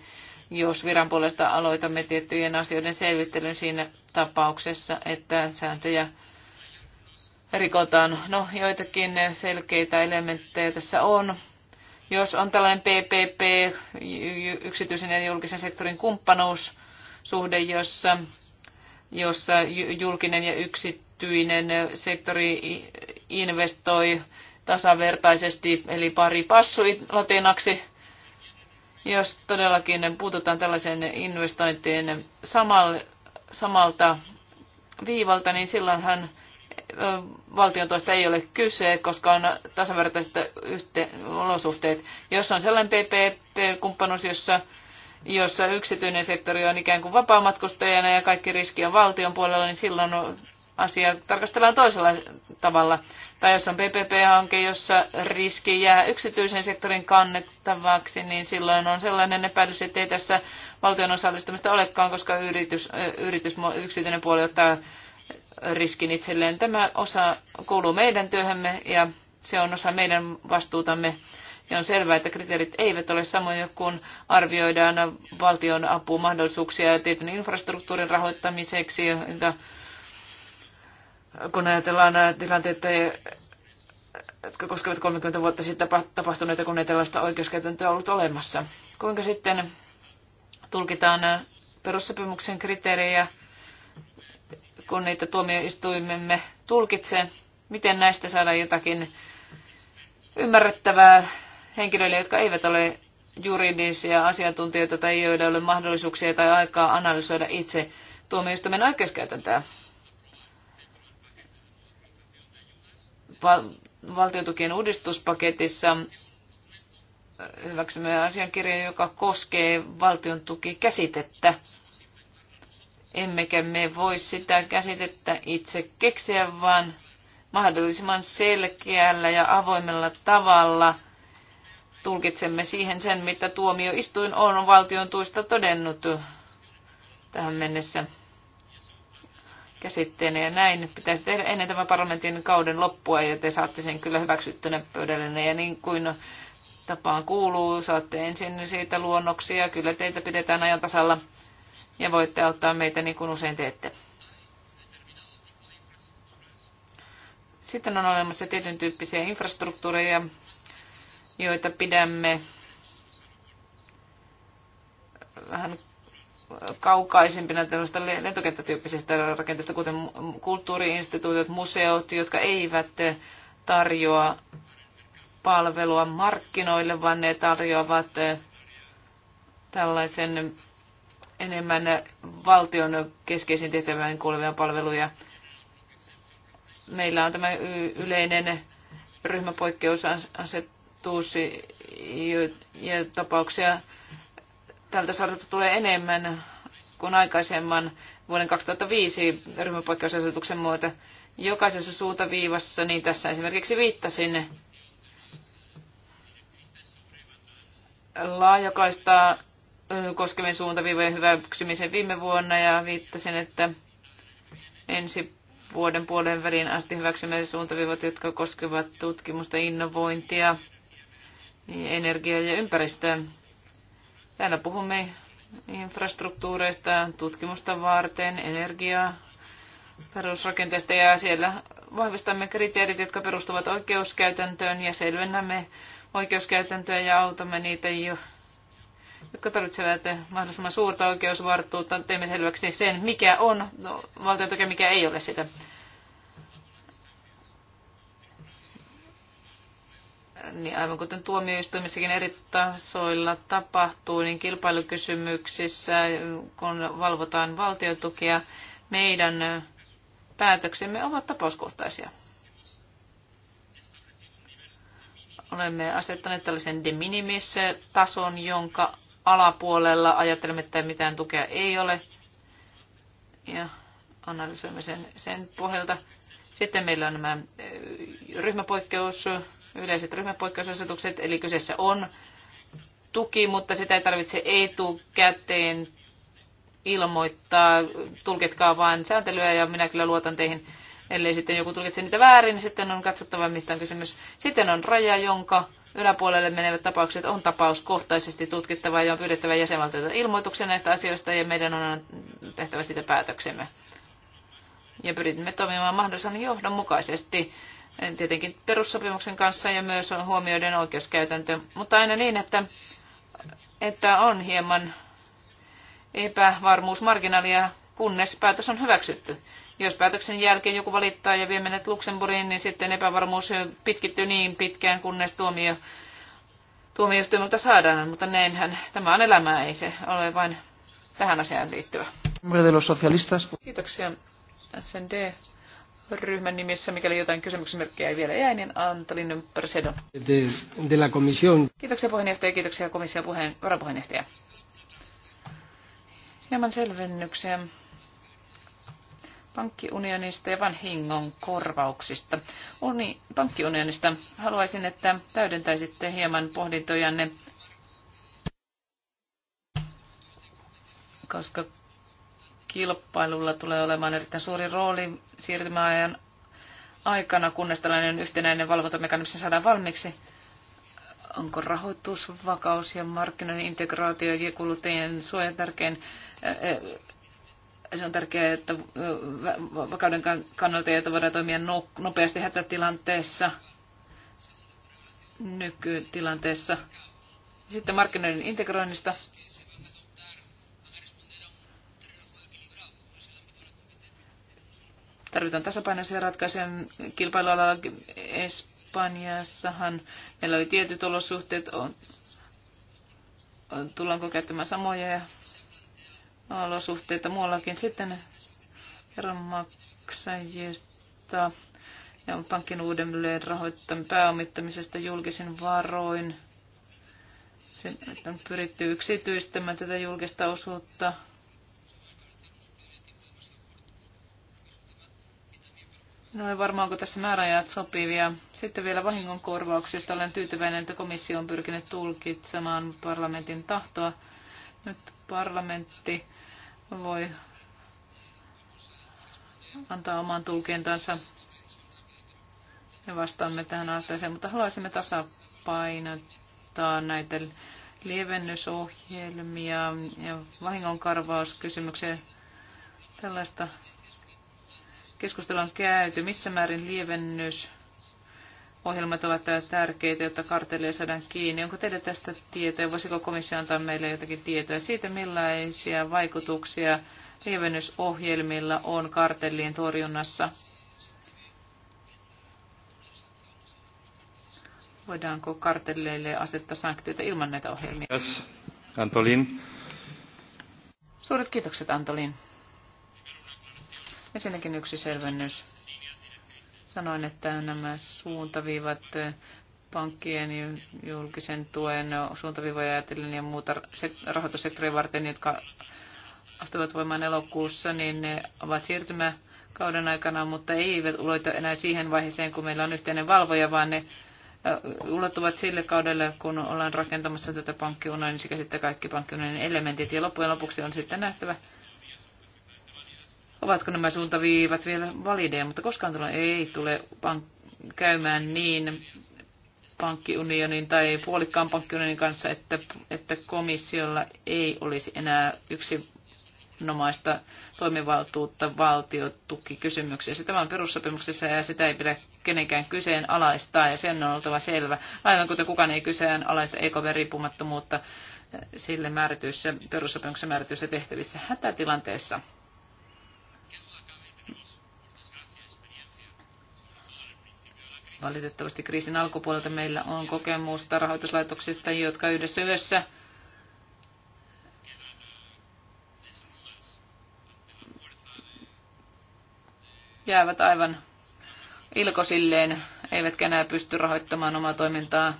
jos viran puolesta aloitamme tiettyjen asioiden selvittelyn siinä tapauksessa, että sääntöjä rikotaan. No, joitakin selkeitä elementtejä tässä on. Jos on tällainen PPP, yksityisen ja julkisen sektorin kumppanuussuhde, jossa, jossa julkinen ja yksityinen sektori investoi tasavertaisesti, eli pari passui latinaksi, jos todellakin puututaan tällaiseen investointiin samalta viivalta, niin silloinhan valtion tuosta ei ole kyse, koska on tasavertaiset yhte- olosuhteet. Jos on sellainen PPP-kumppanuus, jossa, jossa yksityinen sektori on ikään kuin vapaamatkustajana ja kaikki riski on valtion puolella, niin silloin asiaa tarkastellaan toisella tavalla. Tai jos on PPP-hanke, jossa riski jää yksityisen sektorin kannettavaksi, niin silloin on sellainen epäilys, että ei tässä valtion osallistumista olekaan, koska yritys, yritys yksityinen puoli ottaa riskin itselleen. Tämä osa kuuluu meidän työhömme ja se on osa meidän vastuutamme. Ja on selvää, että kriteerit eivät ole samoja, kun arvioidaan valtion apumahdollisuuksia tietyn infrastruktuurin rahoittamiseksi, jota kun ajatellaan nämä tilanteet, jotka koskevat 30 vuotta sitten tapahtuneita, kun ei tällaista oikeuskäytäntöä ollut olemassa. Kuinka sitten tulkitaan perussopimuksen kriteerejä, kun niitä tuomioistuimemme tulkitsee? Miten näistä saadaan jotakin ymmärrettävää henkilöille, jotka eivät ole juridisia asiantuntijoita tai joilla ei ole mahdollisuuksia tai aikaa analysoida itse tuomioistuimen oikeuskäytäntöä? valtiotukien uudistuspaketissa hyväksymme asiakirjan, joka koskee valtion tukikäsitettä. Emmekä me voi sitä käsitettä itse keksiä, vaan mahdollisimman selkeällä ja avoimella tavalla tulkitsemme siihen sen, mitä tuomioistuin on valtion tuista todennut tähän mennessä käsitteenä ja näin pitäisi tehdä ennen tämän parlamentin kauden loppua ja te saatte sen kyllä hyväksyttynä pöydällenne ja niin kuin tapaan kuuluu, saatte ensin siitä luonnoksia, kyllä teitä pidetään ajan tasalla ja voitte auttaa meitä niin kuin usein teette. Sitten on olemassa tietyn tyyppisiä infrastruktuureja, joita pidämme vähän kaukaisimpina tällaista lentokenttätyyppisistä rakenteista, kuten kulttuuriinstituutiot, museot, jotka eivät tarjoa palvelua markkinoille, vaan ne tarjoavat tällaisen enemmän valtion keskeisiin tehtävään kuuluvia palveluja. Meillä on tämä yleinen ryhmäpoikkeusasetus ja tapauksia tältä saralta tulee enemmän kuin aikaisemman vuoden 2005 ryhmäpoikkeusasetuksen muuta. Jokaisessa suuntaviivassa, niin tässä esimerkiksi viittasin laajakaista koskevien suuntaviivojen hyväksymisen viime vuonna ja viittasin, että ensi vuoden puolen väliin asti hyväksymme suuntaviivat, jotka koskevat tutkimusta, innovointia, niin energiaa ja ympäristöä. Täällä puhumme infrastruktuureista, tutkimusta varten, energiaa, perusrakenteista ja siellä vahvistamme kriteerit, jotka perustuvat oikeuskäytäntöön ja selvennämme oikeuskäytäntöä ja autamme niitä, jotka tarvitsevat mahdollisimman suurta oikeusvartuutta. Teemme selväksi sen, mikä on ja no, mikä ei ole sitä. niin aivan kuten tuomioistuimissakin eri tasoilla tapahtuu, niin kilpailukysymyksissä, kun valvotaan valtiotukea, meidän päätöksemme ovat tapauskohtaisia. Olemme asettaneet tällaisen de minimis tason, jonka alapuolella ajattelemme, että mitään tukea ei ole. Ja analysoimme sen, sen pohjalta. Sitten meillä on nämä ryhmäpoikkeus yleiset ryhmäpoikkeusasetukset, eli kyseessä on tuki, mutta sitä ei tarvitse etukäteen ilmoittaa, tulkitkaa vain sääntelyä ja minä kyllä luotan teihin. Ellei sitten joku tulkitse niitä väärin, niin sitten on katsottava, mistä on kysymys. Sitten on raja, jonka yläpuolelle menevät tapaukset on tapauskohtaisesti tutkittava ja on pyydettävä jäsenvaltioita ilmoituksen näistä asioista ja meidän on tehtävä siitä päätöksemme. Ja pyrimme toimimaan mahdollisimman johdonmukaisesti tietenkin perussopimuksen kanssa ja myös on huomioiden oikeuskäytäntö, mutta aina niin, että, että on hieman epävarmuusmarginaalia, kunnes päätös on hyväksytty. Jos päätöksen jälkeen joku valittaa ja vie menet Luxemburgiin, niin sitten epävarmuus pitkittyy niin pitkään, kunnes tuomio, tuomioistuimelta saadaan. Mutta näinhän tämä on elämää, ei se ole vain tähän asiaan liittyvä. Kiitoksia. SND ryhmän nimissä, mikäli jotain kysymysmerkkejä ei vielä jäi, niin Antalin Persedon. De, de la Kiitoksia puheenjohtaja, kiitoksia komission puheen, varapuheenjohtaja. Hieman selvennyksiä pankkiunionista ja vanhingon korvauksista. Uni, pankkiunionista haluaisin, että täydentäisitte hieman pohdintojanne, koska kilpailulla tulee olemaan erittäin suuri rooli siirtymäajan aikana, kunnes tällainen yhtenäinen valvontamekanismi saadaan valmiiksi. Onko vakaus ja markkinoiden integraatio ja kuluttajien suoja tärkein? Se on tärkeää, että vakauden kannalta joita voidaan toimia no, nopeasti hätätilanteessa, nykytilanteessa. Sitten markkinoiden integroinnista Tarvitaan tasapainoisia ratkaisuja kilpailualalla. Espanjassahan meillä oli tietyt olosuhteet. On, on, tullaanko käyttämään samoja ja olosuhteita muuallakin. Sitten veronmaksajista ja pankin uudelleen rahoittamisen pääomittamisesta julkisin varoin. Sen, että on pyritty yksityistämään tätä julkista osuutta No ei varmaan, tässä määräajat sopivia. Sitten vielä vahingonkorvauksista olen tyytyväinen, että komissio on pyrkinyt tulkitsemaan parlamentin tahtoa. Nyt parlamentti voi antaa oman tulkintansa Me vastaamme tähän haasteeseen, mutta haluaisimme tasapainottaa näitä lievennysohjelmia ja vahingonkarvauskysymyksiä. Tällaista keskustelua on käyty, missä määrin lievennys ohjelmat ovat tärkeitä, jotta kartelleja saadaan kiinni. Onko teille tästä tietoa? Voisiko komissio antaa meille jotakin tietoa siitä, millaisia vaikutuksia lievennysohjelmilla on kartellien torjunnassa? Voidaanko kartelleille asettaa sanktioita ilman näitä ohjelmia? Yes, Antolin. Suuret kiitokset, Antolin. Ensinnäkin yksi selvennys. Sanoin, että nämä suuntaviivat pankkien julkisen tuen suuntaviivoja ajatellen ja muuta rahoitussektoria varten, jotka astuvat voimaan elokuussa, niin ne ovat siirtymäkauden aikana, mutta ei uloita enää siihen vaiheeseen, kun meillä on yhteinen valvoja, vaan ne ulottuvat sille kaudelle, kun ollaan rakentamassa tätä pankkiunionia, niin sekä sitten kaikki pankkiunionin elementit. Ja loppujen lopuksi on sitten nähtävä, ovatko nämä suuntaviivat vielä valideja, mutta koskaan tulee, ei tule pank- käymään niin pankkiunionin tai puolikkaan pankkiunionin kanssa, että, että komissiolla ei olisi enää yksi nomaista toimivaltuutta valtiotukikysymyksiä. Tämä on perussopimuksessa ja sitä ei pidä kenenkään kyseenalaistaa ja sen on oltava selvä. Aivan kuten kukaan ei kyseenalaista EKVn riippumattomuutta sille määrityissä, perussopimuksen määrityissä tehtävissä hätätilanteessa. Valitettavasti kriisin alkupuolelta meillä on kokemusta rahoituslaitoksista, jotka yhdessä yössä jäävät aivan ilkosilleen, eivätkä enää pysty rahoittamaan omaa toimintaa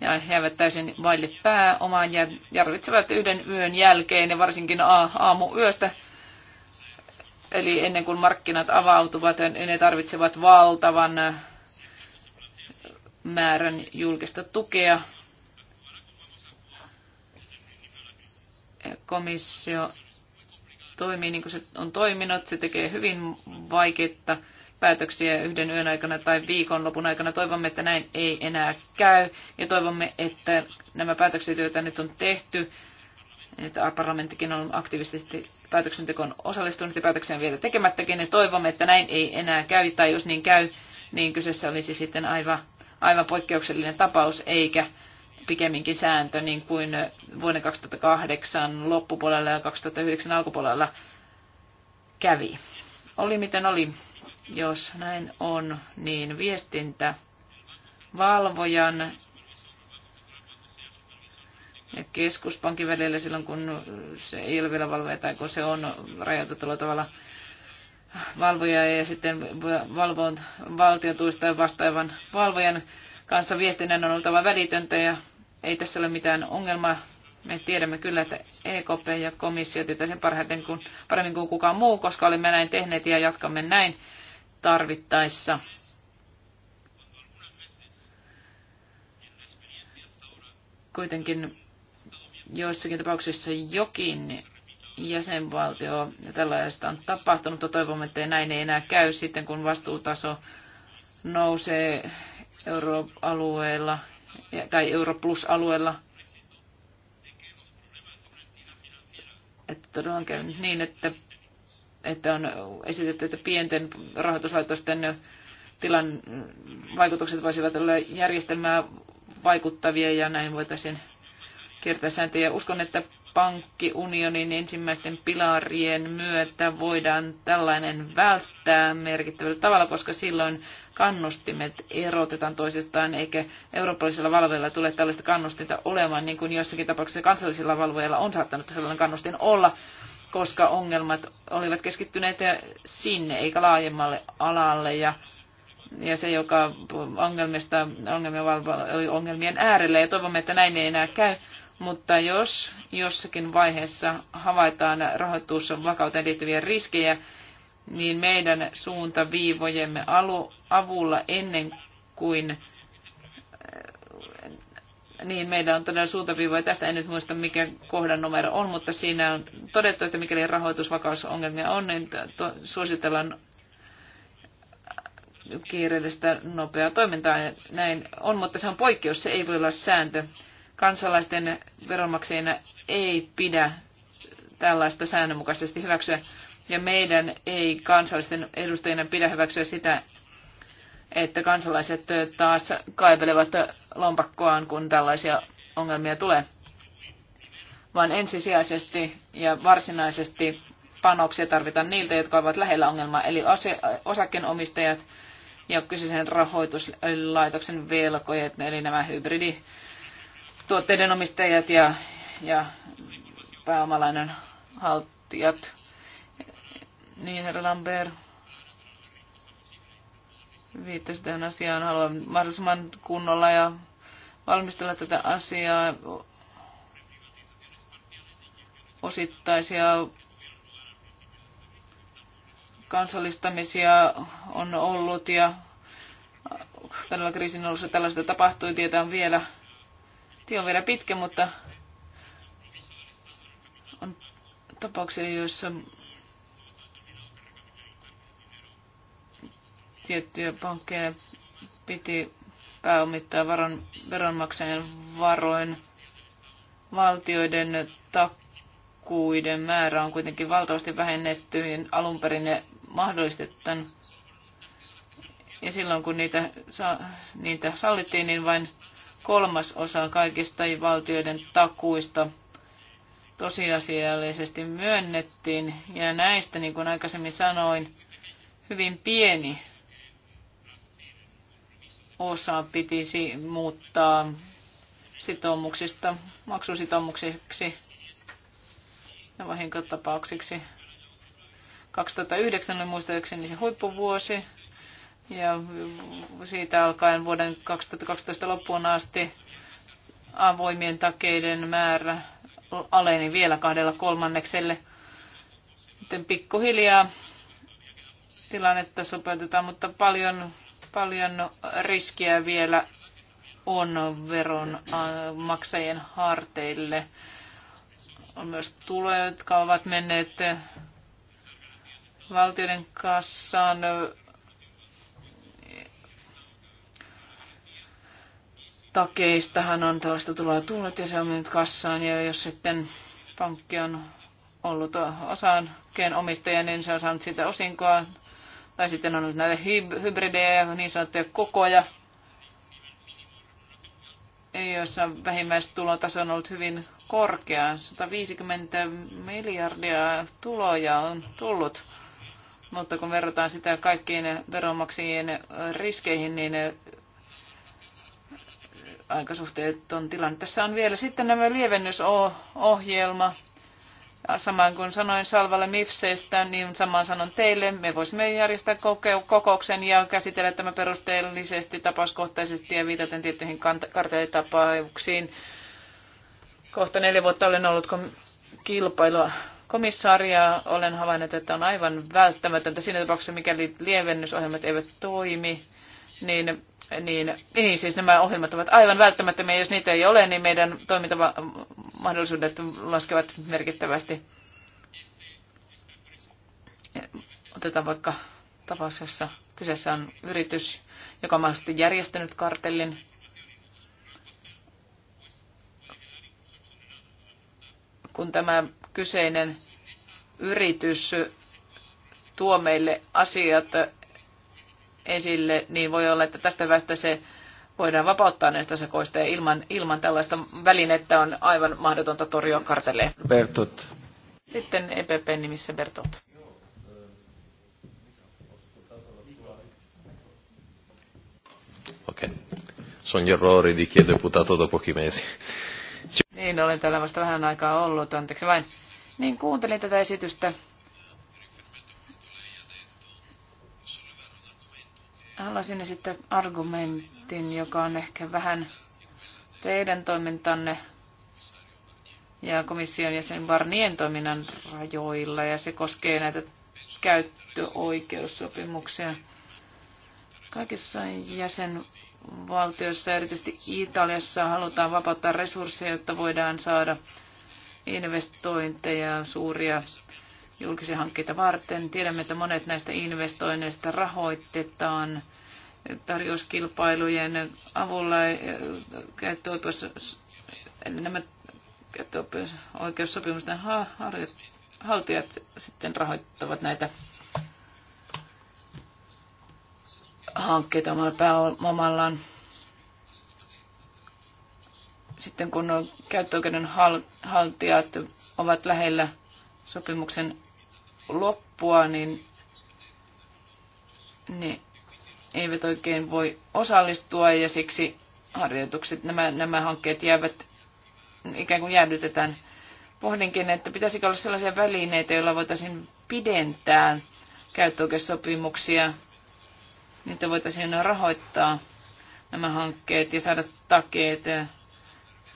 ja jäävät täysin vaille omaan ja jarvitsevat yhden yön jälkeen ja varsinkin yöstä, Eli ennen kuin markkinat avautuvat, niin ne tarvitsevat valtavan määrän julkista tukea. Komissio toimii niin kuin se on toiminut. Se tekee hyvin vaikeita päätöksiä yhden yön aikana tai viikonlopun aikana. Toivomme, että näin ei enää käy ja toivomme, että nämä päätökset, joita nyt on tehty, että parlamenttikin on aktiivisesti päätöksentekoon osallistunut ja päätöksiä on vielä tekemättäkin, ja toivomme, että näin ei enää käy, tai jos niin käy, niin kyseessä olisi sitten aivan aivan poikkeuksellinen tapaus, eikä pikemminkin sääntö, niin kuin vuoden 2008 loppupuolella ja 2009 alkupuolella kävi. Oli miten oli, jos näin on, niin viestintä valvojan ja keskuspankin välillä silloin, kun se ei ole vielä valvoja tai kun se on rajoitetulla tavalla valvoja ja sitten valvon valtiotuista vastaavan valvojan kanssa viestinnän on oltava välitöntä ja ei tässä ole mitään ongelmaa. Me tiedämme kyllä, että EKP ja komissio tietää sen parhaiten kuin, paremmin kuin kukaan muu, koska olemme näin tehneet ja jatkamme näin tarvittaessa. Kuitenkin joissakin tapauksissa jokin jäsenvaltio ja tällaista on tapahtunut, mutta toivomme, että näin ei enää käy sitten, kun vastuutaso nousee euroalueella tai euro plus alueella. Että todella on käynyt niin, että, että on esitetty, että pienten rahoituslaitosten tilan vaikutukset voisivat olla järjestelmää vaikuttavia ja näin voitaisiin kiertää sääntöjä. Uskon, että pankkiunionin ensimmäisten pilarien myötä voidaan tällainen välttää merkittävällä tavalla, koska silloin kannustimet erotetaan toisistaan, eikä eurooppalaisilla valvojilla tule tällaista kannustinta olemaan, niin kuin jossakin tapauksessa kansallisilla valvojilla on saattanut sellainen kannustin olla, koska ongelmat olivat keskittyneet sinne eikä laajemmalle alalle ja ja se, joka ongelmista, ongelmien, valvo, ongelmien äärellä, ja toivomme, että näin ei enää käy mutta jos jossakin vaiheessa havaitaan rahoitusvakauteen liittyviä riskejä, niin meidän suuntaviivojemme alu, avulla ennen kuin eh, niin meidän on todella suuntaviivoja. Tästä en nyt muista, mikä kohdan numero on, mutta siinä on todettu, että mikäli rahoitusvakausongelmia on, niin to, suositellaan kiireellistä nopeaa toimintaa. Näin on, mutta se on poikkeus, se ei voi olla sääntö kansalaisten veronmaksajina ei pidä tällaista säännönmukaisesti hyväksyä. Ja meidän ei kansallisten edustajina pidä hyväksyä sitä, että kansalaiset taas kaivelevat lompakkoaan, kun tällaisia ongelmia tulee. Vaan ensisijaisesti ja varsinaisesti panoksia tarvitaan niiltä, jotka ovat lähellä ongelmaa, eli osakkeenomistajat ja kyseisen rahoituslaitoksen velkojat, eli nämä hybridi tuotteiden omistajat ja, ja pääomalainan haltijat. Niin, herra Lambert viittasi tähän asiaan. Haluan mahdollisimman kunnolla ja valmistella tätä asiaa osittaisia kansallistamisia on ollut ja tällä kriisin ollessa tällaista tapahtui, tietää vielä tie on vielä pitkä, mutta on tapauksia, joissa tiettyjä pankkeja piti pääomittaa varon, veronmaksajien varoin. Valtioiden takkuiden määrä on kuitenkin valtavasti vähennetty, ja alun perin ne mahdollistetaan. Ja silloin kun niitä, niitä sallittiin, niin vain kolmas osa kaikista valtioiden takuista tosiasiallisesti myönnettiin. Ja näistä, niin kuin aikaisemmin sanoin, hyvin pieni osa pitisi muuttaa sitoumuksista maksusitoumuksiksi ja vahinkotapauksiksi. 2009 oli muistaakseni se huippuvuosi. Ja siitä alkaen vuoden 2012 loppuun asti avoimien takeiden määrä aleni vielä kahdella kolmannekselle. Sitten pikkuhiljaa tilannetta sopeutetaan, mutta paljon, paljon riskiä vielä on veron äh, maksajien harteille. On myös tuloja, jotka ovat menneet valtioiden kassaan takeistahan on tällaista tuloa tullut ja se on mennyt kassaan ja jos sitten pankki on ollut osakkeen omistaja, niin se on saanut siitä osinkoa. Tai sitten on ollut näitä hybridejä, niin sanottuja kokoja, joissa vähimmäistulotaso on ollut hyvin korkea. 150 miljardia tuloja on tullut. Mutta kun verrataan sitä kaikkiin veronmaksajien riskeihin, niin aika suhteeton tilanne. Tässä on vielä sitten nämä lievennysohjelma. Samaan kuin sanoin Salvalle Mifseistä, niin samaan sanon teille. Me voisimme järjestää kokouksen ja käsitellä tämä perusteellisesti, tapauskohtaisesti ja viitaten tiettyihin kartelitapauksiin. Kohta neljä vuotta olen ollut kilpailua komissaaria. Olen havainnut, että on aivan välttämätöntä siinä tapauksessa, mikäli lievennysohjelmat eivät toimi, niin niin, niin siis nämä ohjelmat ovat aivan välttämättömiä. Jos niitä ei ole, niin meidän toimintamahdollisuudet laskevat merkittävästi. Otetaan vaikka tapaus, jossa kyseessä on yritys, joka on mahdollisesti järjestänyt kartellin. Kun tämä kyseinen yritys tuo meille asiat esille, niin voi olla, että tästä hyvästä se voidaan vapauttaa näistä sakoista ja ilman, ilman tällaista välinettä on aivan mahdotonta torjua karteleja. Bertot. Sitten EPP nimissä Bertot. Okei. Okay. Sono gli errori di chi è deputato dopo pochi mesi. Niin, olen täällä vasta vähän aikaa ollut, anteeksi vain. Niin kuuntelin tätä esitystä Haluaisin esittää argumentin, joka on ehkä vähän teidän toimintanne ja komission jäsen Barnien toiminnan rajoilla, ja se koskee näitä käyttöoikeussopimuksia. Kaikissa jäsenvaltioissa, erityisesti Italiassa, halutaan vapauttaa resursseja, jotta voidaan saada investointeja, suuria julkisia hankkeita varten. Tiedämme, että monet näistä investoinneista rahoitetaan tarjouskilpailujen avulla käyttöoikeus, nämä käyttöoikeussopimusten haltijat sitten rahoittavat näitä hankkeita omalla pääomallaan. Sitten kun käyttöoikeuden haltijat ovat lähellä sopimuksen loppua, niin ne eivät oikein voi osallistua ja siksi harjoitukset, nämä, nämä hankkeet jäävät, ikään kuin jäädytetään. Pohdinkin, että pitäisikö olla sellaisia välineitä, joilla voitaisiin pidentää käyttöoikeussopimuksia. Niitä voitaisiin rahoittaa nämä hankkeet ja saada takeet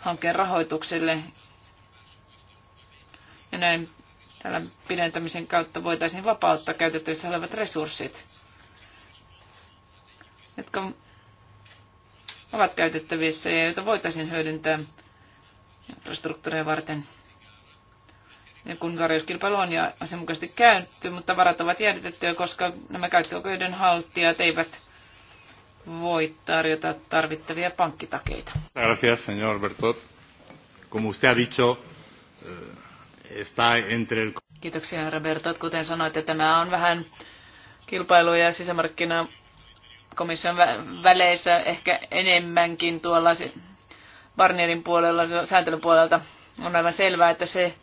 hankkeen rahoitukselle. Ja näin Tällä pidentämisen kautta voitaisiin vapauttaa käytettävissä olevat resurssit, jotka ovat käytettävissä ja joita voitaisiin hyödyntää infrastruktuuria varten. Ja kun tarjouskilpailu on ja asianmukaisesti käytetty, mutta varat ovat jäädytettyjä, koska nämä käyttöoikeuden haltijat eivät voi tarjota tarvittavia pankkitakeita. Gracias, señor Bertot. Como usted ha dicho, eh, está entre el... Kiitoksia Roberto. Kuten sanoit, että tämä on vähän kilpailu- ja sisämarkkinakomission väleissä ehkä enemmänkin tuolla Barnierin puolella, sääntelyn puolelta. On aivan selvää, että se,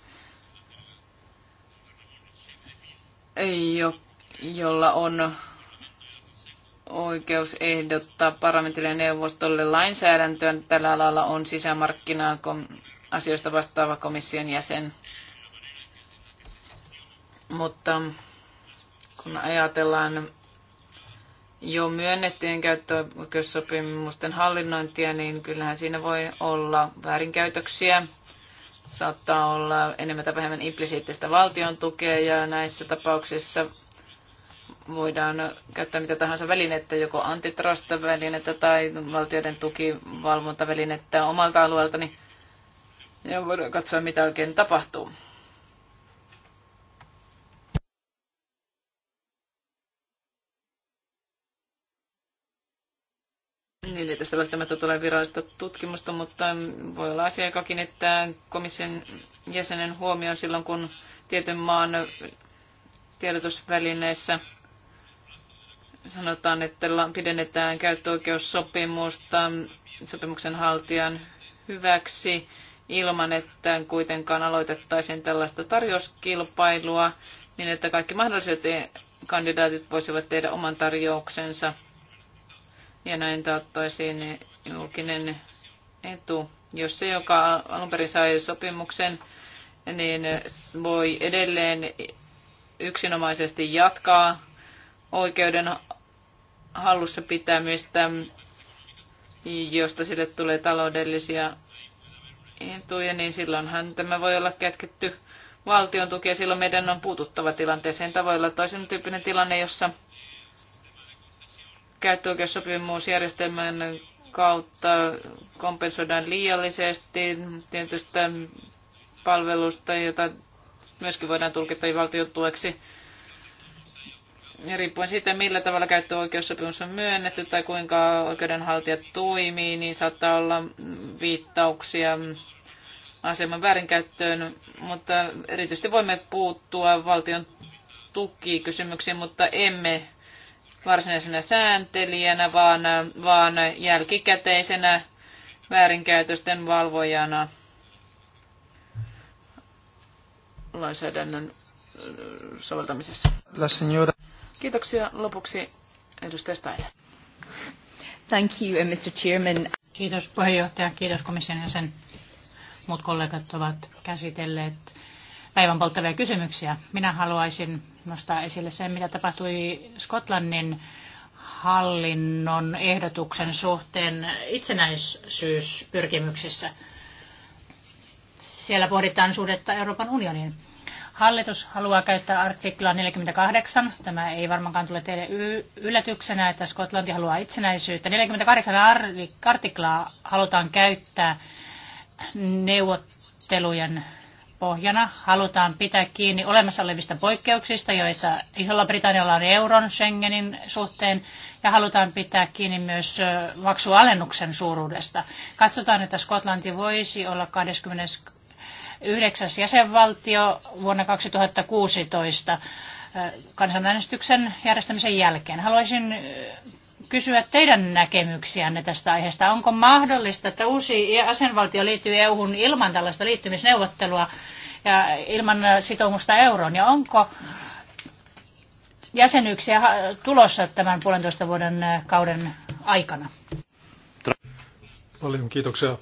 jo, jolla on oikeus ehdottaa parlamentille ja neuvostolle lainsäädäntöä. Tällä alalla on sisämarkkinaa asioista vastaava komission jäsen. Mutta kun ajatellaan jo myönnettyjen käyttöoikeussopimusten hallinnointia, niin kyllähän siinä voi olla väärinkäytöksiä. Saattaa olla enemmän tai vähemmän implisiittistä valtion tukea ja näissä tapauksissa voidaan käyttää mitä tahansa välinettä, joko antitrust-välinettä tai valtioiden tukivalvontavälinettä omalta alueelta, niin voidaan katsoa mitä oikein tapahtuu. ei tästä välttämättä tule virallista tutkimusta, mutta voi olla asia, joka kiinnittää komission jäsenen huomioon silloin, kun tietyn maan tiedotusvälineissä sanotaan, että pidennetään käyttöoikeussopimusta sopimuksen haltijan hyväksi ilman, että kuitenkaan aloitettaisiin tällaista tarjouskilpailua niin, että kaikki mahdolliset e- kandidaatit voisivat tehdä oman tarjouksensa – ja näin taattaisiin julkinen etu. Jos se, joka alun perin sai sopimuksen, niin voi edelleen yksinomaisesti jatkaa oikeuden hallussa pitämistä, josta sille tulee taloudellisia etuja, niin silloinhan tämä voi olla kätketty valtion tuki, ja silloin meidän on puututtava tilanteeseen tavoilla. Toisen tyyppinen tilanne, jossa käyttöoikeussopimusjärjestelmän kautta kompensoidaan liiallisesti tietystä palvelusta, jota myöskin voidaan tulkita valtion tueksi. riippuen siitä, millä tavalla käyttöoikeussopimus on myönnetty tai kuinka oikeudenhaltija toimii, niin saattaa olla viittauksia aseman väärinkäyttöön, mutta erityisesti voimme puuttua valtion tukikysymyksiin, mutta emme varsinaisena sääntelijänä, vaan, vaan jälkikäteisenä väärinkäytösten valvojana lainsäädännön äh, soveltamisessa. Kiitoksia lopuksi edustaja Steiner. Thank you, uh, Mr. Chairman. Kiitos puheenjohtaja, kiitos komission jäsen. Muut kollegat ovat käsitelleet päivän polttavia kysymyksiä. Minä haluaisin nostaa esille sen, mitä tapahtui Skotlannin hallinnon ehdotuksen suhteen itsenäisyyspyrkimyksissä. Siellä pohditaan suhdetta Euroopan unionin. Hallitus haluaa käyttää artiklaa 48. Tämä ei varmaankaan tule teille yllätyksenä, että Skotlanti haluaa itsenäisyyttä. 48 artiklaa halutaan käyttää neuvottelujen pohjana halutaan pitää kiinni olemassa olevista poikkeuksista, joita Isolla-Britannialla on euron Schengenin suhteen, ja halutaan pitää kiinni myös maksualennuksen suuruudesta. Katsotaan, että Skotlanti voisi olla 29. jäsenvaltio vuonna 2016 kansanäänestyksen järjestämisen jälkeen. Haluaisin kysyä teidän näkemyksiänne tästä aiheesta. Onko mahdollista, että uusi jäsenvaltio liittyy EU-hun ilman tällaista liittymisneuvottelua ja ilman sitoumusta euroon? Ja onko jäsenyyksiä tulossa tämän puolentoista vuoden kauden aikana? Paljon kiitoksia.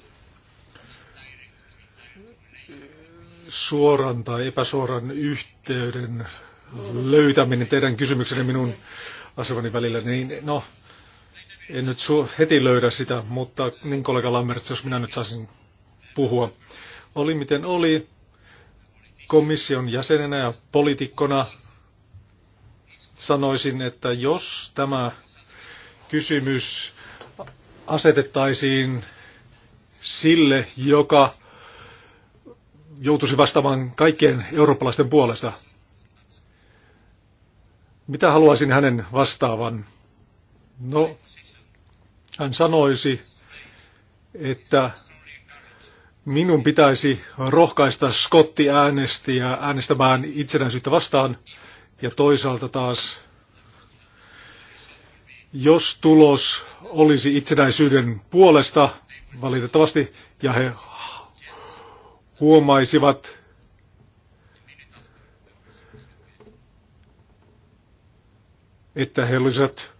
Suoran tai epäsuoran yhteyden löytäminen teidän kysymyksenne minun asemani välillä, niin no, en nyt heti löydä sitä, mutta niin kollega Lammerts, jos minä nyt saisin puhua. Oli miten oli, komission jäsenenä ja poliitikkona sanoisin, että jos tämä kysymys asetettaisiin sille, joka joutuisi vastaamaan kaikkien eurooppalaisten puolesta. Mitä haluaisin hänen vastaavan? No, hän sanoisi, että minun pitäisi rohkaista skotti ja äänestämään itsenäisyyttä vastaan ja toisaalta taas jos tulos olisi itsenäisyyden puolesta, valitettavasti, ja he huomaisivat, että he olisivat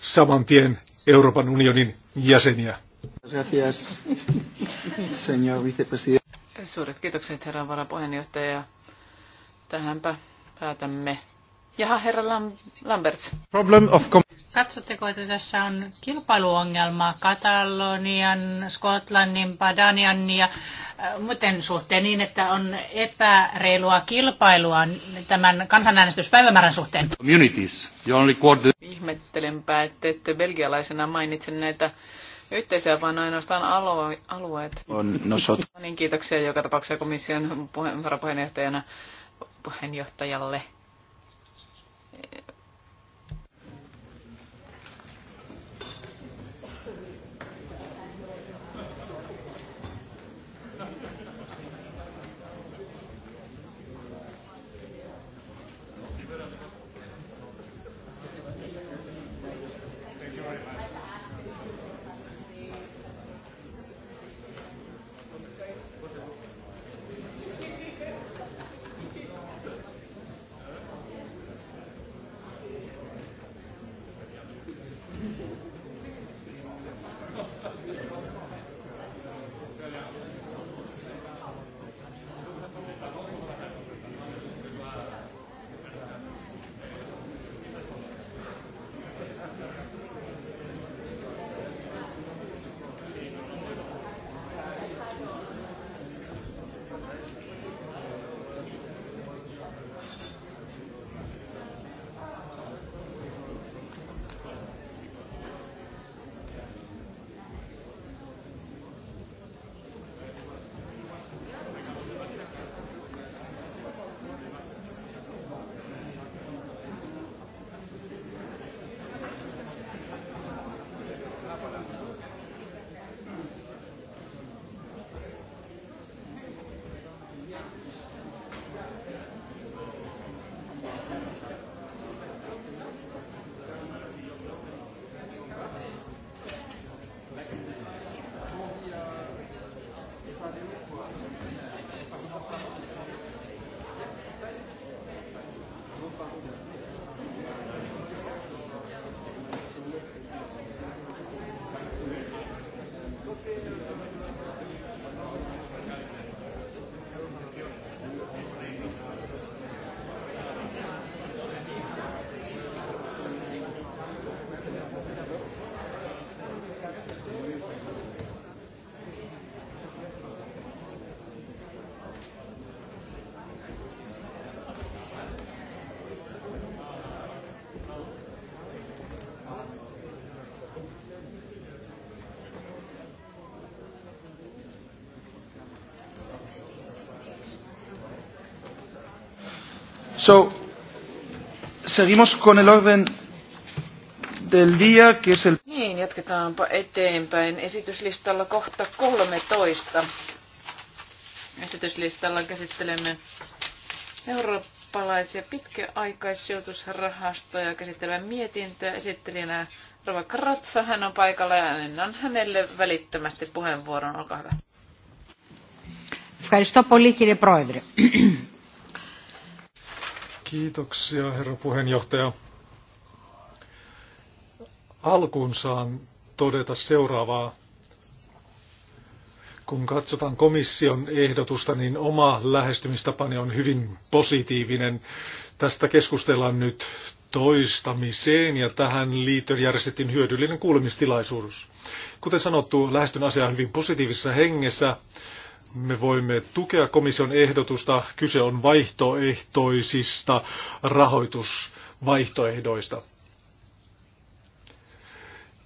saman tien Euroopan unionin jäseniä. Gracias, señor vicepresidente. Suuret kiitokset, herra varapuheenjohtaja. Tähänpä päätämme. Jaha, herra Lam- Lamberts. Problem of Katsotteko, että tässä on kilpailuongelma Katalonian, Skotlannin, Padanian ja äh, muuten suhteen niin, että on epäreilua kilpailua tämän kansanäänestyspäivämäärän suhteen? Communities, you only quarter epäilenpä, että, että belgialaisena mainitsen näitä yhteisöjä, vaan ainoastaan alueet. On, no, sot. niin, kiitoksia joka tapauksessa komission puheenjohtajana puheenjohtajalle So, seguimos con el orden del día, que es el... Niin, jatketaanpa eteenpäin. Esityslistalla kohta 13. Esityslistalla käsittelemme eurooppalaisia pitkäaikaissijoitusrahastoja käsittelevän mietintöä esittelijänä Rova Kratsa. Hän on paikalla ja annan hänelle välittömästi puheenvuoron. Olkaa hyvä. Ευχαριστώ πολύ κύριε Πρόεδρε. Kiitoksia, herra puheenjohtaja. Alkuun saan todeta seuraavaa. Kun katsotaan komission ehdotusta, niin oma lähestymistapani on hyvin positiivinen. Tästä keskustellaan nyt toistamiseen ja tähän liittyen järjestettiin hyödyllinen kuulemistilaisuus. Kuten sanottu, lähestyn asiaa hyvin positiivisessa hengessä me voimme tukea komission ehdotusta. Kyse on vaihtoehtoisista rahoitusvaihtoehdoista.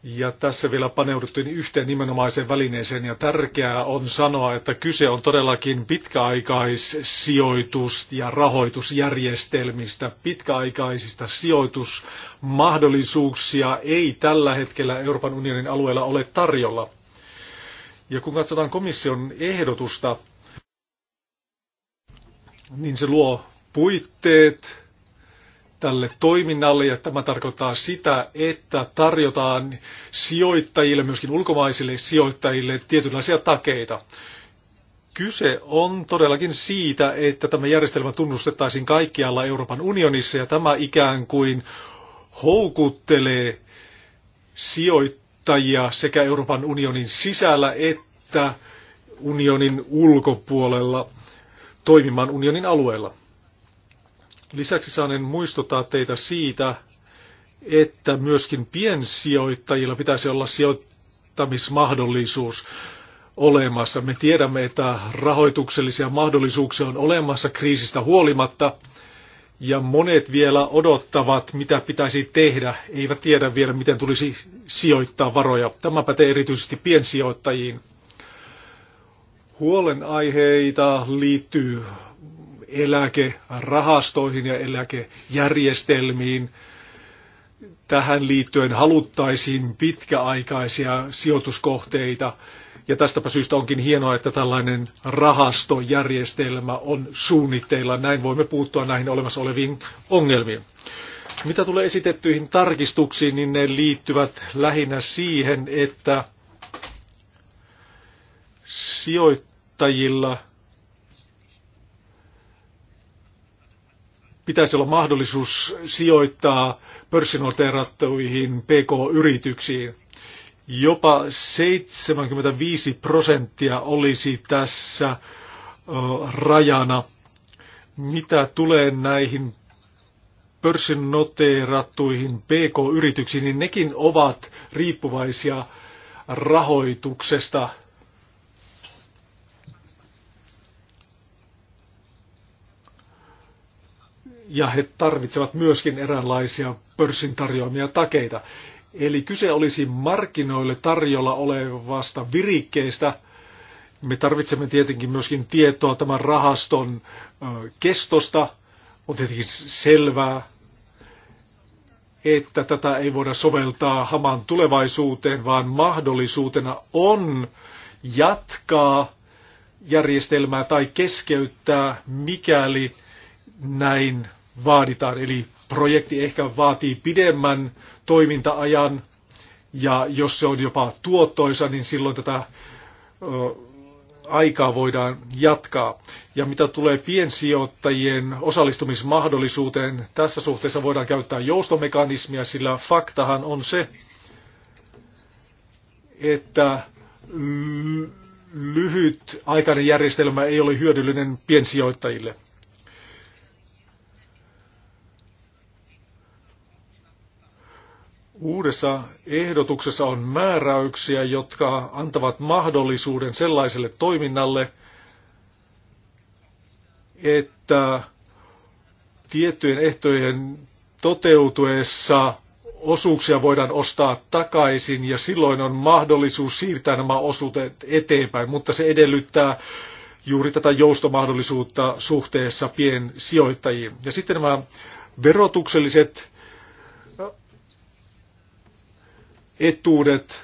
Ja tässä vielä paneuduttiin yhteen nimenomaiseen välineeseen ja tärkeää on sanoa, että kyse on todellakin pitkäaikaissijoitus- ja rahoitusjärjestelmistä. Pitkäaikaisista sijoitusmahdollisuuksia ei tällä hetkellä Euroopan unionin alueella ole tarjolla. Ja kun katsotaan komission ehdotusta, niin se luo puitteet tälle toiminnalle ja tämä tarkoittaa sitä, että tarjotaan sijoittajille, myöskin ulkomaisille sijoittajille tietynlaisia takeita. Kyse on todellakin siitä, että tämä järjestelmä tunnustettaisiin kaikkialla Euroopan unionissa ja tämä ikään kuin houkuttelee sijoittajia kuluttajia sekä Euroopan unionin sisällä että unionin ulkopuolella toimimaan unionin alueella. Lisäksi saanen muistuttaa teitä siitä, että myöskin piensijoittajilla pitäisi olla sijoittamismahdollisuus olemassa. Me tiedämme, että rahoituksellisia mahdollisuuksia on olemassa kriisistä huolimatta – ja monet vielä odottavat, mitä pitäisi tehdä, eivät tiedä vielä, miten tulisi sijoittaa varoja. Tämä pätee erityisesti piensijoittajiin. Huolenaiheita liittyy eläkerahastoihin ja eläkejärjestelmiin. Tähän liittyen haluttaisiin pitkäaikaisia sijoituskohteita ja tästäpä syystä onkin hienoa, että tällainen rahastojärjestelmä on suunnitteilla. Näin voimme puuttua näihin olemassa oleviin ongelmiin. Mitä tulee esitettyihin tarkistuksiin, niin ne liittyvät lähinnä siihen, että sijoittajilla pitäisi olla mahdollisuus sijoittaa pörssinoteerattuihin PK-yrityksiin. Jopa 75 prosenttia olisi tässä rajana. Mitä tulee näihin pörssin noteerattuihin PK-yrityksiin, niin nekin ovat riippuvaisia rahoituksesta. Ja he tarvitsevat myöskin eräänlaisia pörssin tarjoamia takeita. Eli kyse olisi markkinoille tarjolla olevasta virikkeestä. Me tarvitsemme tietenkin myöskin tietoa tämän rahaston kestosta. On tietenkin selvää, että tätä ei voida soveltaa haman tulevaisuuteen, vaan mahdollisuutena on jatkaa järjestelmää tai keskeyttää, mikäli näin vaaditaan. Eli projekti ehkä vaatii pidemmän toimintaajan, ja jos se on jopa tuottoisa, niin silloin tätä aikaa voidaan jatkaa. Ja mitä tulee piensijoittajien osallistumismahdollisuuteen, tässä suhteessa voidaan käyttää joustomekanismia, sillä faktahan on se, että lyhyt aikainen järjestelmä ei ole hyödyllinen piensijoittajille. Uudessa ehdotuksessa on määräyksiä, jotka antavat mahdollisuuden sellaiselle toiminnalle, että tiettyjen ehtojen toteutuessa osuuksia voidaan ostaa takaisin ja silloin on mahdollisuus siirtää nämä osuudet eteenpäin, mutta se edellyttää juuri tätä joustomahdollisuutta suhteessa piensijoittajiin. Ja sitten nämä verotukselliset etuudet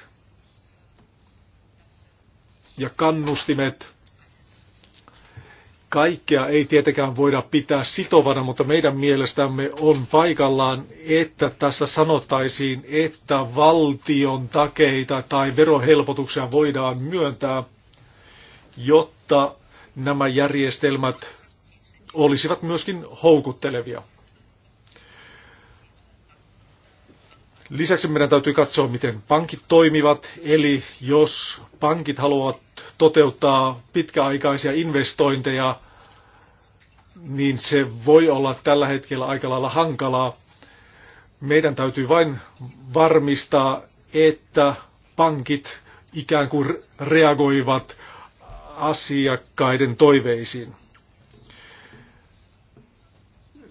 ja kannustimet. Kaikkea ei tietenkään voida pitää sitovana, mutta meidän mielestämme on paikallaan, että tässä sanottaisiin, että valtion takeita tai verohelpotuksia voidaan myöntää, jotta nämä järjestelmät olisivat myöskin houkuttelevia. Lisäksi meidän täytyy katsoa, miten pankit toimivat, eli jos pankit haluavat toteuttaa pitkäaikaisia investointeja, niin se voi olla tällä hetkellä aika lailla hankalaa. Meidän täytyy vain varmistaa, että pankit ikään kuin reagoivat asiakkaiden toiveisiin.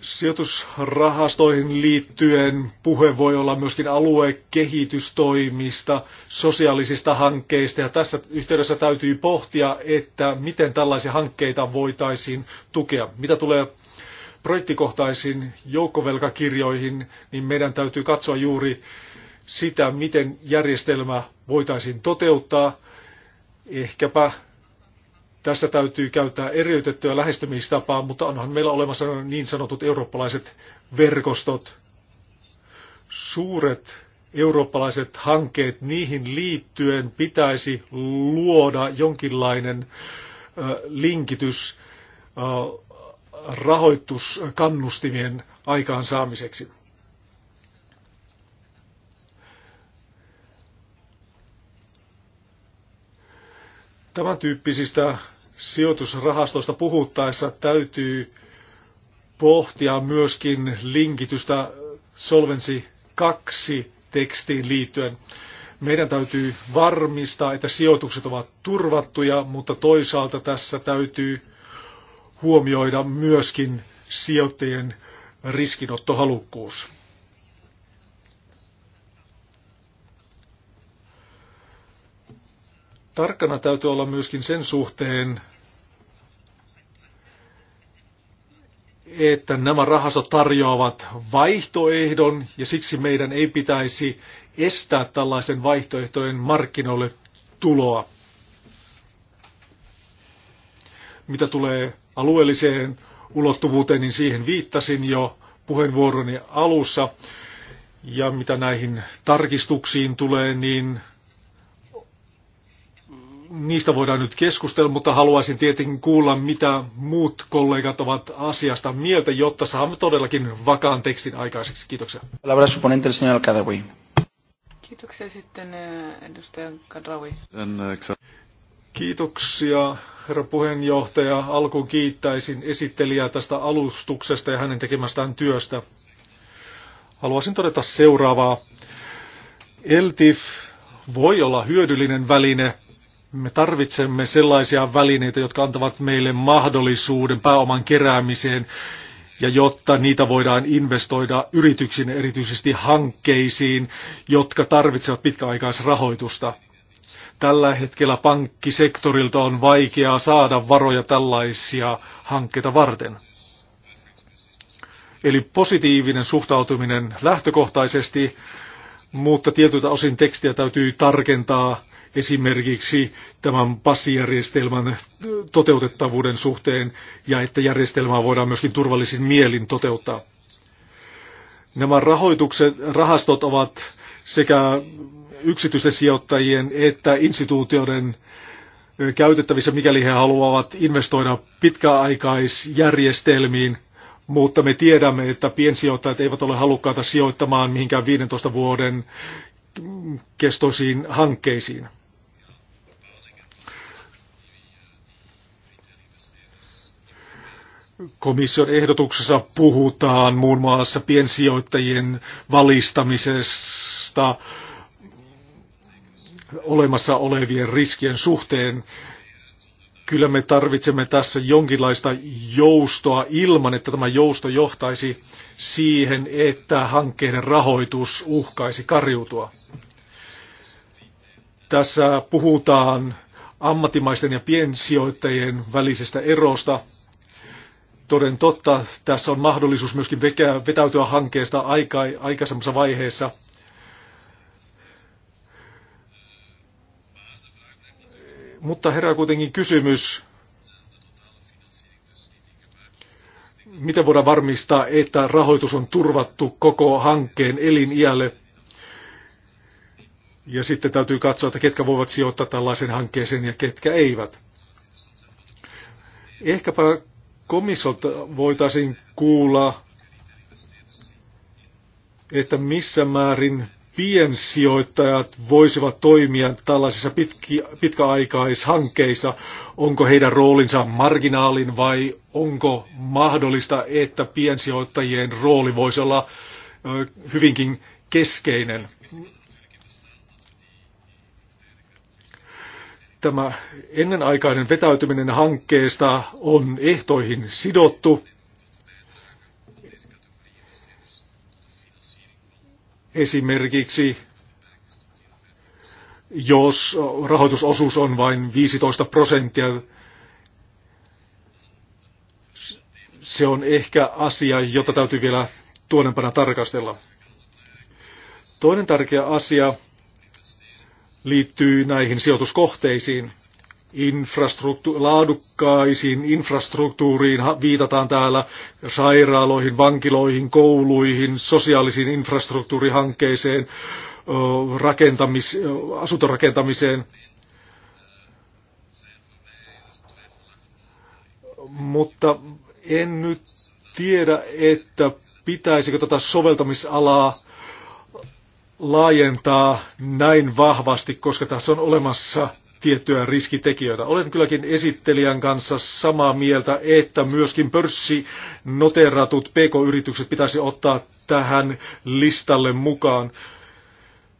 Sijoitusrahastoihin liittyen puhe voi olla myöskin aluekehitystoimista, sosiaalisista hankkeista ja tässä yhteydessä täytyy pohtia, että miten tällaisia hankkeita voitaisiin tukea. Mitä tulee projektikohtaisiin joukkovelkakirjoihin, niin meidän täytyy katsoa juuri sitä, miten järjestelmä voitaisiin toteuttaa. Ehkäpä tässä täytyy käyttää eriytettyä lähestymistapaa, mutta onhan meillä olemassa niin sanotut eurooppalaiset verkostot. Suuret eurooppalaiset hankkeet, niihin liittyen pitäisi luoda jonkinlainen linkitys rahoituskannustimien aikaansaamiseksi. Tämän tyyppisistä sijoitusrahastoista puhuttaessa täytyy pohtia myöskin linkitystä Solvensi 2 tekstiin liittyen. Meidän täytyy varmistaa, että sijoitukset ovat turvattuja, mutta toisaalta tässä täytyy huomioida myöskin sijoittajien riskinottohalukkuus. Tarkkana täytyy olla myöskin sen suhteen, että nämä rahastot tarjoavat vaihtoehdon ja siksi meidän ei pitäisi estää tällaisen vaihtoehtojen markkinoille tuloa. Mitä tulee alueelliseen ulottuvuuteen, niin siihen viittasin jo puheenvuoroni alussa. Ja mitä näihin tarkistuksiin tulee, niin niistä voidaan nyt keskustella, mutta haluaisin tietenkin kuulla, mitä muut kollegat ovat asiasta mieltä, jotta saamme todellakin vakaan tekstin aikaiseksi. Kiitoksia. Kiitoksia sitten eh, edustaja Kadrawi. Eh, Kiitoksia, herra puheenjohtaja. Alkuun kiittäisin esittelijää tästä alustuksesta ja hänen tekemästään työstä. Haluaisin todeta seuraavaa. LTIF voi olla hyödyllinen väline me tarvitsemme sellaisia välineitä, jotka antavat meille mahdollisuuden pääoman keräämiseen ja jotta niitä voidaan investoida yrityksiin, erityisesti hankkeisiin, jotka tarvitsevat pitkäaikaisrahoitusta. Tällä hetkellä pankkisektorilta on vaikeaa saada varoja tällaisia hankkeita varten. Eli positiivinen suhtautuminen lähtökohtaisesti, mutta tietyiltä osin tekstiä täytyy tarkentaa esimerkiksi tämän passijärjestelmän toteutettavuuden suhteen ja että järjestelmää voidaan myöskin turvallisin mielin toteuttaa. Nämä rahoitukset, rahastot ovat sekä yksityisten sijoittajien että instituutioiden käytettävissä, mikäli he haluavat investoida pitkäaikaisjärjestelmiin, mutta me tiedämme, että piensijoittajat eivät ole halukkaita sijoittamaan mihinkään 15 vuoden kestoisiin hankkeisiin. komission ehdotuksessa puhutaan muun muassa piensijoittajien valistamisesta olemassa olevien riskien suhteen. Kyllä me tarvitsemme tässä jonkinlaista joustoa ilman, että tämä jousto johtaisi siihen, että hankkeiden rahoitus uhkaisi karjutua. Tässä puhutaan ammattimaisten ja piensijoittajien välisestä erosta, Toden totta, tässä on mahdollisuus myöskin vetäytyä hankkeesta aika, aikaisemmassa vaiheessa. Mutta herää kuitenkin kysymys, miten voidaan varmistaa, että rahoitus on turvattu koko hankkeen eliniälle. Ja sitten täytyy katsoa, että ketkä voivat sijoittaa tällaisen hankkeeseen ja ketkä eivät. Ehkäpä komissolta voitaisiin kuulla, että missä määrin piensijoittajat voisivat toimia tällaisissa pitki, pitkäaikaishankkeissa? Onko heidän roolinsa marginaalin vai onko mahdollista, että piensijoittajien rooli voisi olla hyvinkin keskeinen? tämä ennenaikainen vetäytyminen hankkeesta on ehtoihin sidottu. Esimerkiksi jos rahoitusosuus on vain 15 prosenttia, se on ehkä asia, jota täytyy vielä tuonempana tarkastella. Toinen tärkeä asia liittyy näihin sijoituskohteisiin. Infrastruktu- laadukkaisiin infrastruktuuriin viitataan täällä sairaaloihin, vankiloihin, kouluihin, sosiaalisiin infrastruktuurihankkeeseen, rakentamis- asuntorakentamiseen. Mutta en nyt tiedä, että pitäisikö tätä soveltamisalaa laajentaa näin vahvasti, koska tässä on olemassa tiettyä riskitekijöitä. Olen kylläkin esittelijän kanssa samaa mieltä, että myöskin pörssinoteratut pk-yritykset pitäisi ottaa tähän listalle mukaan.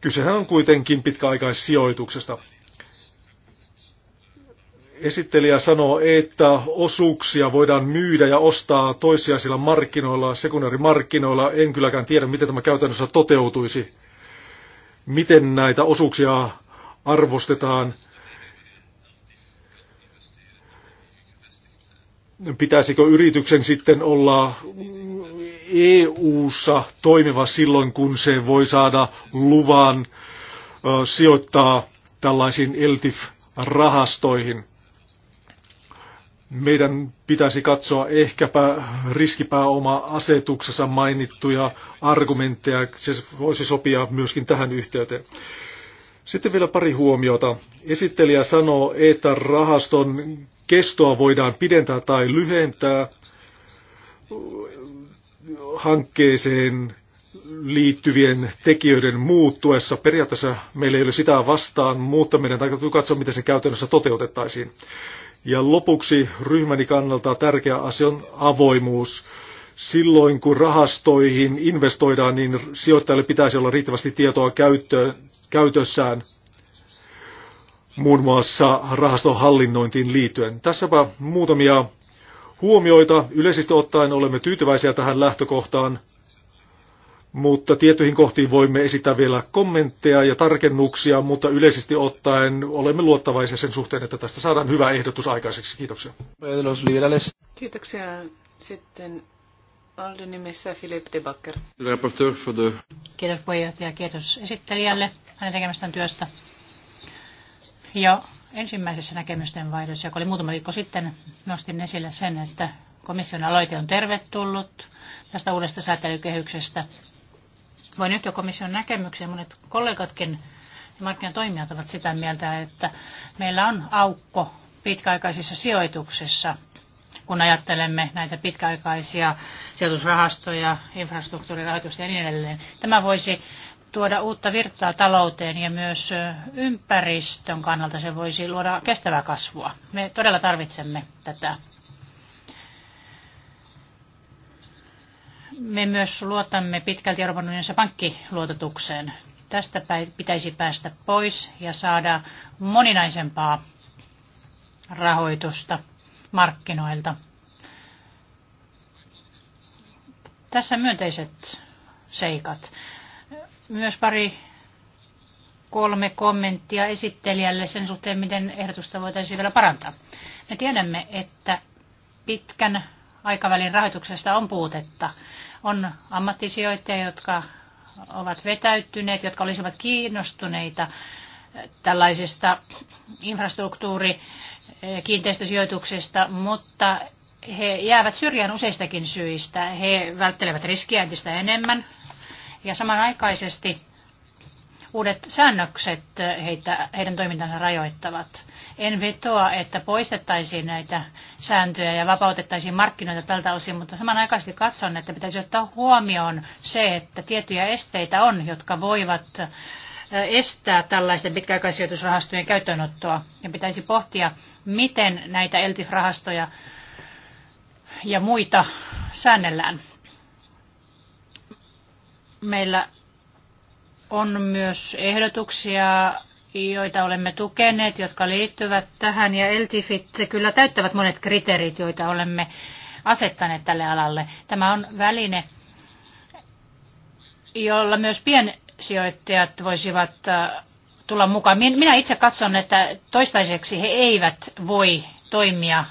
Kysehän on kuitenkin pitkäaikaissijoituksesta. Esittelijä sanoo, että osuuksia voidaan myydä ja ostaa toissijaisilla markkinoilla, sekundaarimarkkinoilla. En kylläkään tiedä, miten tämä käytännössä toteutuisi miten näitä osuuksia arvostetaan. Pitäisikö yrityksen sitten olla EU-ssa toimiva silloin, kun se voi saada luvan sijoittaa tällaisiin ELTIF-rahastoihin? meidän pitäisi katsoa ehkäpä riskipääoma-asetuksessa mainittuja argumentteja. Se voisi sopia myöskin tähän yhteyteen. Sitten vielä pari huomiota. Esittelijä sanoo, että rahaston kestoa voidaan pidentää tai lyhentää hankkeeseen liittyvien tekijöiden muuttuessa. Periaatteessa meillä ei ole sitä vastaan, mutta meidän täytyy katsoa, miten se käytännössä toteutettaisiin. Ja lopuksi ryhmäni kannalta tärkeä asia on avoimuus. Silloin kun rahastoihin investoidaan, niin sijoittajille pitäisi olla riittävästi tietoa käyttö, käytössään muun muassa rahaston hallinnointiin liittyen. Tässäpä muutamia huomioita. Yleisesti ottaen olemme tyytyväisiä tähän lähtökohtaan mutta tiettyihin kohtiin voimme esittää vielä kommentteja ja tarkennuksia, mutta yleisesti ottaen olemme luottavaisia sen suhteen, että tästä saadaan hyvä ehdotus aikaiseksi. Kiitoksia. Kiitoksia. Sitten Alden nimessä Philip de Backer. Kiitos puheenjohtaja, kiitos esittelijälle hänen tekemästään työstä. Jo ensimmäisessä näkemysten vaihdossa, joka oli muutama viikko sitten, nostin esille sen, että komission aloite on tervetullut tästä uudesta säätelykehyksestä Voin yhtyä komission näkemykseen, monet kollegatkin markkinatoimijat ovat sitä mieltä, että meillä on aukko pitkäaikaisissa sijoituksissa, kun ajattelemme näitä pitkäaikaisia sijoitusrahastoja, infrastruktuurirahoitusta ja niin edelleen. Tämä voisi tuoda uutta virtaa talouteen ja myös ympäristön kannalta se voisi luoda kestävää kasvua. Me todella tarvitsemme tätä. me myös luotamme pitkälti Euroopan unionissa pankkiluototukseen. Tästä pitäisi päästä pois ja saada moninaisempaa rahoitusta markkinoilta. Tässä myönteiset seikat. Myös pari kolme kommenttia esittelijälle sen suhteen, miten ehdotusta voitaisiin vielä parantaa. Me tiedämme, että pitkän aikavälin rahoituksesta on puutetta. On ammattisijoittajia, jotka ovat vetäytyneet, jotka olisivat kiinnostuneita tällaisista infrastruktuuri- kiinteistösijoituksista, mutta he jäävät syrjään useistakin syistä. He välttelevät riskiä entistä enemmän ja samanaikaisesti uudet säännökset heitä, heidän toimintansa rajoittavat. En vetoa, että poistettaisiin näitä sääntöjä ja vapautettaisiin markkinoita tältä osin, mutta samanaikaisesti katson, että pitäisi ottaa huomioon se, että tiettyjä esteitä on, jotka voivat estää tällaisten pitkäaikaisijoitusrahastojen käyttöönottoa. Ja pitäisi pohtia, miten näitä ELTIF-rahastoja ja muita säännellään. Meillä on myös ehdotuksia, joita olemme tukeneet, jotka liittyvät tähän, ja LTIFit kyllä täyttävät monet kriteerit, joita olemme asettaneet tälle alalle. Tämä on väline, jolla myös piensijoittajat voisivat äh, tulla mukaan. Minä itse katson, että toistaiseksi he eivät voi toimia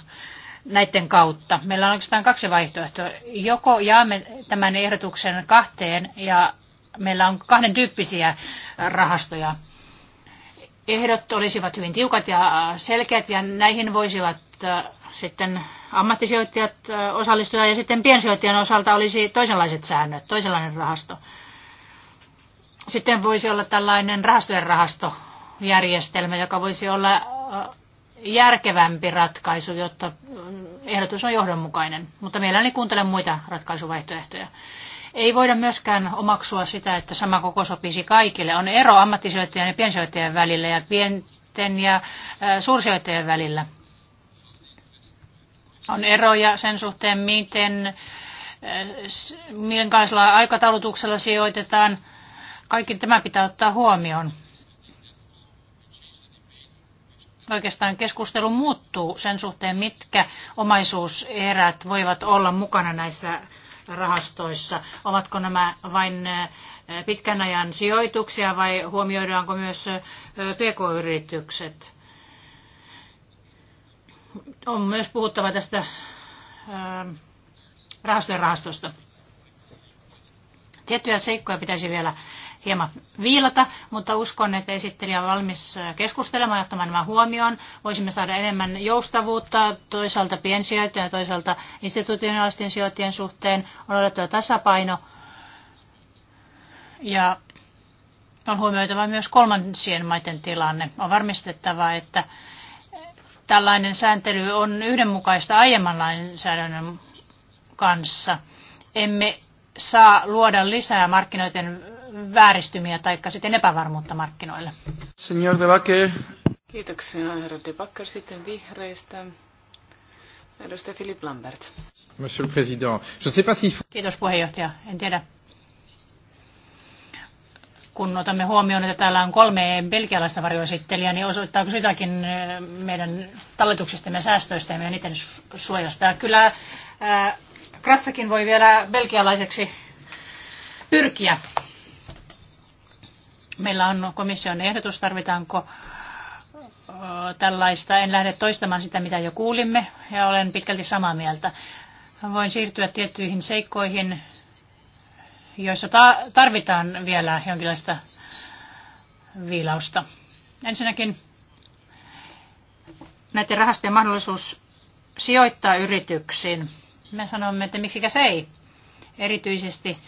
näiden kautta. Meillä on oikeastaan kaksi vaihtoehtoa. Joko jaamme tämän ehdotuksen kahteen ja meillä on kahden tyyppisiä rahastoja. Ehdot olisivat hyvin tiukat ja selkeät ja näihin voisivat äh, sitten ammattisijoittajat äh, osallistua ja sitten piensijoittajan osalta olisi toisenlaiset säännöt, toisenlainen rahasto. Sitten voisi olla tällainen rahastojen rahastojärjestelmä, joka voisi olla äh, järkevämpi ratkaisu, jotta ehdotus on johdonmukainen. Mutta mielelläni kuuntelen muita ratkaisuvaihtoehtoja. Ei voida myöskään omaksua sitä, että sama koko sopisi kaikille. On ero ammattisijoittajien ja piensijoittajien välillä ja pienten ja äh, suursijoittajien välillä. On eroja sen suhteen, miten, äh, minkälaisella aikataulutuksella sijoitetaan. Kaikki tämä pitää ottaa huomioon oikeastaan keskustelu muuttuu sen suhteen, mitkä omaisuuserät voivat olla mukana näissä rahastoissa? Ovatko nämä vain pitkän ajan sijoituksia vai huomioidaanko myös pk-yritykset? On myös puhuttava tästä rahastojen rahastosta. Tiettyjä seikkoja pitäisi vielä hieman viilata, mutta uskon, että esittelijä on valmis äh, keskustelemaan ja ottamaan nämä huomioon. Voisimme saada enemmän joustavuutta toisaalta piensijoittajien ja toisaalta institutionaalisten sijoittajien suhteen. On odotettava tasapaino ja on huomioitava myös kolmansien maiden tilanne. On varmistettava, että tällainen sääntely on yhdenmukaista aiemman lainsäädännön kanssa. Emme saa luoda lisää markkinoiden vääristymiä tai sitten epävarmuutta markkinoille. Senior De Backe. Kiitoksia, herra De Backer. Sitten vihreistä. Edustaja Philip Lambert. Monsieur le Président, je ne sais pas si... Kiitos puheenjohtaja. En tiedä, kun otamme huomioon, että täällä on kolme belgialaista varjoesittelijää, niin osoittaako sitäkin jotakin eh, meidän talletuksistamme, säästöistä ja niiden suojasta. kyllä ää, eh, Kratsakin voi vielä belgialaiseksi pyrkiä. Meillä on komission ehdotus, tarvitaanko tällaista. En lähde toistamaan sitä, mitä jo kuulimme, ja olen pitkälti samaa mieltä. Voin siirtyä tiettyihin seikkoihin, joissa tarvitaan vielä jonkinlaista viilausta. Ensinnäkin näiden rahastojen mahdollisuus sijoittaa yrityksiin. Me sanomme, että miksikäs ei, erityisesti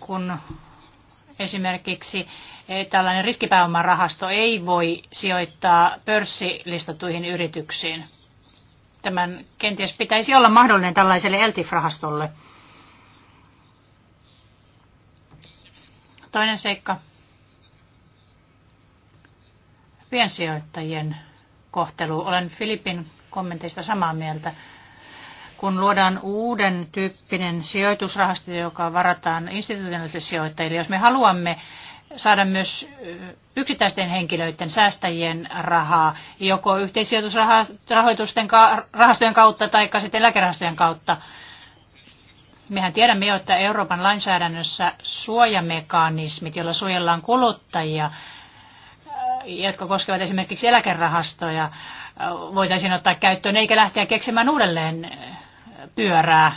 kun Esimerkiksi eh, tällainen riskipääomarahasto ei voi sijoittaa pörssilistattuihin yrityksiin. Tämän kenties pitäisi olla mahdollinen tällaiselle ELTIF-rahastolle. Toinen seikka. Piensijoittajien kohtelu. Olen Filipin kommenteista samaa mieltä kun luodaan uuden tyyppinen sijoitusrahasto, joka varataan institutionaalisille sijoittajille, jos me haluamme saada myös yksittäisten henkilöiden säästäjien rahaa, joko yhteisijoitusrahoitusten rahastojen kautta tai sitten eläkerahastojen kautta. Mehän tiedämme jo, että Euroopan lainsäädännössä suojamekanismit, joilla suojellaan kuluttajia, jotka koskevat esimerkiksi eläkerahastoja, voitaisiin ottaa käyttöön eikä lähteä keksimään uudelleen pyörää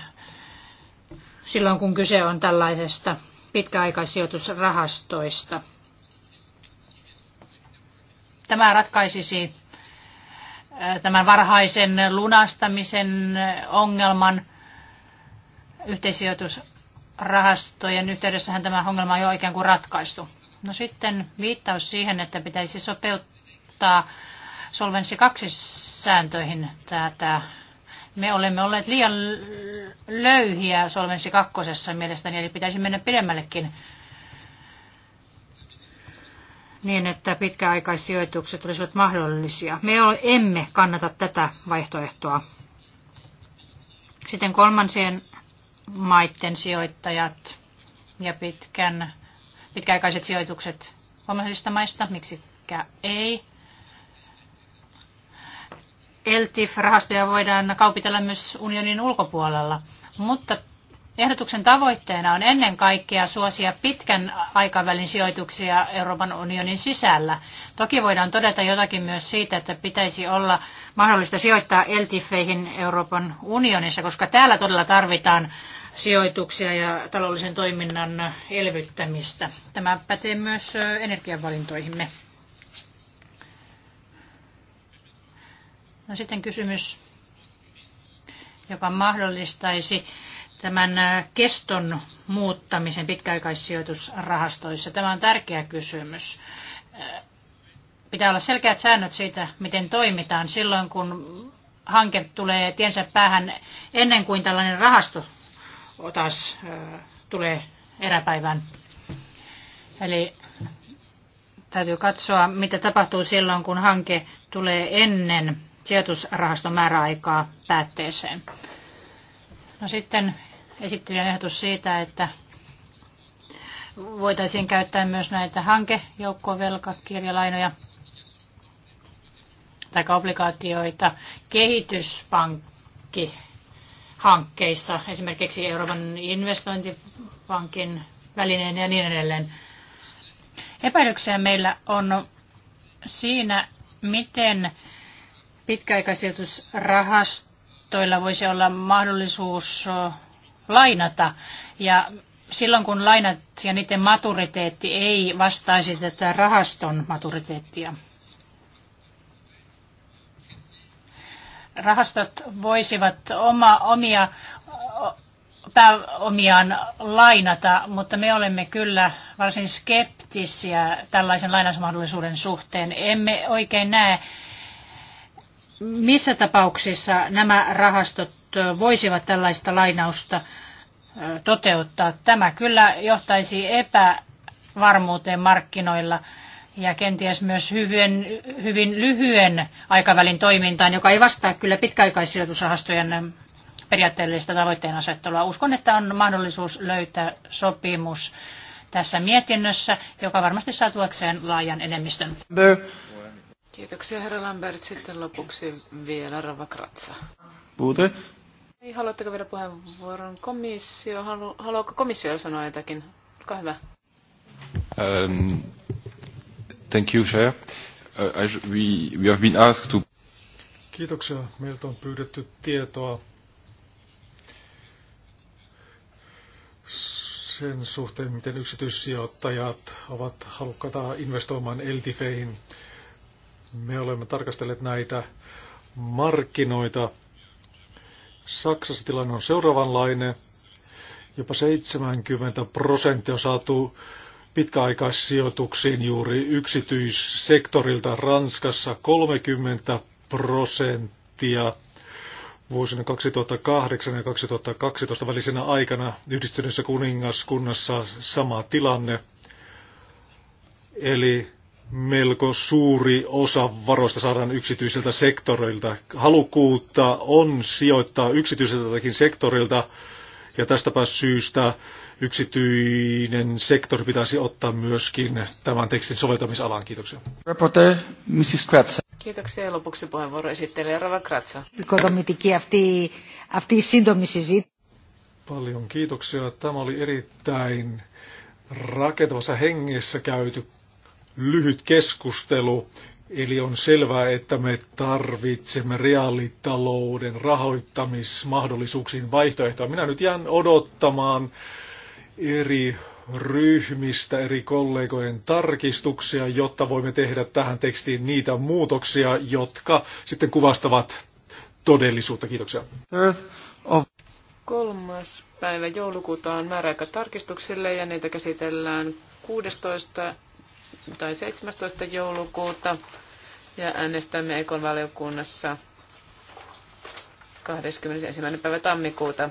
silloin, kun kyse on tällaisesta pitkäaikaissijoitusrahastoista. Tämä ratkaisisi tämän varhaisen lunastamisen ongelman. Yhteisijoitusrahastojen yhteydessähän tämä ongelma on jo ikään kuin ratkaistu. No sitten viittaus siihen, että pitäisi sopeuttaa Solvenssi 2 sääntöihin tätä me olemme olleet liian löyhiä Solvenssi kakkosessa mielestäni, eli pitäisi mennä pidemmällekin niin, että pitkäaikaissijoitukset olisivat mahdollisia. Me emme kannata tätä vaihtoehtoa. Sitten kolmansien maiden sijoittajat ja pitkän, pitkäaikaiset sijoitukset kolmansista maista, miksikä ei. LTIF-rahastoja voidaan kaupitella myös unionin ulkopuolella, mutta ehdotuksen tavoitteena on ennen kaikkea suosia pitkän aikavälin sijoituksia Euroopan unionin sisällä. Toki voidaan todeta jotakin myös siitä, että pitäisi olla mahdollista sijoittaa LTIFeihin Euroopan unionissa, koska täällä todella tarvitaan sijoituksia ja taloudellisen toiminnan elvyttämistä. Tämä pätee myös energiavalintoihimme. No sitten kysymys, joka mahdollistaisi tämän äh, keston muuttamisen pitkäaikaissijoitusrahastoissa. Tämä on tärkeä kysymys. Äh, pitää olla selkeät säännöt siitä, miten toimitaan silloin, kun hanke tulee tiensä päähän ennen kuin tällainen rahasto taas äh, tulee eräpäivään. Eli täytyy katsoa, mitä tapahtuu silloin, kun hanke tulee ennen sijoitusrahaston määräaikaa päätteeseen. No sitten esittelijän ehdotus siitä, että voitaisiin käyttää myös näitä hankejoukkovelkakirjalainoja tai obligaatioita kehityspankki hankkeissa, esimerkiksi Euroopan investointipankin välineen ja niin edelleen. Epäilyksiä meillä on siinä, miten pitkäaikaisijoitusrahastoilla voisi olla mahdollisuus lainata. Ja silloin kun lainat ja niiden maturiteetti ei vastaisi tätä rahaston maturiteettia. Rahastot voisivat oma, omia pääomiaan lainata, mutta me olemme kyllä varsin skeptisiä tällaisen lainausmahdollisuuden suhteen. Emme oikein näe missä tapauksissa nämä rahastot voisivat tällaista lainausta toteuttaa? Tämä kyllä johtaisi epävarmuuteen markkinoilla ja kenties myös hyvin, hyvin lyhyen aikavälin toimintaan, joka ei vastaa kyllä pitkäaikaissijoitusrahastojen periaatteellista tavoitteen asettelua. Uskon, että on mahdollisuus löytää sopimus tässä mietinnössä, joka varmasti saa tuekseen laajan enemmistön. Kiitoksia herra Lambert. Sitten lopuksi vielä Rava Kratsa. Puute. Niin, haluatteko vielä puheenvuoron komissio? Halu, haluaako komissio sanoa jotakin? Olkaa hyvä. Um, thank you, Chair. Uh, äh, I, we, we have been asked to... Kiitoksia. Meiltä on pyydetty tietoa sen suhteen, miten yksityissijoittajat ovat halukkaita investoimaan LTFeihin. Me olemme tarkastelleet näitä markkinoita. Saksassa tilanne on seuraavanlainen. Jopa 70 prosenttia on saatu pitkäaikaissijoituksiin juuri yksityissektorilta. Ranskassa 30 prosenttia vuosina 2008 ja 2012 välisenä aikana yhdistyneessä kuningaskunnassa sama tilanne. Eli melko suuri osa varoista saadaan yksityiseltä sektorilta. Halukkuutta on sijoittaa yksityiseltäkin sektorilta ja tästäpä syystä yksityinen sektori pitäisi ottaa myöskin tämän tekstin soveltamisalaan. Kiitoksia. Reporter, Mrs. Kratza. Kiitoksia. Lopuksi puheenvuoro esittelee Rava Kratza. Paljon kiitoksia. Tämä oli erittäin rakentavassa hengessä käyty lyhyt keskustelu, eli on selvää, että me tarvitsemme reaalitalouden rahoittamismahdollisuuksiin vaihtoehtoja. Minä nyt jään odottamaan eri ryhmistä, eri kollegojen tarkistuksia, jotta voimme tehdä tähän tekstiin niitä muutoksia, jotka sitten kuvastavat todellisuutta. Kiitoksia. Kolmas päivä joulukuuta on määräaika tarkistuksille ja niitä käsitellään 16 tai 17. joulukuuta ja äänestämme Ekon valiokunnassa 21. päivä tammikuuta.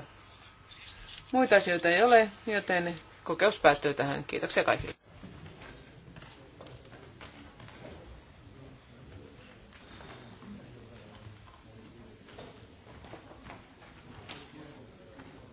Muita asioita ei ole, joten kokeus päättyy tähän. Kiitoksia kaikille.